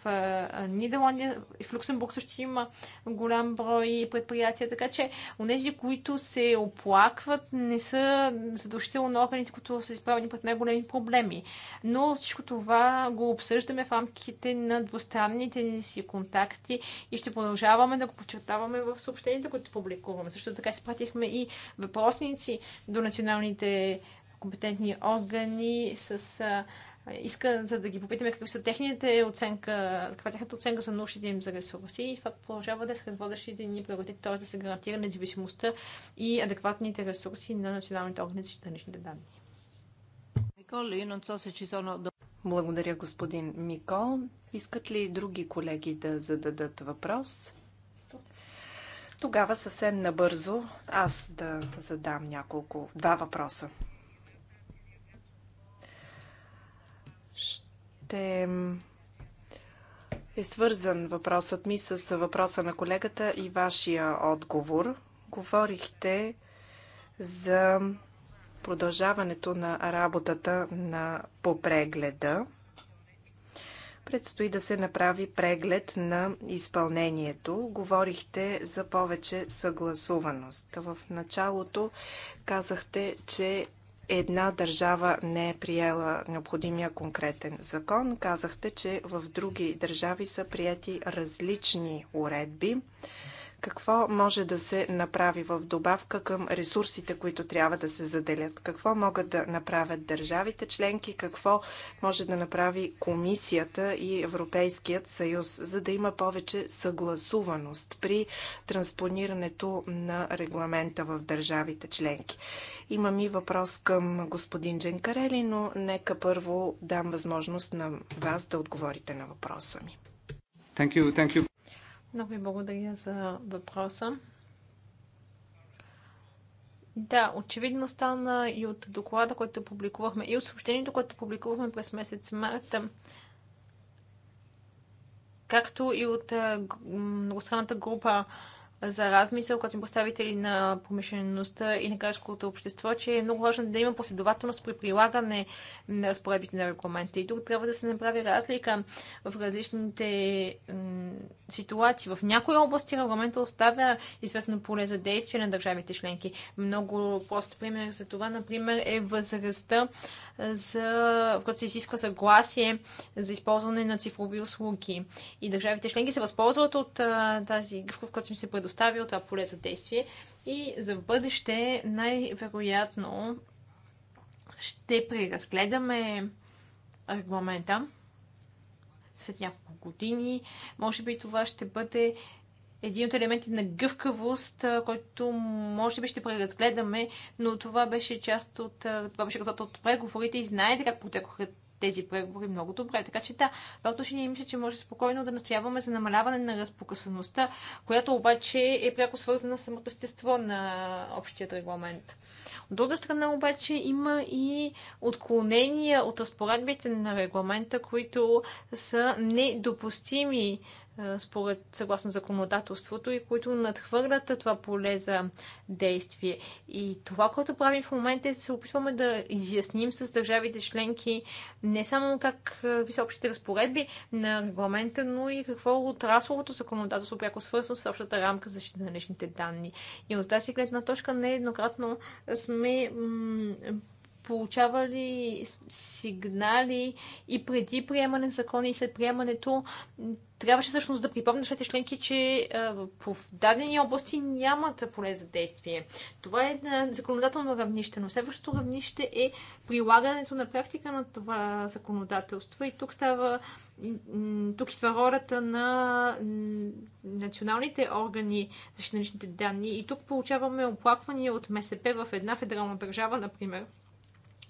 Нидерландия и в Люксембург също има голям брой предприятия, така че у нези, които се оплакват, не са задължително органите, които са изправени пред най-големи проблеми. Но всичко това го обсъждаме в рамките рамките на двустранните ни си контакти и ще продължаваме да го подчертаваме в съобщенията, които публикуваме. Също така изпратихме и въпросници до националните компетентни органи с иска за да ги попитаме какви са техните оценка, каква е тяхната оценка за нуждите им за ресурси и това продължава да е сред водещите ни приоритети, т.е. да се гарантира независимостта и адекватните ресурси на националните органи за данни. Colli, non so se ci sono благодаря, господин Микол. Искат ли и други колеги да зададат въпрос? Тогава съвсем набързо аз да задам няколко, два въпроса. Ще е свързан въпросът ми с въпроса на колегата и вашия отговор. Говорихте за продължаването на работата на, по прегледа. Предстои да се направи преглед на изпълнението. Говорихте за повече съгласуваност. В началото казахте, че една държава не е приела необходимия конкретен закон. Казахте, че в други държави са прияти различни уредби. Какво може да се направи в добавка към ресурсите, които трябва да се заделят? Какво могат да направят държавите членки? Какво може да направи Комисията и Европейският съюз, за да има повече съгласуваност при транспонирането на регламента в държавите членки? Имам и въпрос към господин Дженкарели, но нека първо дам възможност на вас да отговорите на въпроса ми. Thank you, thank you много ви благодаря за въпроса. Да, очевидно стана и от доклада, който публикувахме, и от съобщението, което публикувахме през месец март, както и от многостранната група за размисъл, като им представители на промишлеността и на гражданското общество, че е много важно да има последователност при прилагане на разпоредбите на регламента. И тук трябва да се направи разлика в различните ситуации. В някои области регламента оставя известно поле за действие на държавите членки. Много прост пример за това, например, е възрастта, за, в която се изисква съгласие за използване на цифрови услуги. И държавите членки се възползват от тази гъвка, в която им се предоставя предоставил това поле за действие и за бъдеще най-вероятно ще преразгледаме регламента след няколко години. Може би това ще бъде един от елементите на гъвкавост, който може би ще преразгледаме, но това беше част от, това беше от преговорите и знаете как потекоха тези преговори много добре. Така че да, в отношение мисля, че може спокойно да настояваме за намаляване на разпокъсаността, която обаче е пряко свързана с самото естество на общият регламент. От друга страна обаче има и отклонения от разпоредбите на регламента, които са недопустими според съгласно законодателството и които надхвърлят това поле за действие. И това, което правим в момента е се опитваме да изясним с държавите членки не само как са общите разпоредби на регламента, но и какво е отрасловото законодателство, пряко свързано с общата рамка за защита на личните данни. И от тази гледна точка нееднократно сме получавали сигнали и преди приемане на закони и след приемането, трябваше всъщност да припомня на членки, че в дадени области нямат поле за действие. Това е на законодателно равнище, но следващото равнище е прилагането на практика на това законодателство и тук става тук идва ролята на националните органи за личните данни и тук получаваме оплаквания от МСП в една федерална държава, например,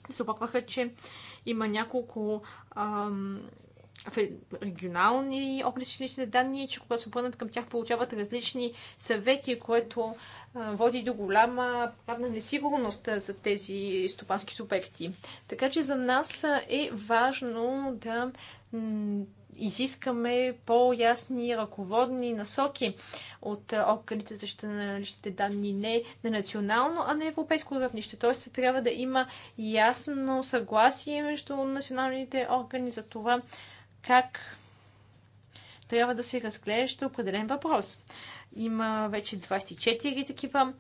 те се оплакваха, че има няколко ам, регионални огнистични данни, че когато се обърнат към тях, получават различни съвети, което а, води до голяма правна несигурност за тези стопански субекти. Така че за нас е важно да изискаме по-ясни ръководни насоки от е, органите за защита на личните данни не на национално, а на европейско равнище. Тоест, трябва да има ясно съгласие между националните органи за това как трябва да се разглежда определен въпрос. Има вече 24 такива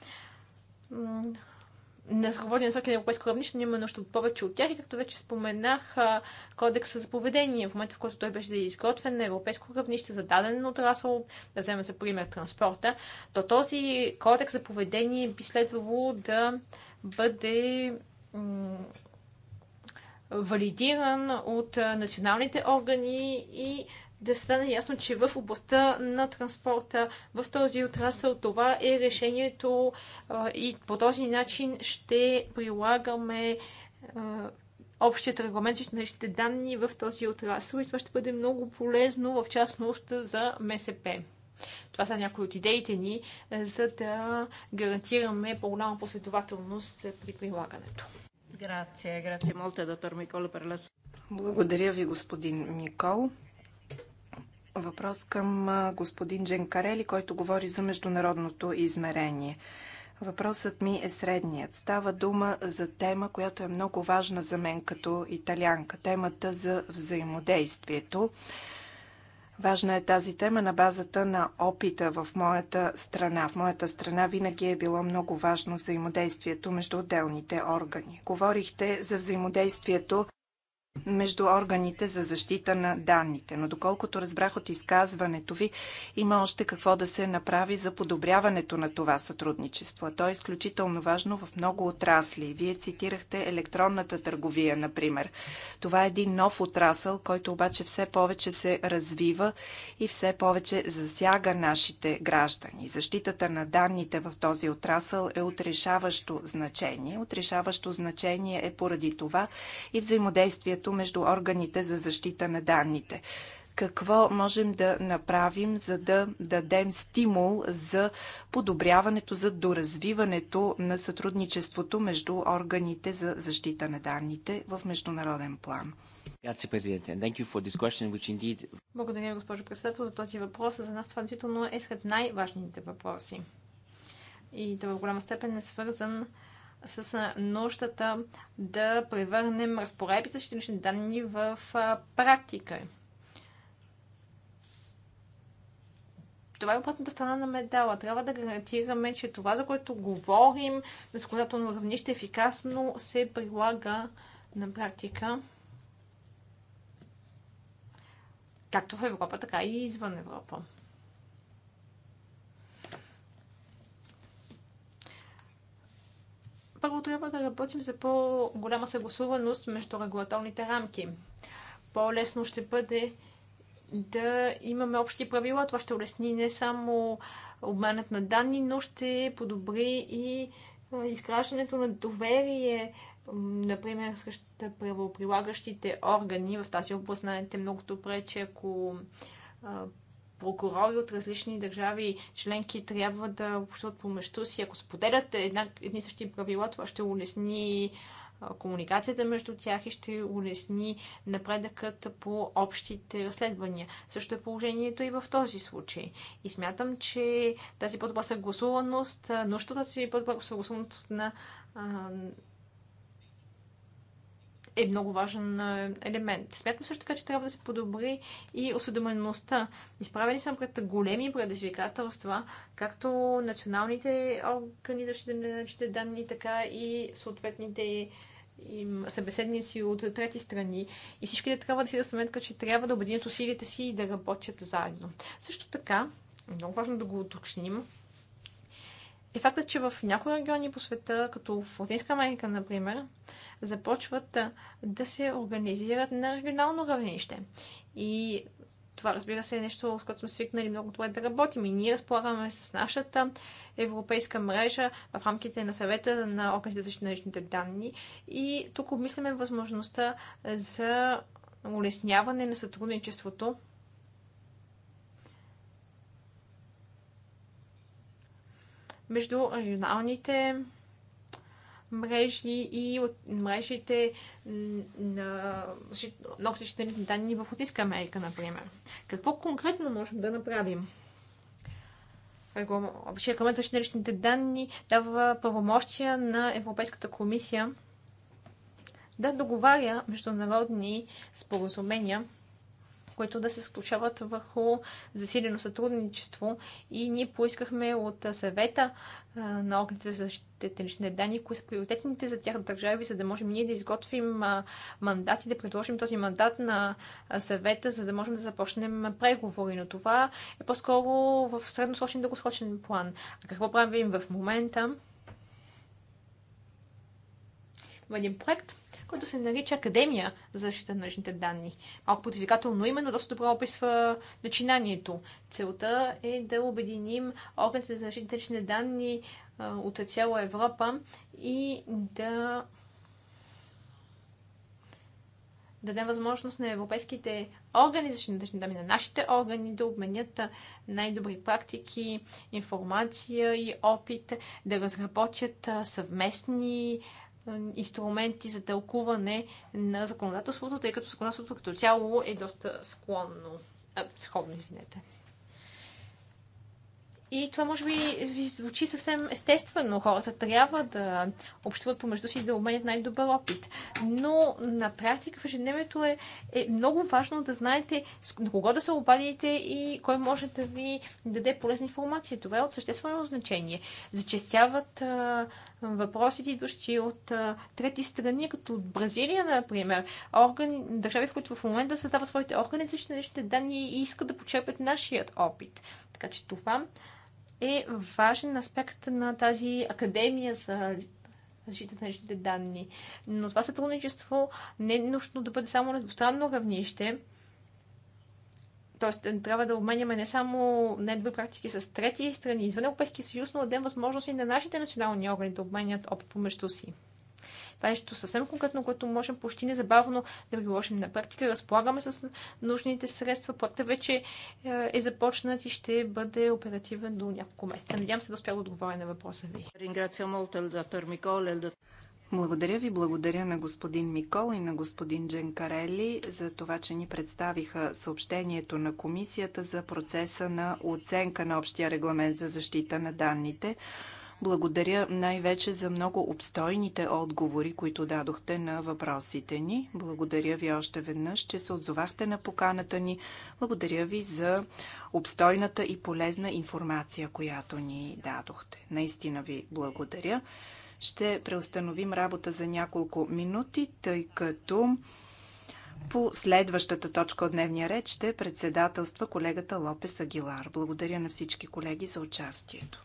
на ръководни насоки на европейско равнище, но има нужда от повече от тях. И както вече споменах, кодекса за поведение, в момента в който той беше да изготвен на европейско равнище за даден отрасъл, да вземем за пример транспорта, то този кодекс за поведение би следвало да бъде валидиран от националните органи и да стане ясно, че в областта на транспорта, в този отрасъл, това е решението и по този начин ще прилагаме общият регламент за личните данни в този отрасъл и това ще бъде много полезно, в частност за МСП. Това са някои от идеите ни, за да гарантираме по-голяма последователност при прилагането. Благодаря ви, господин Микол. Въпрос към господин Дженкарели, който говори за международното измерение. Въпросът ми е средният. Става дума за тема, която е много важна за мен като италианка. Темата за взаимодействието. Важна е тази тема на базата на опита в моята страна. В моята страна винаги е било много важно взаимодействието между отделните органи. Говорихте за взаимодействието между органите за защита на данните. Но доколкото разбрах от изказването ви, има още какво да се направи за подобряването на това сътрудничество. А то е изключително важно в много отрасли. Вие цитирахте електронната търговия, например. Това е един нов отрасъл, който обаче все повече се развива и все повече засяга нашите граждани. Защитата на данните в този отрасъл е отрешаващо значение. Отрешаващо значение е поради това и взаимодействието взаимодействието между органите за защита на данните. Какво можем да направим, за да дадем стимул за подобряването, за доразвиването на сътрудничеството между органите за защита на данните в международен план? Благодаря, госпожо председател, за този въпрос. За нас това действително е сред най-важните въпроси. И той в голяма степен е свързан с нуждата да превърнем разпоредбите с лични данни в практика. Това е обратната страна на медала. Трябва да гарантираме, че това, за което говорим на законодателно равнище, ефикасно се прилага на практика. Както в Европа, така и извън Европа. Първо трябва да работим за по-голяма съгласуваност между регулаторните рамки. По-лесно ще бъде да имаме общи правила. Това ще улесни не само обменът на данни, но ще подобри и изграждането на доверие, например, срещу правоприлагащите органи в тази област. Знаете много добре, че ако прокурори от различни държави членки трябва да общуват помежду си. Ако споделят една, едни същи правила, това ще улесни комуникацията между тях и ще улесни напредъкът по общите разследвания. Също е положението и в този случай. И смятам, че тази по-добра съгласуваност, нуждата си по-добра съгласуваност на е много важен е, елемент. Смятам също така, че трябва да се подобри и осведомеността. Изправени съм пред големи предизвикателства, както националните органи за защита данни, така и съответните им събеседници от трети страни и всички трябва да си да сметка, че трябва да обединят усилите си и да работят заедно. Също така, е много важно да го уточним, е фактът, че в някои региони по света, като в Латинска Америка, например, започват да се организират на регионално равнище. И това, разбира се, е нещо, с което сме свикнали много добре да работим. И ние разполагаме с нашата европейска мрежа в рамките на съвета на органите за защита на личните данни. И тук обмисляме възможността за улесняване на сътрудничеството между регионалните мрежи и от мрежите на ноксичните данни в Латинска Америка, например. Какво конкретно можем да направим? Регламент за личните данни дава правомощия на Европейската комисия да договаря международни споразумения които да се сключават върху засилено сътрудничество. И ние поискахме от съвета на огните за защитите лични данни, кои са приоритетните за тях държави, за да можем ние да изготвим мандат и да предложим този мандат на съвета, за да можем да започнем преговори. Но това е по-скоро в средносрочен дългосрочен план. А какво правим в момента? В един проект, който се нарича Академия за защита на личните данни. Малко подвигателно име, но доста добро описва начинанието. Целта е да обединим органите за защита на личните данни от цяла Европа и да дадем възможност на европейските органи, защитни дами на нашите органи, да обменят най-добри практики, информация и опит, да разработят съвместни инструменти за тълкуване на законодателството, тъй като законодателството като цяло е доста склонно. А, сходно, извинете. И това може би ви звучи съвсем естествено. Хората трябва да общуват помежду си и да обменят най-добър опит. Но на практика в ежедневието е, е много важно да знаете на кого да се обадите и кой може да ви даде полезна информация. Това е от съществено значение. Зачестяват а, въпросите, идващи от а, трети страни, като от Бразилия, например. Органи, държави, в които в момента създават своите органи защото нещите данни и искат да почерпят нашият опит. Така че това е важен аспект на тази академия за защита на личните данни. Но това сътрудничество не е нужно да бъде само на двустранно равнище. Тоест, е, трябва да обменяме не само недобри практики с трети страни извън Европейския съюз, но да дадем възможност и на нашите национални органи да обменят опит помежду си. Това е нещо съвсем конкретно, което можем почти незабавно да приложим на практика. Разполагаме с нужните средства. Проектът вече е, е започнат и ще бъде оперативен до няколко месеца. Надявам се да успя да отговоря на въпроса ви. Благодаря ви, благодаря на господин Микол и на господин Дженкарели за това, че ни представиха съобщението на комисията за процеса на оценка на общия регламент за защита на данните. Благодаря най-вече за много обстойните отговори, които дадохте на въпросите ни. Благодаря ви още веднъж, че се отзовахте на поканата ни. Благодаря ви за обстойната и полезна информация, която ни дадохте. Наистина ви благодаря. Ще преустановим работа за няколко минути, тъй като по следващата точка от дневния ред ще председателства колегата Лопес Агилар. Благодаря на всички колеги за участието.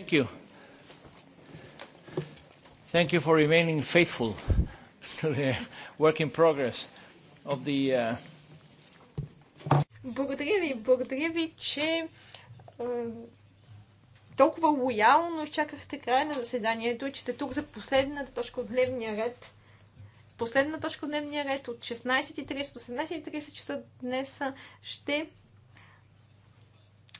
Thank you. Thank you for remaining faithful [LAUGHS] to the work in progress of the. Uh, благодаря ви, благодаря ви, че толкова лоялно чакахте края на заседанието, че сте тук за последната точка от дневния ред. Последна точка от дневния ред от 16.30 до 18.30 часа днес ще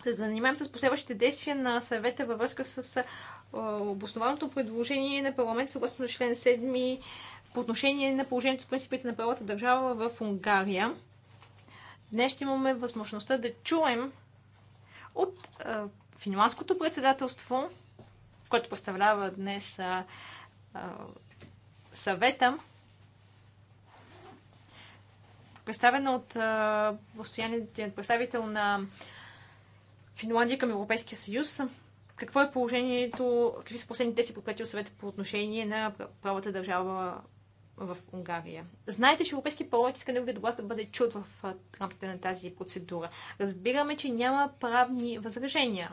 се занимаем с последващите действия на съвета във връзка с обоснованото предложение на парламент съгласно член 7 по отношение на положението с принципите на правата държава в Унгария. Днес ще имаме възможността да чуем от а, финландското председателство, което представлява днес а, а, съвета, представена от постоянният представител на Финландия към Европейския съюз. Какво е положението, какви са последните си подкрепи от съвета по отношение на правата държава в Унгария. Знаете, че Европейския парламент иска неговият глас да бъде чут в рамките на тази процедура. Разбираме, че няма правни възражения.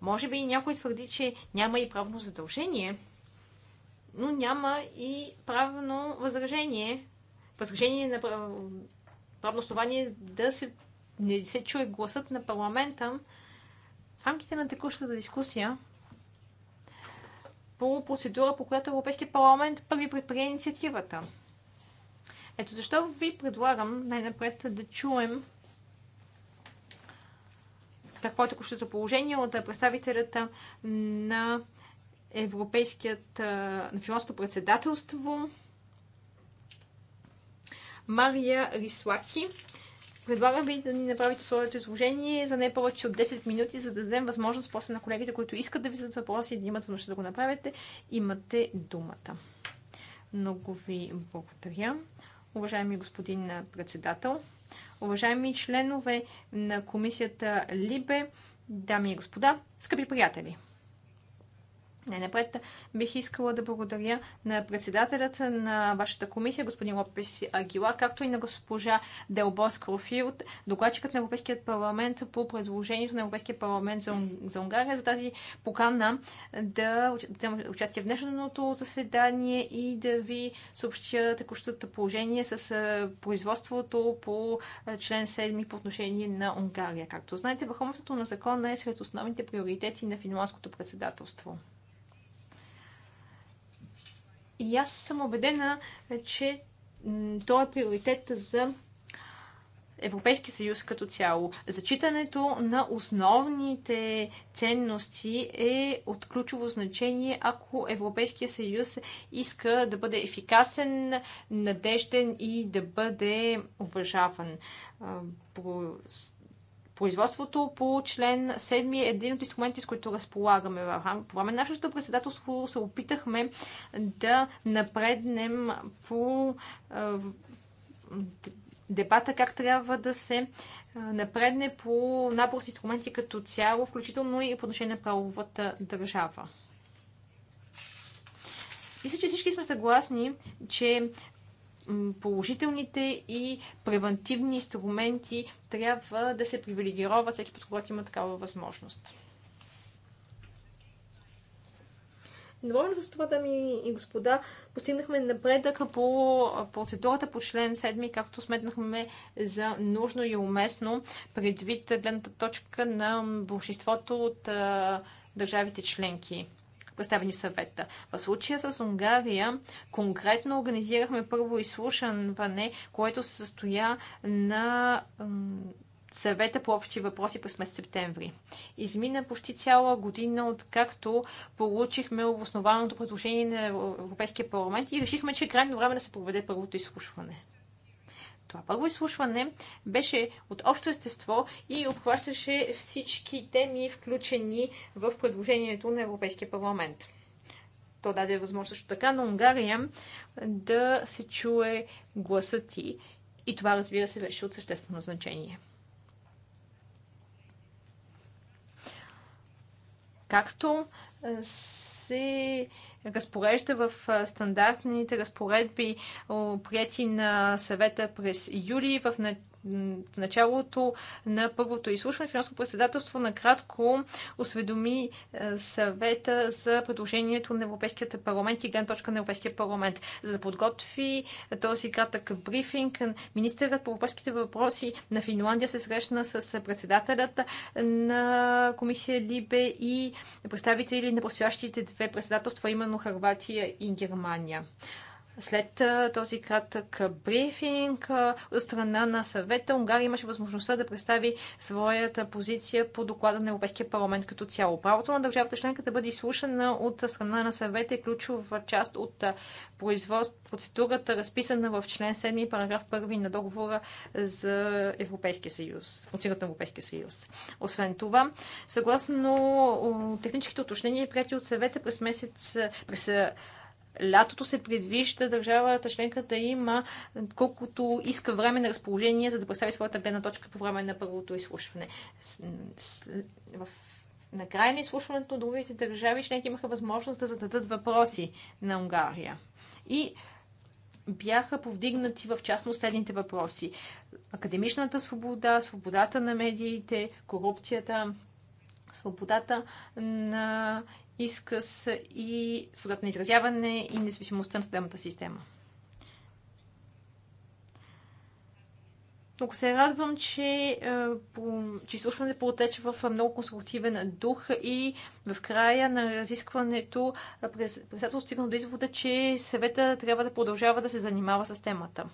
Може би някой твърди, че няма и правно задължение, но няма и правно възражение, възражение на правно основание да се, не се чуе гласът на парламента в рамките на текущата дискусия по процедура, по която Европейския парламент първи предприе инициативата. Ето защо ви предлагам най-напред да чуем какво е текущото положение от представителята на Европейският, на финландското председателство Мария Рислаки, Предлагам ви да ни направите своето изложение за не повече от 10 минути, за да дадем възможност после на колегите, които искат да ви зададат въпроси и да имат възможност да го направите, имате думата. Много ви благодаря. Уважаеми господин председател, уважаеми членове на комисията Либе, дами и господа, скъпи приятели! Най-напред бих искала да благодаря на председателят на вашата комисия, господин Лопес Агила, както и на госпожа Делбос Крофилд, докладчикът на Европейският парламент по предложението на Европейския парламент за, за Унгария, за тази покана да участие в днешното заседание и да ви съобщя текущото положение с производството по член 7 по отношение на Унгария. Както знаете, върховенството на закона е сред основните приоритети на финландското председателство. И аз съм убедена, че то е приоритет за Европейски съюз като цяло. Зачитането на основните ценности е от ключово значение, ако Европейския съюз иска да бъде ефикасен, надежден и да бъде уважаван. Производството по член 7 е един от инструментите, с които разполагаме. По време на нашето председателство се опитахме да напреднем по дебата как трябва да се напредне по набор с инструменти като цяло, включително и по отношение на правовата държава. Мисля, че всички сме съгласни, че положителните и превентивни инструменти трябва да се привилегироват всеки път, когато има такава възможност. Едновременно с това, дами и господа, постигнахме напредък по процедурата по член 7, както сметнахме за нужно и уместно, предвид гледната точка на большинството от държавите членки представени в съвета. В случая с Унгария конкретно организирахме първо изслушване, което се състоя на съвета по общи въпроси през месец септември. Измина почти цяла година, откакто получихме обоснованото предложение на Европейския парламент и решихме, че е крайно време да се проведе първото изслушване. Това първо изслушване беше от общо естество и обхващаше всички теми, включени в предложението на Европейския парламент. То даде възможност също така на Унгария да се чуе гласа ти. И това, разбира се, беше от съществено значение. Както се разпорежда в стандартните разпоредби, прияти на съвета през юли. В в началото на първото изслушване финансово председателство накратко осведоми е, съвета за предложението на Европейският парламент и гледна точка на Европейския парламент. За да подготви този кратък брифинг, министърът по европейските въпроси на Финландия се срещна с председателят на комисия Либе и представители на предстоящите две председателства, именно Харватия и Германия. След този кратък брифинг от страна на съвета, Унгария имаше възможността да представи своята позиция по доклада на Европейския парламент като цяло. Правото на държавата членка да бъде изслушана от страна на съвета е ключова част от процедурата, разписана в член 7, параграф 1 на договора за Европейския съюз, функцията на Европейския съюз. Освен това, съгласно техническите уточнения, прияти от съвета през месец, през лятото се предвижда държавата членка да има колкото иска време на разположение, за да представи своята гледна точка по време на първото изслушване. В Накрая на изслушването другите държави членки имаха възможност да зададат въпроси на Унгария. И бяха повдигнати в частност следните въпроси. Академичната свобода, свободата на медиите, корупцията, свободата на изказ и свободата на изразяване и независимостта на съдебната система. Много се радвам, че, е, че изслушването протече в много конструктивен дух и в края на разискването е, председател стигна до извода, че съвета трябва да продължава да се занимава с темата.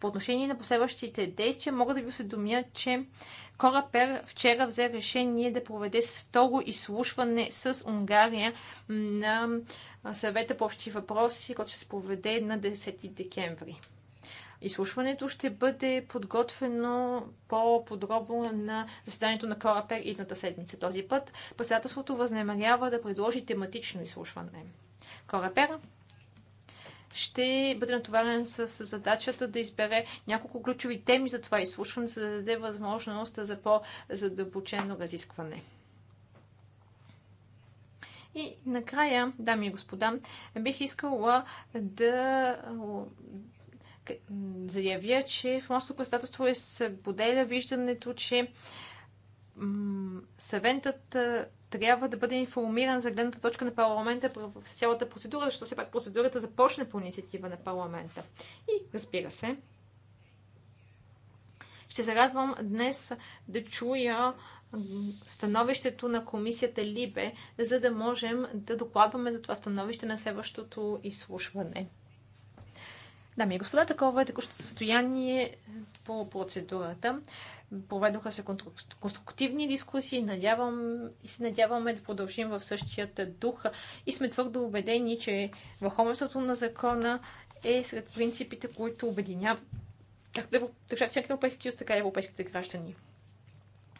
По отношение на последващите действия, мога да ви осведомя, че Корапер вчера взе решение да проведе второ изслушване с Унгария на е, съвета по общи въпроси, който ще се проведе на 10 декември. Изслушването ще бъде подготвено по-подробно на заседанието на Корапер идната седмица. Този път председателството възнамерява да предложи тематично изслушване. Корапер ще бъде натоварен с задачата да избере няколко ключови теми за това изслушване, за да даде възможност за по-задълбочено разискване. И накрая, дами и господа, бих искала да заявя, че в мостното председателство е споделя виждането, че съвентът трябва да бъде информиран за гледната точка на парламента в цялата процедура, защото все пак процедурата започне по инициатива на парламента. И разбира се, ще се радвам днес да чуя становището на комисията Либе, за да можем да докладваме за това становище на следващото изслушване. Дами и господа, такова е текущото състояние по процедурата. Проведоха се конструктивни дискусии надявам, и се надяваме да продължим в същият дух и сме твърдо убедени, че върховенството на закона е сред принципите, които обединяват както държавите на Европейския съюз, така и европейските граждани.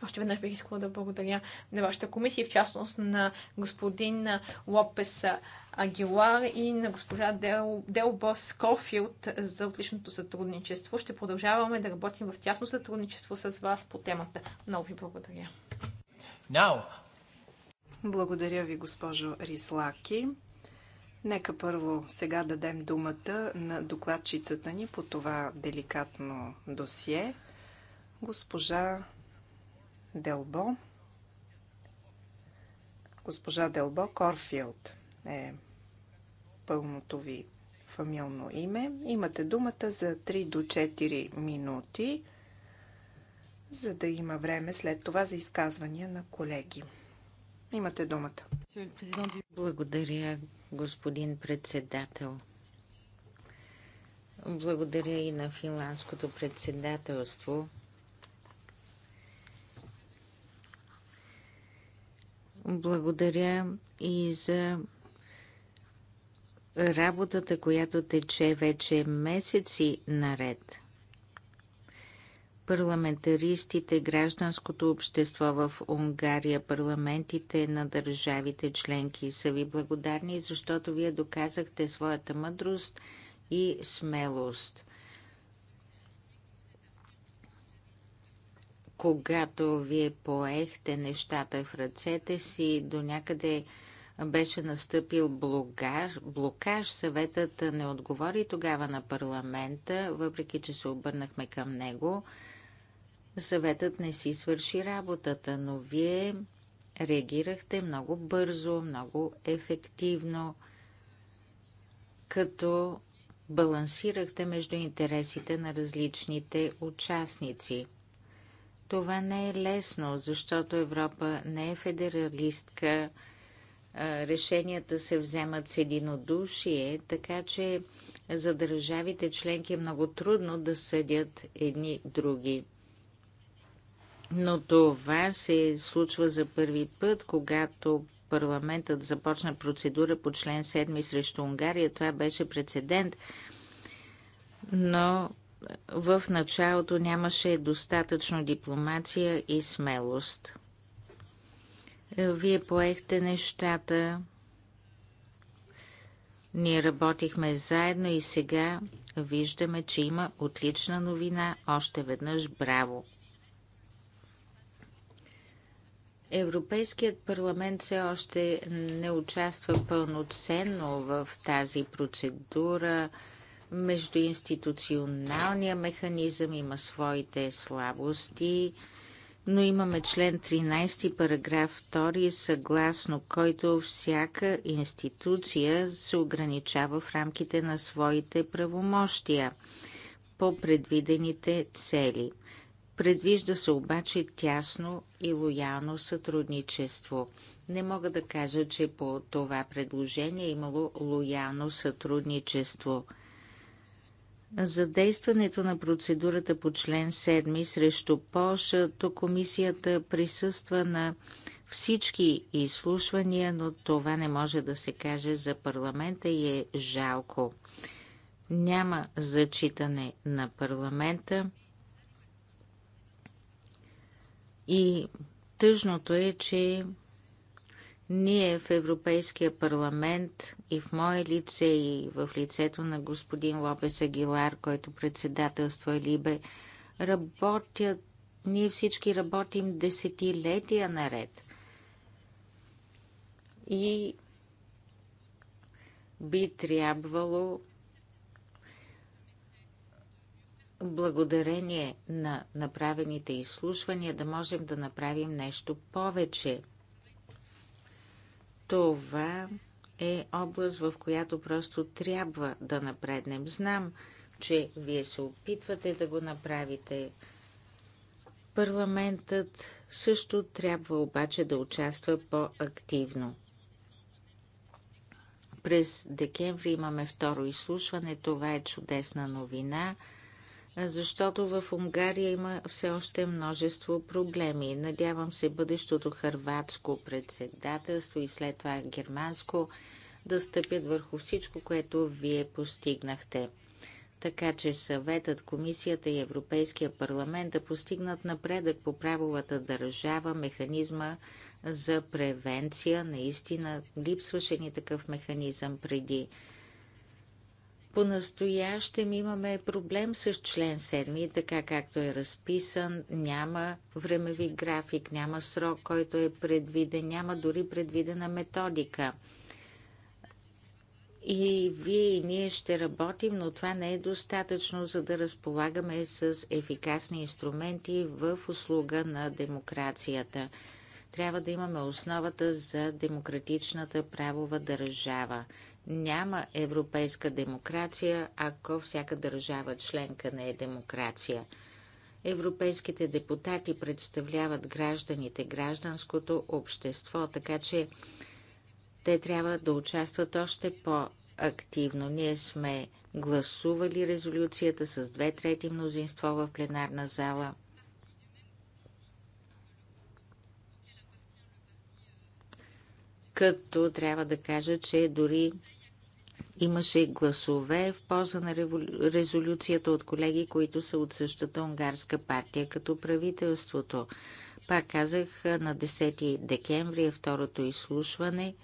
Още веднъж бих искала да благодаря на вашата комисия, в частност на господин Лопес Агилар и на госпожа Дел, Делбос за отличното сътрудничество. Ще продължаваме да работим в тясно сътрудничество с вас по темата. Много ви благодаря. Now. Благодаря ви, госпожо Рислаки. Нека първо сега дадем думата на докладчицата ни по това деликатно досие, госпожа Делбо. Госпожа Делбо Корфилд е пълното ви фамилно име. Имате думата за 3 до 4 минути, за да има време след това за изказвания на колеги. Имате думата. Благодаря, господин председател. Благодаря и на финландското председателство Благодаря и за работата, която тече вече месеци наред. Парламентаристите, гражданското общество в Унгария, парламентите на държавите членки са ви благодарни, защото вие доказахте своята мъдрост и смелост. когато вие поехте нещата в ръцете си, до някъде беше настъпил блокаж, блокаж. Съветът не отговори тогава на парламента, въпреки че се обърнахме към него. Съветът не си свърши работата, но вие реагирахте много бързо, много ефективно, като балансирахте между интересите на различните участници – това не е лесно, защото Европа не е федералистка. Решенията се вземат с единодушие, така че за държавите членки е много трудно да съдят едни други. Но това се случва за първи път, когато парламентът започна процедура по член 7 срещу Унгария. Това беше прецедент. Но в началото нямаше достатъчно дипломация и смелост. Вие поехте нещата, ние работихме заедно и сега виждаме, че има отлична новина. Още веднъж браво! Европейският парламент все още не участва пълноценно в тази процедура – Междуинституционалния механизъм има своите слабости, но имаме член 13, параграф 2, съгласно който всяка институция се ограничава в рамките на своите правомощия по предвидените цели. Предвижда се обаче тясно и лоялно сътрудничество. Не мога да кажа, че по това предложение е имало лоялно сътрудничество – за действането на процедурата по член 7 срещу Польша, то комисията присъства на всички изслушвания, но това не може да се каже за парламента и е жалко. Няма зачитане на парламента и тъжното е, че ние в Европейския парламент и в мое лице и в лицето на господин Лопес Агилар, който председателства Либе, работят, ние всички работим десетилетия наред. И би трябвало благодарение на направените изслушвания да можем да направим нещо повече. Това е област, в която просто трябва да напреднем. Знам, че вие се опитвате да го направите. Парламентът също трябва обаче да участва по-активно. През декември имаме второ изслушване. Това е чудесна новина – защото в Унгария има все още множество проблеми. Надявам се бъдещото хърватско председателство и след това германско да стъпят върху всичко, което вие постигнахте. Така че съветът, комисията и Европейския парламент да постигнат напредък по правовата държава, механизма за превенция. Наистина липсваше ни такъв механизъм преди. По-настоящем имаме проблем с член 7, така както е разписан. Няма времеви график, няма срок, който е предвиден, няма дори предвидена методика. И вие и ние ще работим, но това не е достатъчно, за да разполагаме с ефикасни инструменти в услуга на демокрацията. Трябва да имаме основата за демократичната правова държава. Няма европейска демокрация, ако всяка държава членка не е демокрация. Европейските депутати представляват гражданите, гражданското общество, така че те трябва да участват още по-активно. Ние сме гласували резолюцията с две трети мнозинство в пленарна зала. Като трябва да кажа, че дори Имаше гласове в полза на резолюцията от колеги, които са от същата унгарска партия като правителството. Пак казах, на 10 декември е второто изслушване,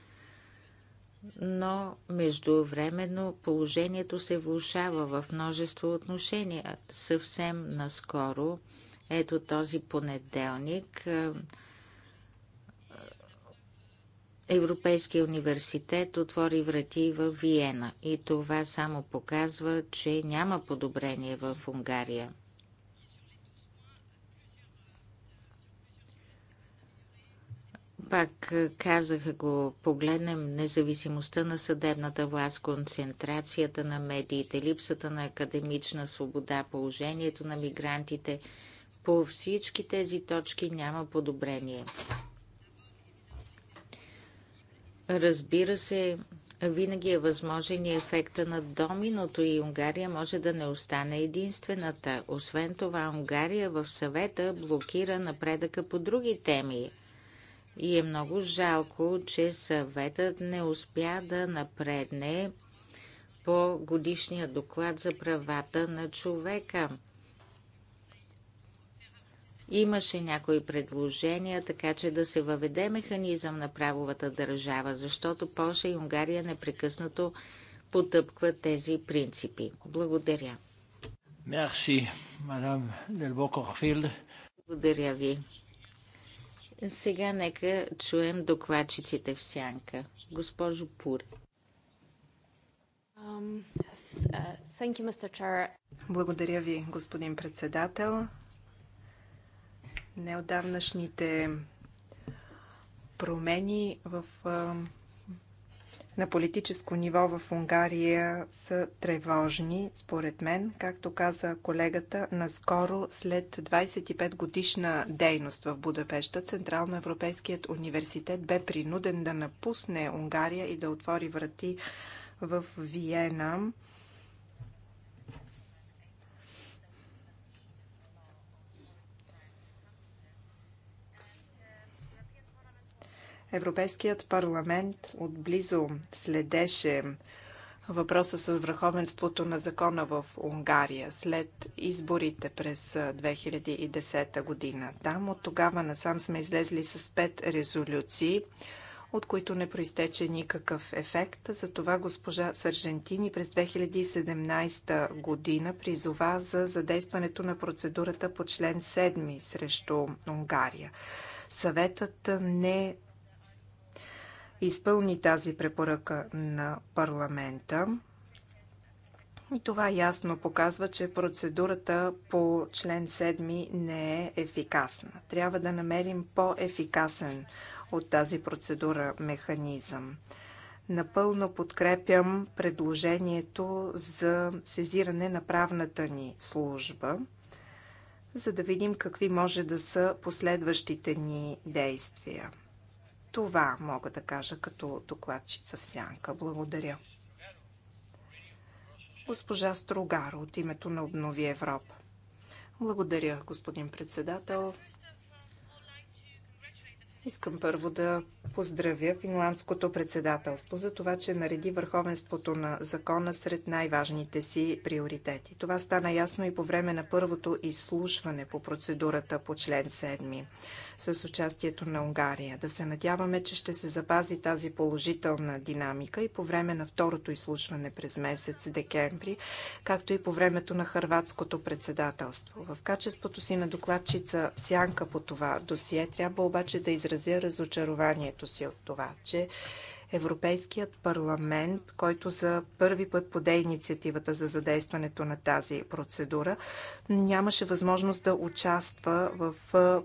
но междувременно положението се влушава в множество отношения. Съвсем наскоро, ето този понеделник, Европейския университет отвори врати в Виена и това само показва, че няма подобрение в Унгария. Пак е, казах, го погледнем независимостта на съдебната власт, концентрацията на медиите, липсата на академична свобода, положението на мигрантите. По всички тези точки няма подобрение. Разбира се, винаги е възможен и ефекта на доминото и Унгария може да не остане единствената. Освен това, Унгария в съвета блокира напредъка по други теми. И е много жалко, че съветът не успя да напредне по годишния доклад за правата на човека. Имаше някои предложения, така че да се въведе механизъм на правовата държава, защото Польша и Унгария непрекъснато потъпкват тези принципи. Благодаря. Мерси, мадам Благодаря ви. Сега нека чуем докладчиците в сянка. Госпожо Пур. Um, uh, Благодаря ви, господин председател неодавнашните промени в, на политическо ниво в Унгария са тревожни, според мен. Както каза колегата, наскоро след 25 годишна дейност в Будапешта, Централноевропейският университет бе принуден да напусне Унгария и да отвори врати в Виена Европейският парламент отблизо следеше въпроса с върховенството на закона в Унгария след изборите през 2010 година. Там от тогава насам сме излезли с пет резолюции, от които не проистече никакъв ефект. Затова госпожа Саржентини през 2017 година призова за задействането на процедурата по член 7 срещу Унгария. Съветът не изпълни тази препоръка на парламента. И това ясно показва, че процедурата по член 7 не е ефикасна. Трябва да намерим по-ефикасен от тази процедура механизъм. Напълно подкрепям предложението за сезиране на правната ни служба, за да видим какви може да са последващите ни действия. Това мога да кажа като докладчица в сянка. Благодаря. Госпожа Строгар от името на Обнови Европа. Благодаря, господин председател. Искам първо да поздравя финландското председателство за това, че нареди върховенството на закона сред най-важните си приоритети. Това стана ясно и по време на първото изслушване по процедурата по член 7 с участието на Унгария. Да се надяваме, че ще се запази тази положителна динамика и по време на второто изслушване през месец декември, както и по времето на хърватското председателство. В качеството си на докладчица сянка по това досие трябва обаче да изразя изразя разочарованието си от това, че Европейският парламент, който за първи път поде инициативата за задействането на тази процедура, нямаше възможност да участва в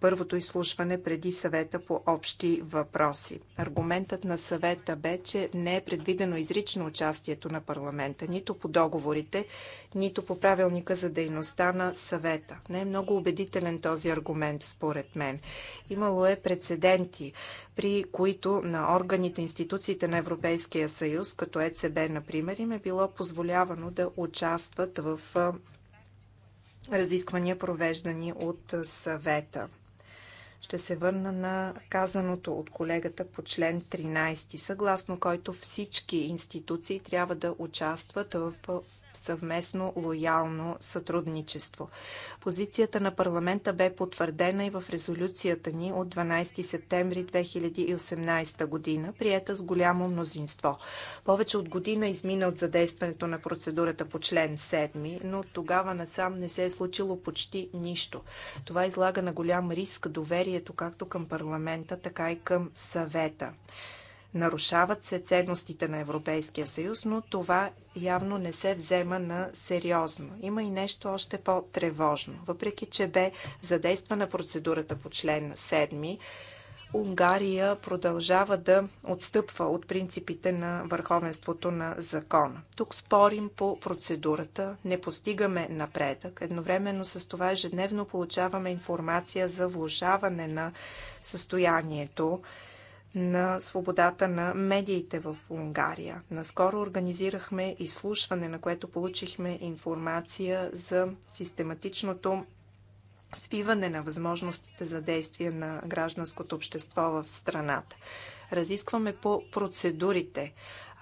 първото изслушване преди съвета по общи въпроси. Аргументът на съвета бе, че не е предвидено изрично участието на парламента нито по договорите, нито по правилника за дейността на съвета. Не е много убедителен този аргумент, според мен. Имало е прецеденти, при които на органите, институциите на Европейския съюз, като ЕЦБ, например, им е било позволявано да участват в разисквания, провеждани от съвета. Ще се върна на казаното от колегата по член 13, съгласно който всички институции трябва да участват в съвместно лоялно сътрудничество. Позицията на парламента бе потвърдена и в резолюцията ни от 12 септември 2018 година, приета с голямо мнозинство. Повече от година измина от задействането на процедурата по член 7, но тогава насам не се е случило почти нищо. Това излага на голям риск доверието както към парламента, така и към съвета. Нарушават се ценностите на Европейския съюз, но това явно не се взема на сериозно. Има и нещо още по-тревожно. Въпреки, че бе задействана процедурата по член 7, Унгария продължава да отстъпва от принципите на върховенството на закона. Тук спорим по процедурата, не постигаме напредък. Едновременно с това ежедневно получаваме информация за влушаване на състоянието на свободата на медиите в Унгария. Наскоро организирахме изслушване, на което получихме информация за систематичното свиване на възможностите за действие на гражданското общество в страната. Разискваме по процедурите,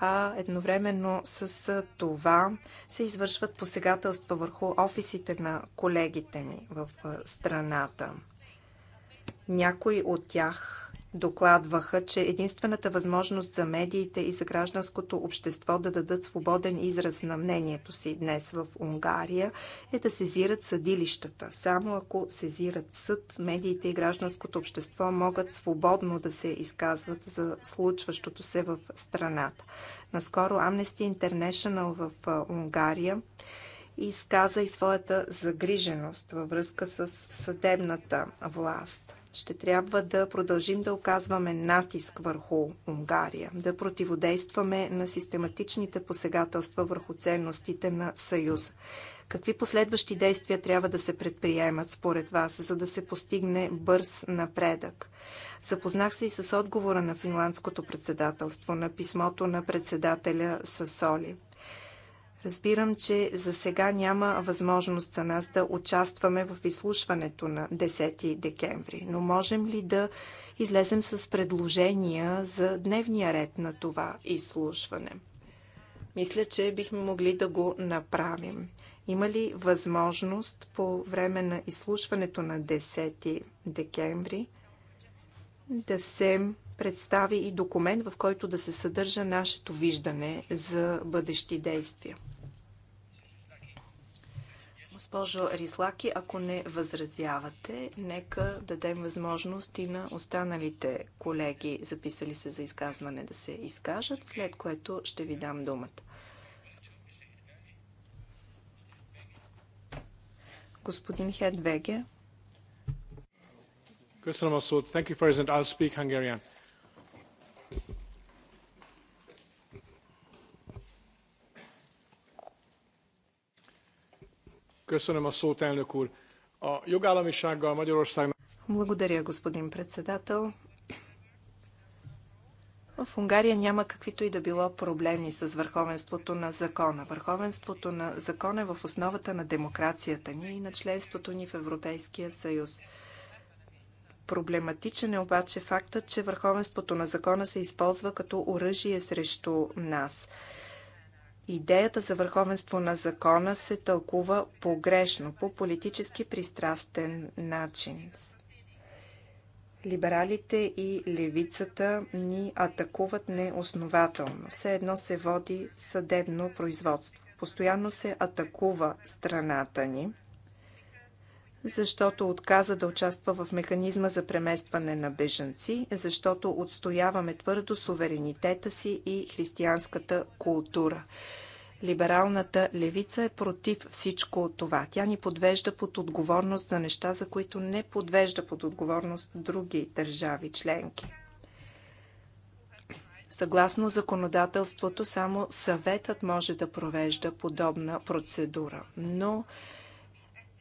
а едновременно с това се извършват посегателства върху офисите на колегите ми в страната. Някои от тях докладваха, че единствената възможност за медиите и за гражданското общество да дадат свободен израз на мнението си днес в Унгария е да сезират съдилищата. Само ако сезират съд, медиите и гражданското общество могат свободно да се изказват за случващото се в страната. Наскоро Amnesty International в Унгария изказа и своята загриженост във връзка с съдебната власт. Ще трябва да продължим да оказваме натиск върху Унгария, да противодействаме на систематичните посегателства върху ценностите на съюз. Какви последващи действия трябва да се предприемат според вас, за да се постигне бърз напредък? Запознах се и с отговора на финландското председателство на писмото на председателя Сасоли. Разбирам, че за сега няма възможност за нас да участваме в изслушването на 10 декември, но можем ли да излезем с предложения за дневния ред на това изслушване? Мисля, че бихме могли да го направим. Има ли възможност по време на изслушването на 10 декември да се представи и документ, в който да се съдържа нашето виждане за бъдещи действия. Госпожо Рислаки, ако не възразявате, нека дадем възможност и на останалите колеги, записали се за изказване, да се изкажат, след което ще ви дам думата. Господин Хедвеге. Köszönöm a szót. Thank you, President. Köszönöm a szót, elnök úr. A jogállamisággal Magyarországnak... Благодаря, господин председател. В Унгария няма каквито и да било проблеми с върховенството на закона. Върховенството на закона е в основата на демокрацията ни и на членството ни в Европейския съюз. Проблематичен е обаче фактът, че върховенството на закона се използва като оръжие срещу нас идеята за върховенство на закона се тълкува погрешно, по политически пристрастен начин. Либералите и левицата ни атакуват неоснователно. Все едно се води съдебно производство. Постоянно се атакува страната ни защото отказа да участва в механизма за преместване на бежанци, защото отстояваме твърдо суверенитета си и християнската култура. Либералната левица е против всичко от това. Тя ни подвежда под отговорност за неща, за които не подвежда под отговорност други държави членки. Съгласно законодателството, само съветът може да провежда подобна процедура, но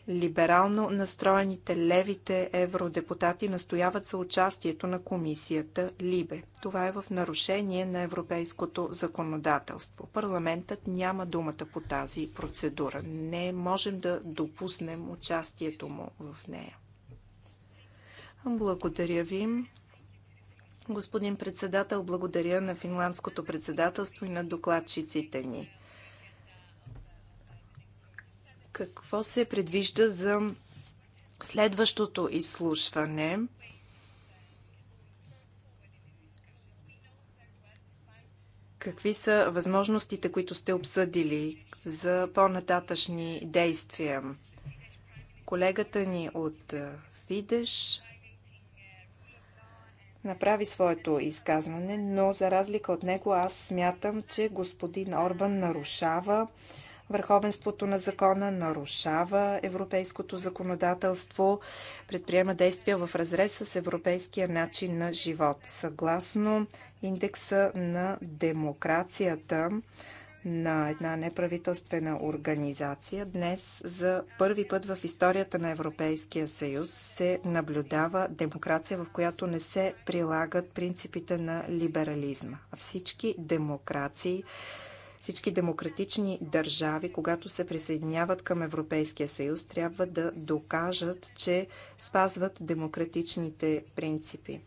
Либерално настроените левите евродепутати настояват за участието на комисията Либе. Това е в нарушение на европейското законодателство. Парламентът няма думата по тази процедура. Не можем да допуснем участието му в нея. Благодаря ви. Господин председател, благодаря на финландското председателство и на докладчиците ни. Какво се предвижда за следващото изслушване? Какви са възможностите, които сте обсъдили за по-нататъчни действия? Колегата ни от Фидеш направи своето изказване, но за разлика от него аз смятам, че господин Орбан нарушава върховенството на закона, нарушава европейското законодателство, предприема действия в разрез с европейския начин на живот. Съгласно индекса на демокрацията, на една неправителствена организация. Днес за първи път в историята на Европейския съюз се наблюдава демокрация, в която не се прилагат принципите на либерализма. Всички демокрации всички демократични държави, когато се присъединяват към Европейския съюз, трябва да докажат, че спазват демократичните принципи.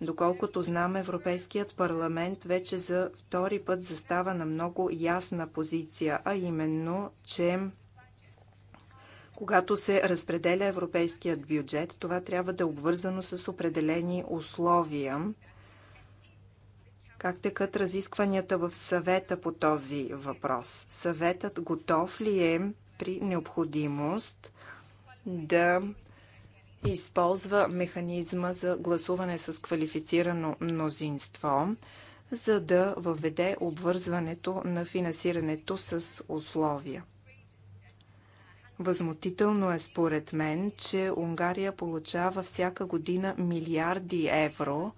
Доколкото знам, Европейският парламент вече за втори път застава на много ясна позиция, а именно, че когато се разпределя европейският бюджет, това трябва да е обвързано с определени условия. Как текат разискванията в съвета по този въпрос? Съветът готов ли е при необходимост да използва механизма за гласуване с квалифицирано мнозинство, за да въведе обвързването на финансирането с условия. Възмутително е според мен, че Унгария получава всяка година милиарди евро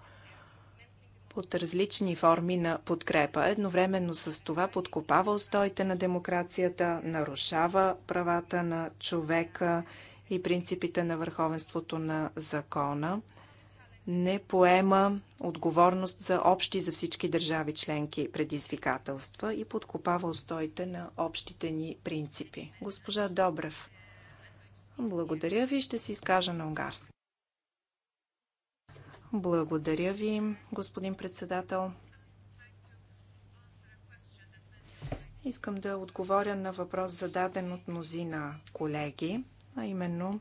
под различни форми на подкрепа. Едновременно с това подкопава устоите на демокрацията, нарушава правата на човека и принципите на върховенството на закона. Не поема отговорност за общи за всички държави членки предизвикателства и подкопава устоите на общите ни принципи. Госпожа Добрев. Благодаря ви, ще се изкажа на унгарски. Благодаря ви, господин председател. Искам да отговоря на въпрос зададен от мнозина колеги, а именно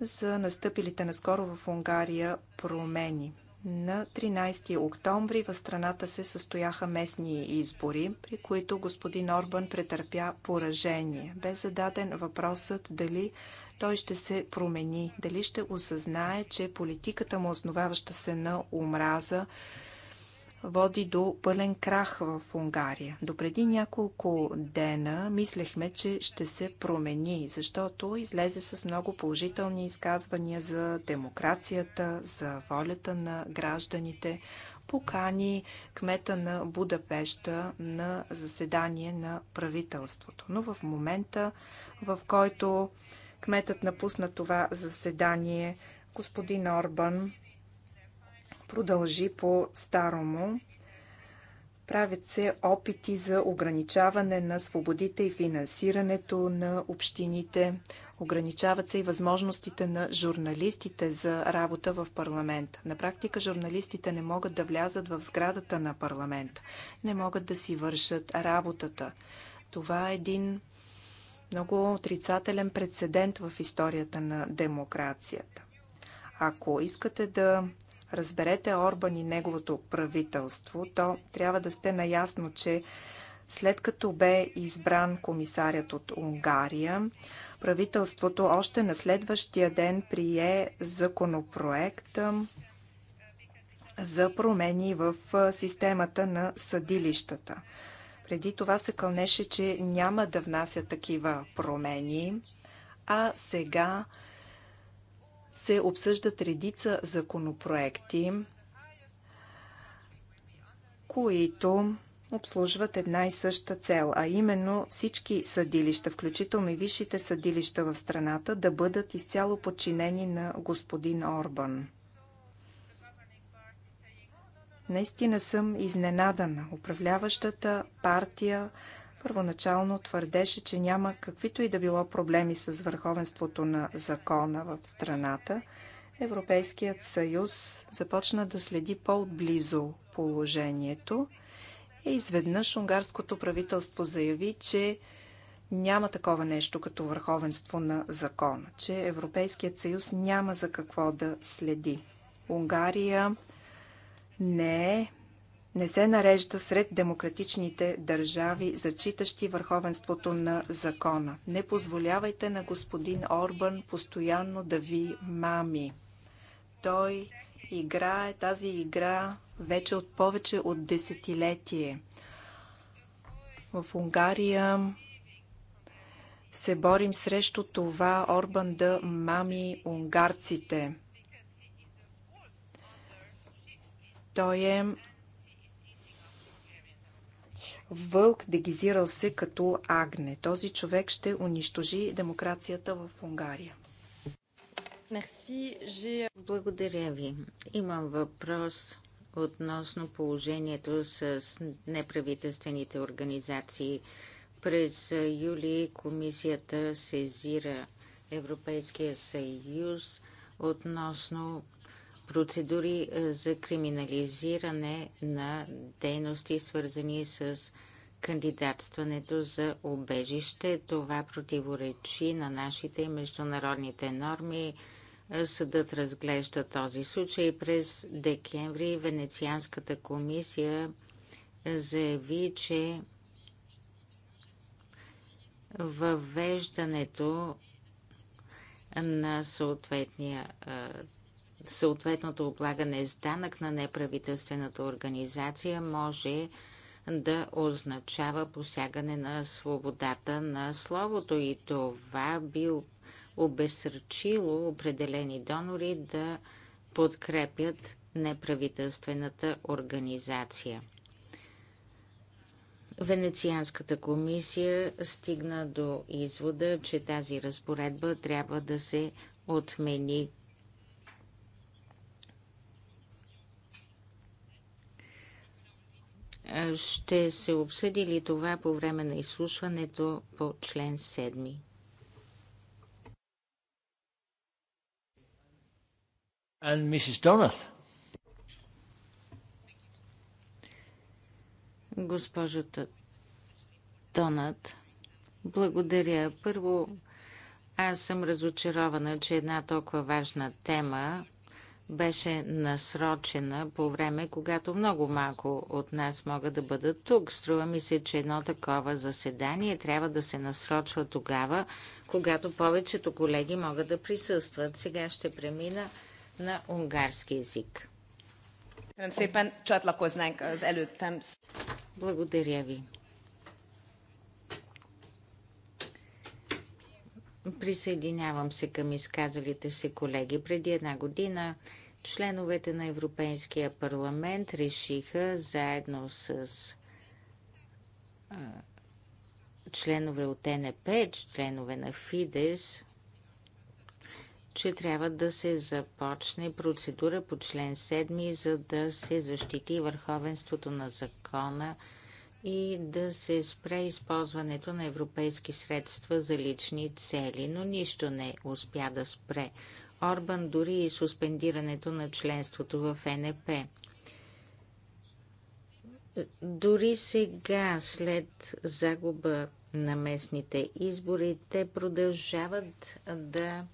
за настъпилите наскоро в Унгария промени. На 13 октомври в страната се състояха местни избори, при които господин Орбан претърпя поражение. Бе зададен въпросът дали той ще се промени, дали ще осъзнае, че политиката му, основаваща се на омраза, води до пълен крах в Унгария. Допреди няколко дена мислехме, че ще се промени, защото излезе с много положителни изказвания за демокрацията, за волята на гражданите, покани кмета на Будапешта на заседание на правителството. Но в момента, в който Кметът напусна това заседание. Господин Орбан продължи по старому. Правят се опити за ограничаване на свободите и финансирането на общините. Ограничават се и възможностите на журналистите за работа в парламент. На практика журналистите не могат да влязат в сградата на парламент, не могат да си вършат работата. Това е един много отрицателен прецедент в историята на демокрацията. Ако искате да разберете Орбан и неговото правителство, то трябва да сте наясно, че след като бе избран комисарят от Унгария, правителството още на следващия ден прие законопроект за промени в системата на съдилищата. Преди това се кълнеше, че няма да внася такива промени, а сега се обсъждат редица законопроекти, които обслужват една и съща цел, а именно всички съдилища, включително и висшите съдилища в страната, да бъдат изцяло подчинени на господин Орбан. Наистина съм изненадана. Управляващата партия първоначално твърдеше, че няма каквито и да било проблеми с върховенството на закона в страната. Европейският съюз започна да следи по-отблизо положението и изведнъж унгарското правителство заяви, че няма такова нещо като върховенство на закона, че Европейският съюз няма за какво да следи. Унгария не е не се нарежда сред демократичните държави, зачитащи върховенството на закона. Не позволявайте на господин Орбан постоянно да ви мами. Той играе тази игра вече от повече от десетилетие. В Унгария се борим срещу това Орбан да мами унгарците – Той е вълк, дегизирал се като агне. Този човек ще унищожи демокрацията в Унгария. Благодаря ви. Имам въпрос относно положението с неправителствените организации. През юли комисията сезира Европейския съюз относно процедури е, за криминализиране на дейности, свързани с кандидатстването за обежище. Това противоречи на нашите международните норми. Е, съдът разглежда този случай през декември. Венецианската комисия заяви, че въвеждането на съответния е, съответното облагане с данък на неправителствената организация може да означава посягане на свободата на словото и това би обесърчило определени донори да подкрепят неправителствената организация. Венецианската комисия стигна до извода, че тази разпоредба трябва да се отмени. ще се обсъди ли това по време на изслушването по член 7? And Mrs. Donath. Госпожата Донат, благодаря. Първо, аз съм разочарована, че една толкова важна тема беше насрочена по време, когато много малко от нас могат да бъдат тук. Струва ми се, че едно такова заседание трябва да се насрочва тогава, когато повечето колеги могат да присъстват. Сега ще премина на унгарски язик. Благодаря ви. Присъединявам се към изказалите се колеги. Преди една година Членовете на Европейския парламент решиха заедно с членове от НП, членове на Фидес, че трябва да се започне процедура по член 7, за да се защити върховенството на закона и да се спре използването на европейски средства за лични цели, но нищо не успя да спре Орбан дори и суспендирането на членството в НП. Дори сега, след загуба на местните избори, те продължават да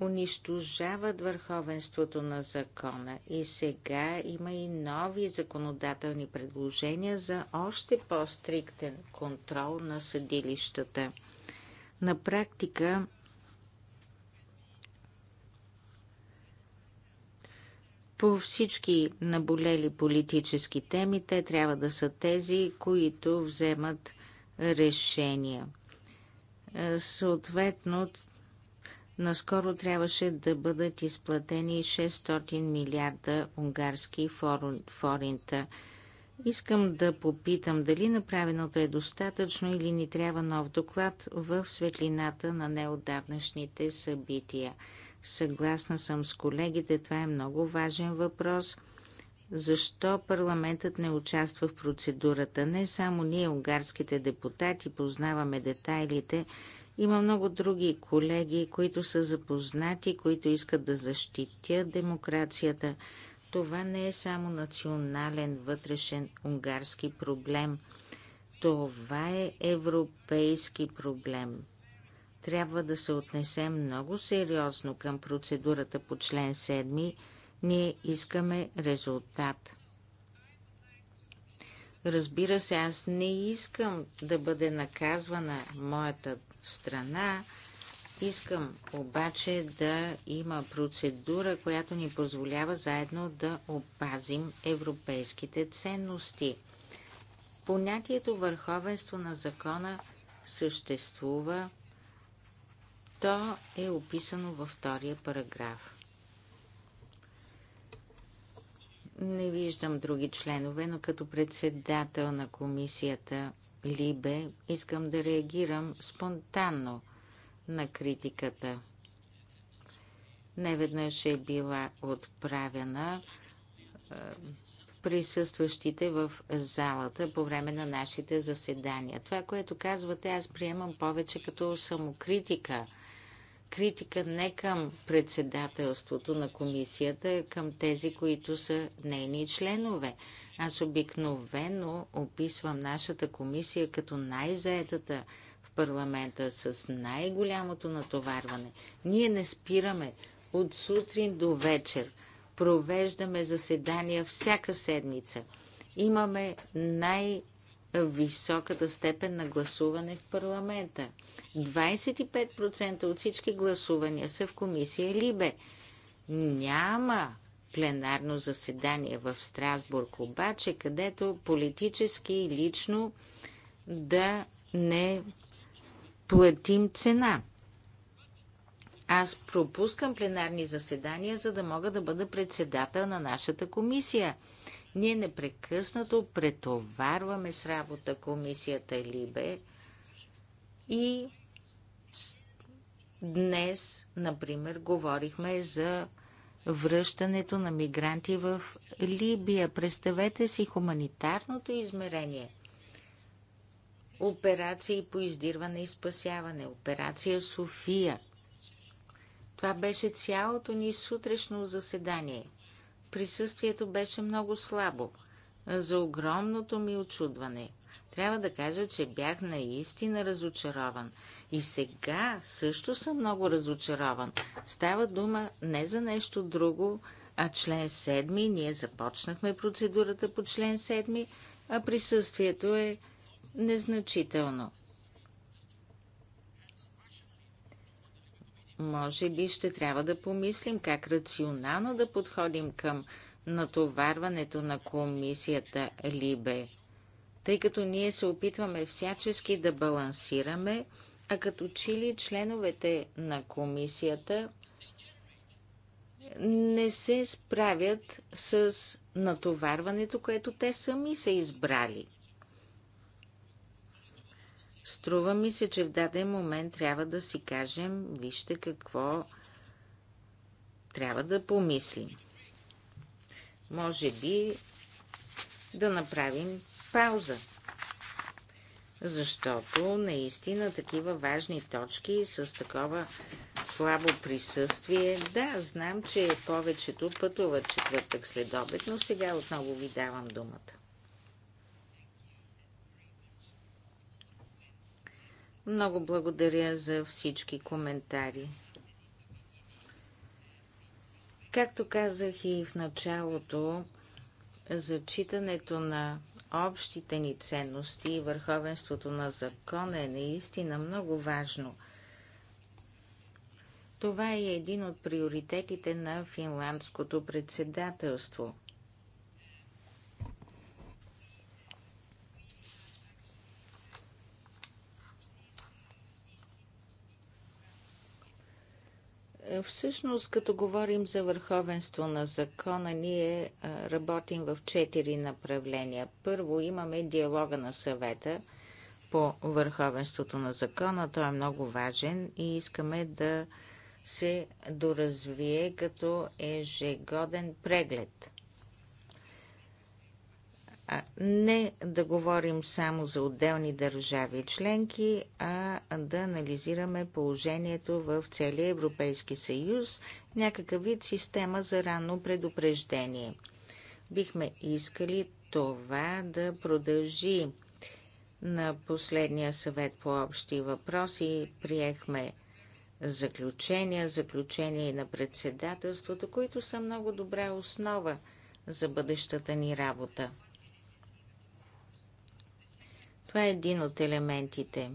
унищожават върховенството на закона. И сега има и нови законодателни предложения за още по-стриктен контрол на съдилищата. На практика По всички наболели политически теми, те трябва да са тези, които вземат решения. Е, съответно, наскоро трябваше да бъдат изплатени 600 милиарда унгарски форинта. Искам да попитам дали направеното е достатъчно или ни трябва нов доклад в светлината на неодавнашните събития. Съгласна съм с колегите, това е много важен въпрос. Защо парламентът не участва в процедурата? Не само ние, унгарските депутати, познаваме детайлите. Има много други колеги, които са запознати, които искат да защитят демокрацията. Това не е само национален вътрешен унгарски проблем. Това е европейски проблем трябва да се отнесем много сериозно към процедурата по член 7. Ние искаме резултат. Разбира се, аз не искам да бъде наказвана моята страна. Искам обаче да има процедура, която ни позволява заедно да опазим европейските ценности. Понятието върховенство на закона съществува то е описано във втория параграф. Не виждам други членове, но като председател на комисията Либе искам да реагирам спонтанно на критиката. Неведнъж е била отправена е, присъстващите в залата по време на нашите заседания. Това, което казвате, аз приемам повече като самокритика – критика не към председателството на комисията, а към тези, които са нейни членове. Аз обикновено описвам нашата комисия като най-заетата в парламента с най-голямото натоварване. Ние не спираме от сутрин до вечер. Провеждаме заседания всяка седмица. Имаме най- високата степен на гласуване в парламента. 25% от всички гласувания са в комисия Либе. Няма пленарно заседание в Страсбург, обаче, където политически и лично да не платим цена. Аз пропускам пленарни заседания, за да мога да бъда председател на нашата комисия – ние непрекъснато претоварваме с работа комисията Либе и днес, например, говорихме за връщането на мигранти в Либия. Представете си хуманитарното измерение. Операции по издирване и спасяване. Операция София. Това беше цялото ни сутрешно заседание – присъствието беше много слабо. За огромното ми очудване. Трябва да кажа, че бях наистина разочарован. И сега също съм много разочарован. Става дума не за нещо друго, а член 7. Ние започнахме процедурата по член 7, а присъствието е незначително. Може би ще трябва да помислим как рационално да подходим към натоварването на комисията Либе, тъй като ние се опитваме всячески да балансираме, а като чили членовете на комисията не се справят с натоварването, което те сами са избрали – Струва ми се, че в даден момент трябва да си кажем, вижте какво трябва да помислим. Може би да направим пауза. Защото наистина такива важни точки с такова слабо присъствие. Да, знам, че повечето пътуват четвъртък след обед, но сега отново ви давам думата. Много благодаря за всички коментари. Както казах и в началото, зачитането на общите ни ценности и върховенството на закона е наистина много важно. Това е един от приоритетите на финландското председателство. Всъщност, като говорим за върховенство на закона, ние работим в четири направления. Първо, имаме диалога на съвета по върховенството на закона. Той е много важен и искаме да се доразвие като ежегоден преглед не да говорим само за отделни държави и членки, а да анализираме положението в целия Европейски съюз, някакъв вид система за ранно предупреждение. Бихме искали това да продължи. На последния съвет по общи въпроси приехме заключения, заключения и на председателството, които са много добра основа за бъдещата ни работа. Това е един от елементите.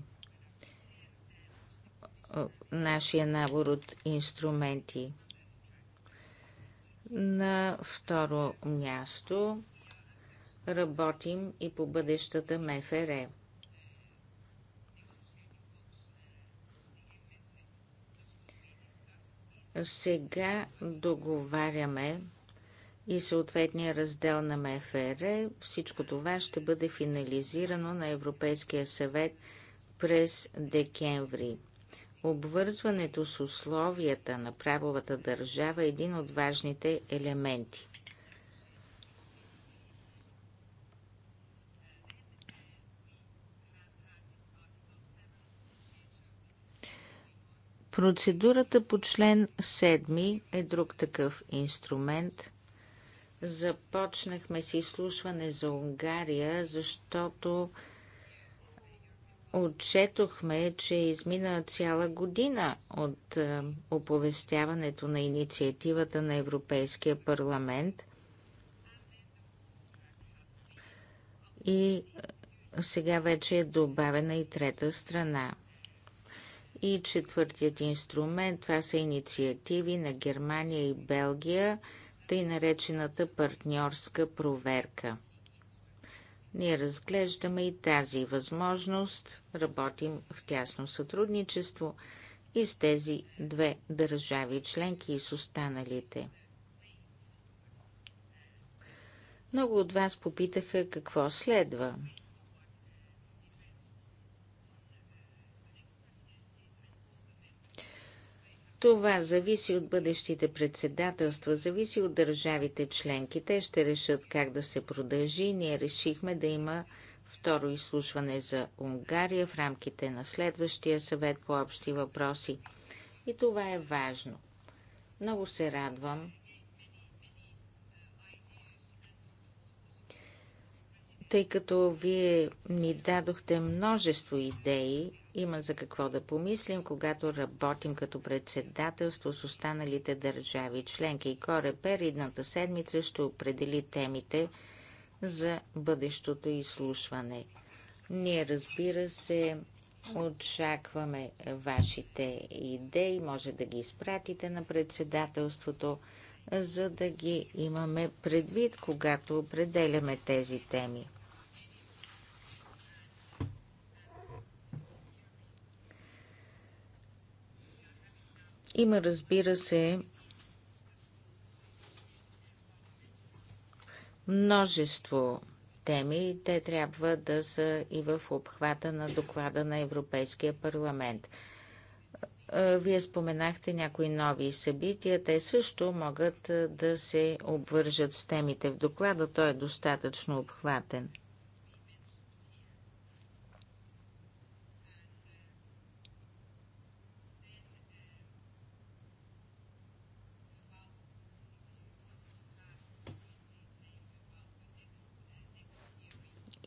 Нашия набор от инструменти. На второ място работим и по бъдещата МФР. Сега договаряме и съответния раздел на МФР. Е. Всичко това ще бъде финализирано на Европейския съвет през декември. Обвързването с условията на правовата държава е един от важните елементи. Процедурата по член 7 е друг такъв инструмент – Започнахме с изслушване за Унгария, защото отчетохме, че е измина цяла година от е, оповестяването на инициативата на Европейския парламент. И е, сега вече е добавена и трета страна. И четвъртият инструмент това са инициативи на Германия и Белгия – тъй наречената партньорска проверка. Ние разглеждаме и тази възможност, работим в тясно сътрудничество и с тези две държави членки и с останалите. Много от вас попитаха какво следва. Това зависи от бъдещите председателства, зависи от държавите членки. Те ще решат как да се продължи. Ние решихме да има второ изслушване за Унгария в рамките на следващия съвет по общи въпроси. И това е важно. Много се радвам, тъй като вие ни дадохте множество идеи има за какво да помислим, когато работим като председателство с останалите държави членки. И Корепер едната седмица ще определи темите за бъдещото изслушване. Ние, разбира се, очакваме вашите идеи. Може да ги изпратите на председателството, за да ги имаме предвид, когато определяме тези теми. Има, разбира се, множество теми и те трябва да са и в обхвата на доклада на Европейския парламент. Е, вие споменахте някои нови събития. Те също могат е, да се обвържат с темите в доклада. Той е достатъчно обхватен.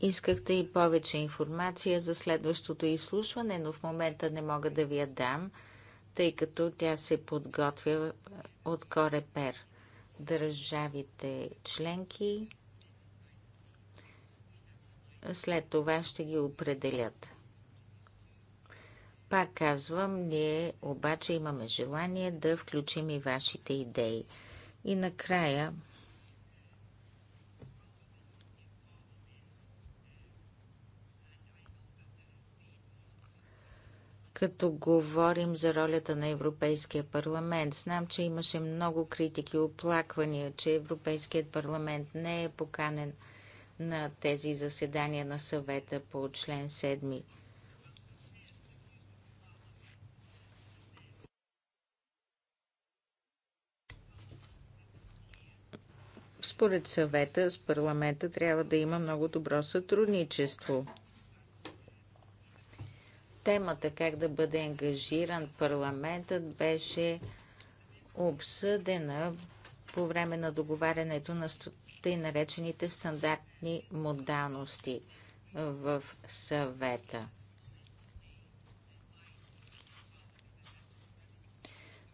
Искахте и повече информация за следващото изслушване, но в момента не мога да ви я дам, тъй като тя се подготвя от Корепер. Държавите членки след това ще ги определят. Пак казвам, ние обаче имаме желание да включим и вашите идеи. И накрая като говорим за ролята на Европейския парламент. Знам, че имаше много критики, оплаквания, че Европейският парламент не е поканен на тези заседания на съвета по член 7. Според съвета с парламента трябва да има много добро сътрудничество темата как да бъде ангажиран парламентът беше обсъдена по време на договарянето на тъй наречените стандартни модалности в съвета.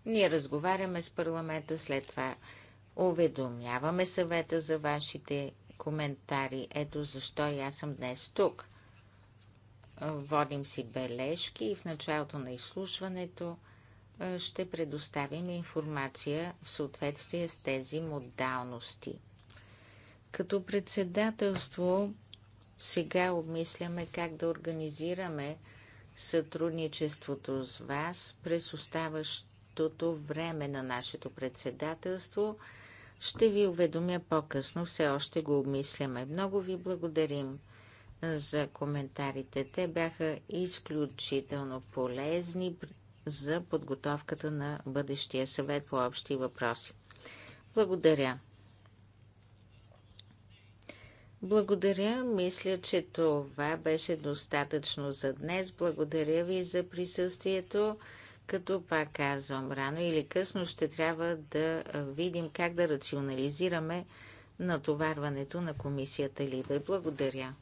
Ние разговаряме с парламента, след това уведомяваме съвета за вашите коментари. Ето защо и аз съм днес тук. Водим си бележки и в началото на изслушването ще предоставим информация в съответствие с тези модалности. Като председателство сега обмисляме как да организираме сътрудничеството с вас през оставащото време на нашето председателство. Ще ви уведомя по-късно, все още го обмисляме. Много ви благодарим за коментарите. Те бяха изключително полезни за подготовката на бъдещия съвет по общи въпроси. Благодаря. Благодаря. Мисля, че това беше достатъчно за днес. Благодаря ви за присъствието. Като пак казвам, рано или късно ще трябва да видим как да рационализираме натоварването на комисията Либе. Благодаря.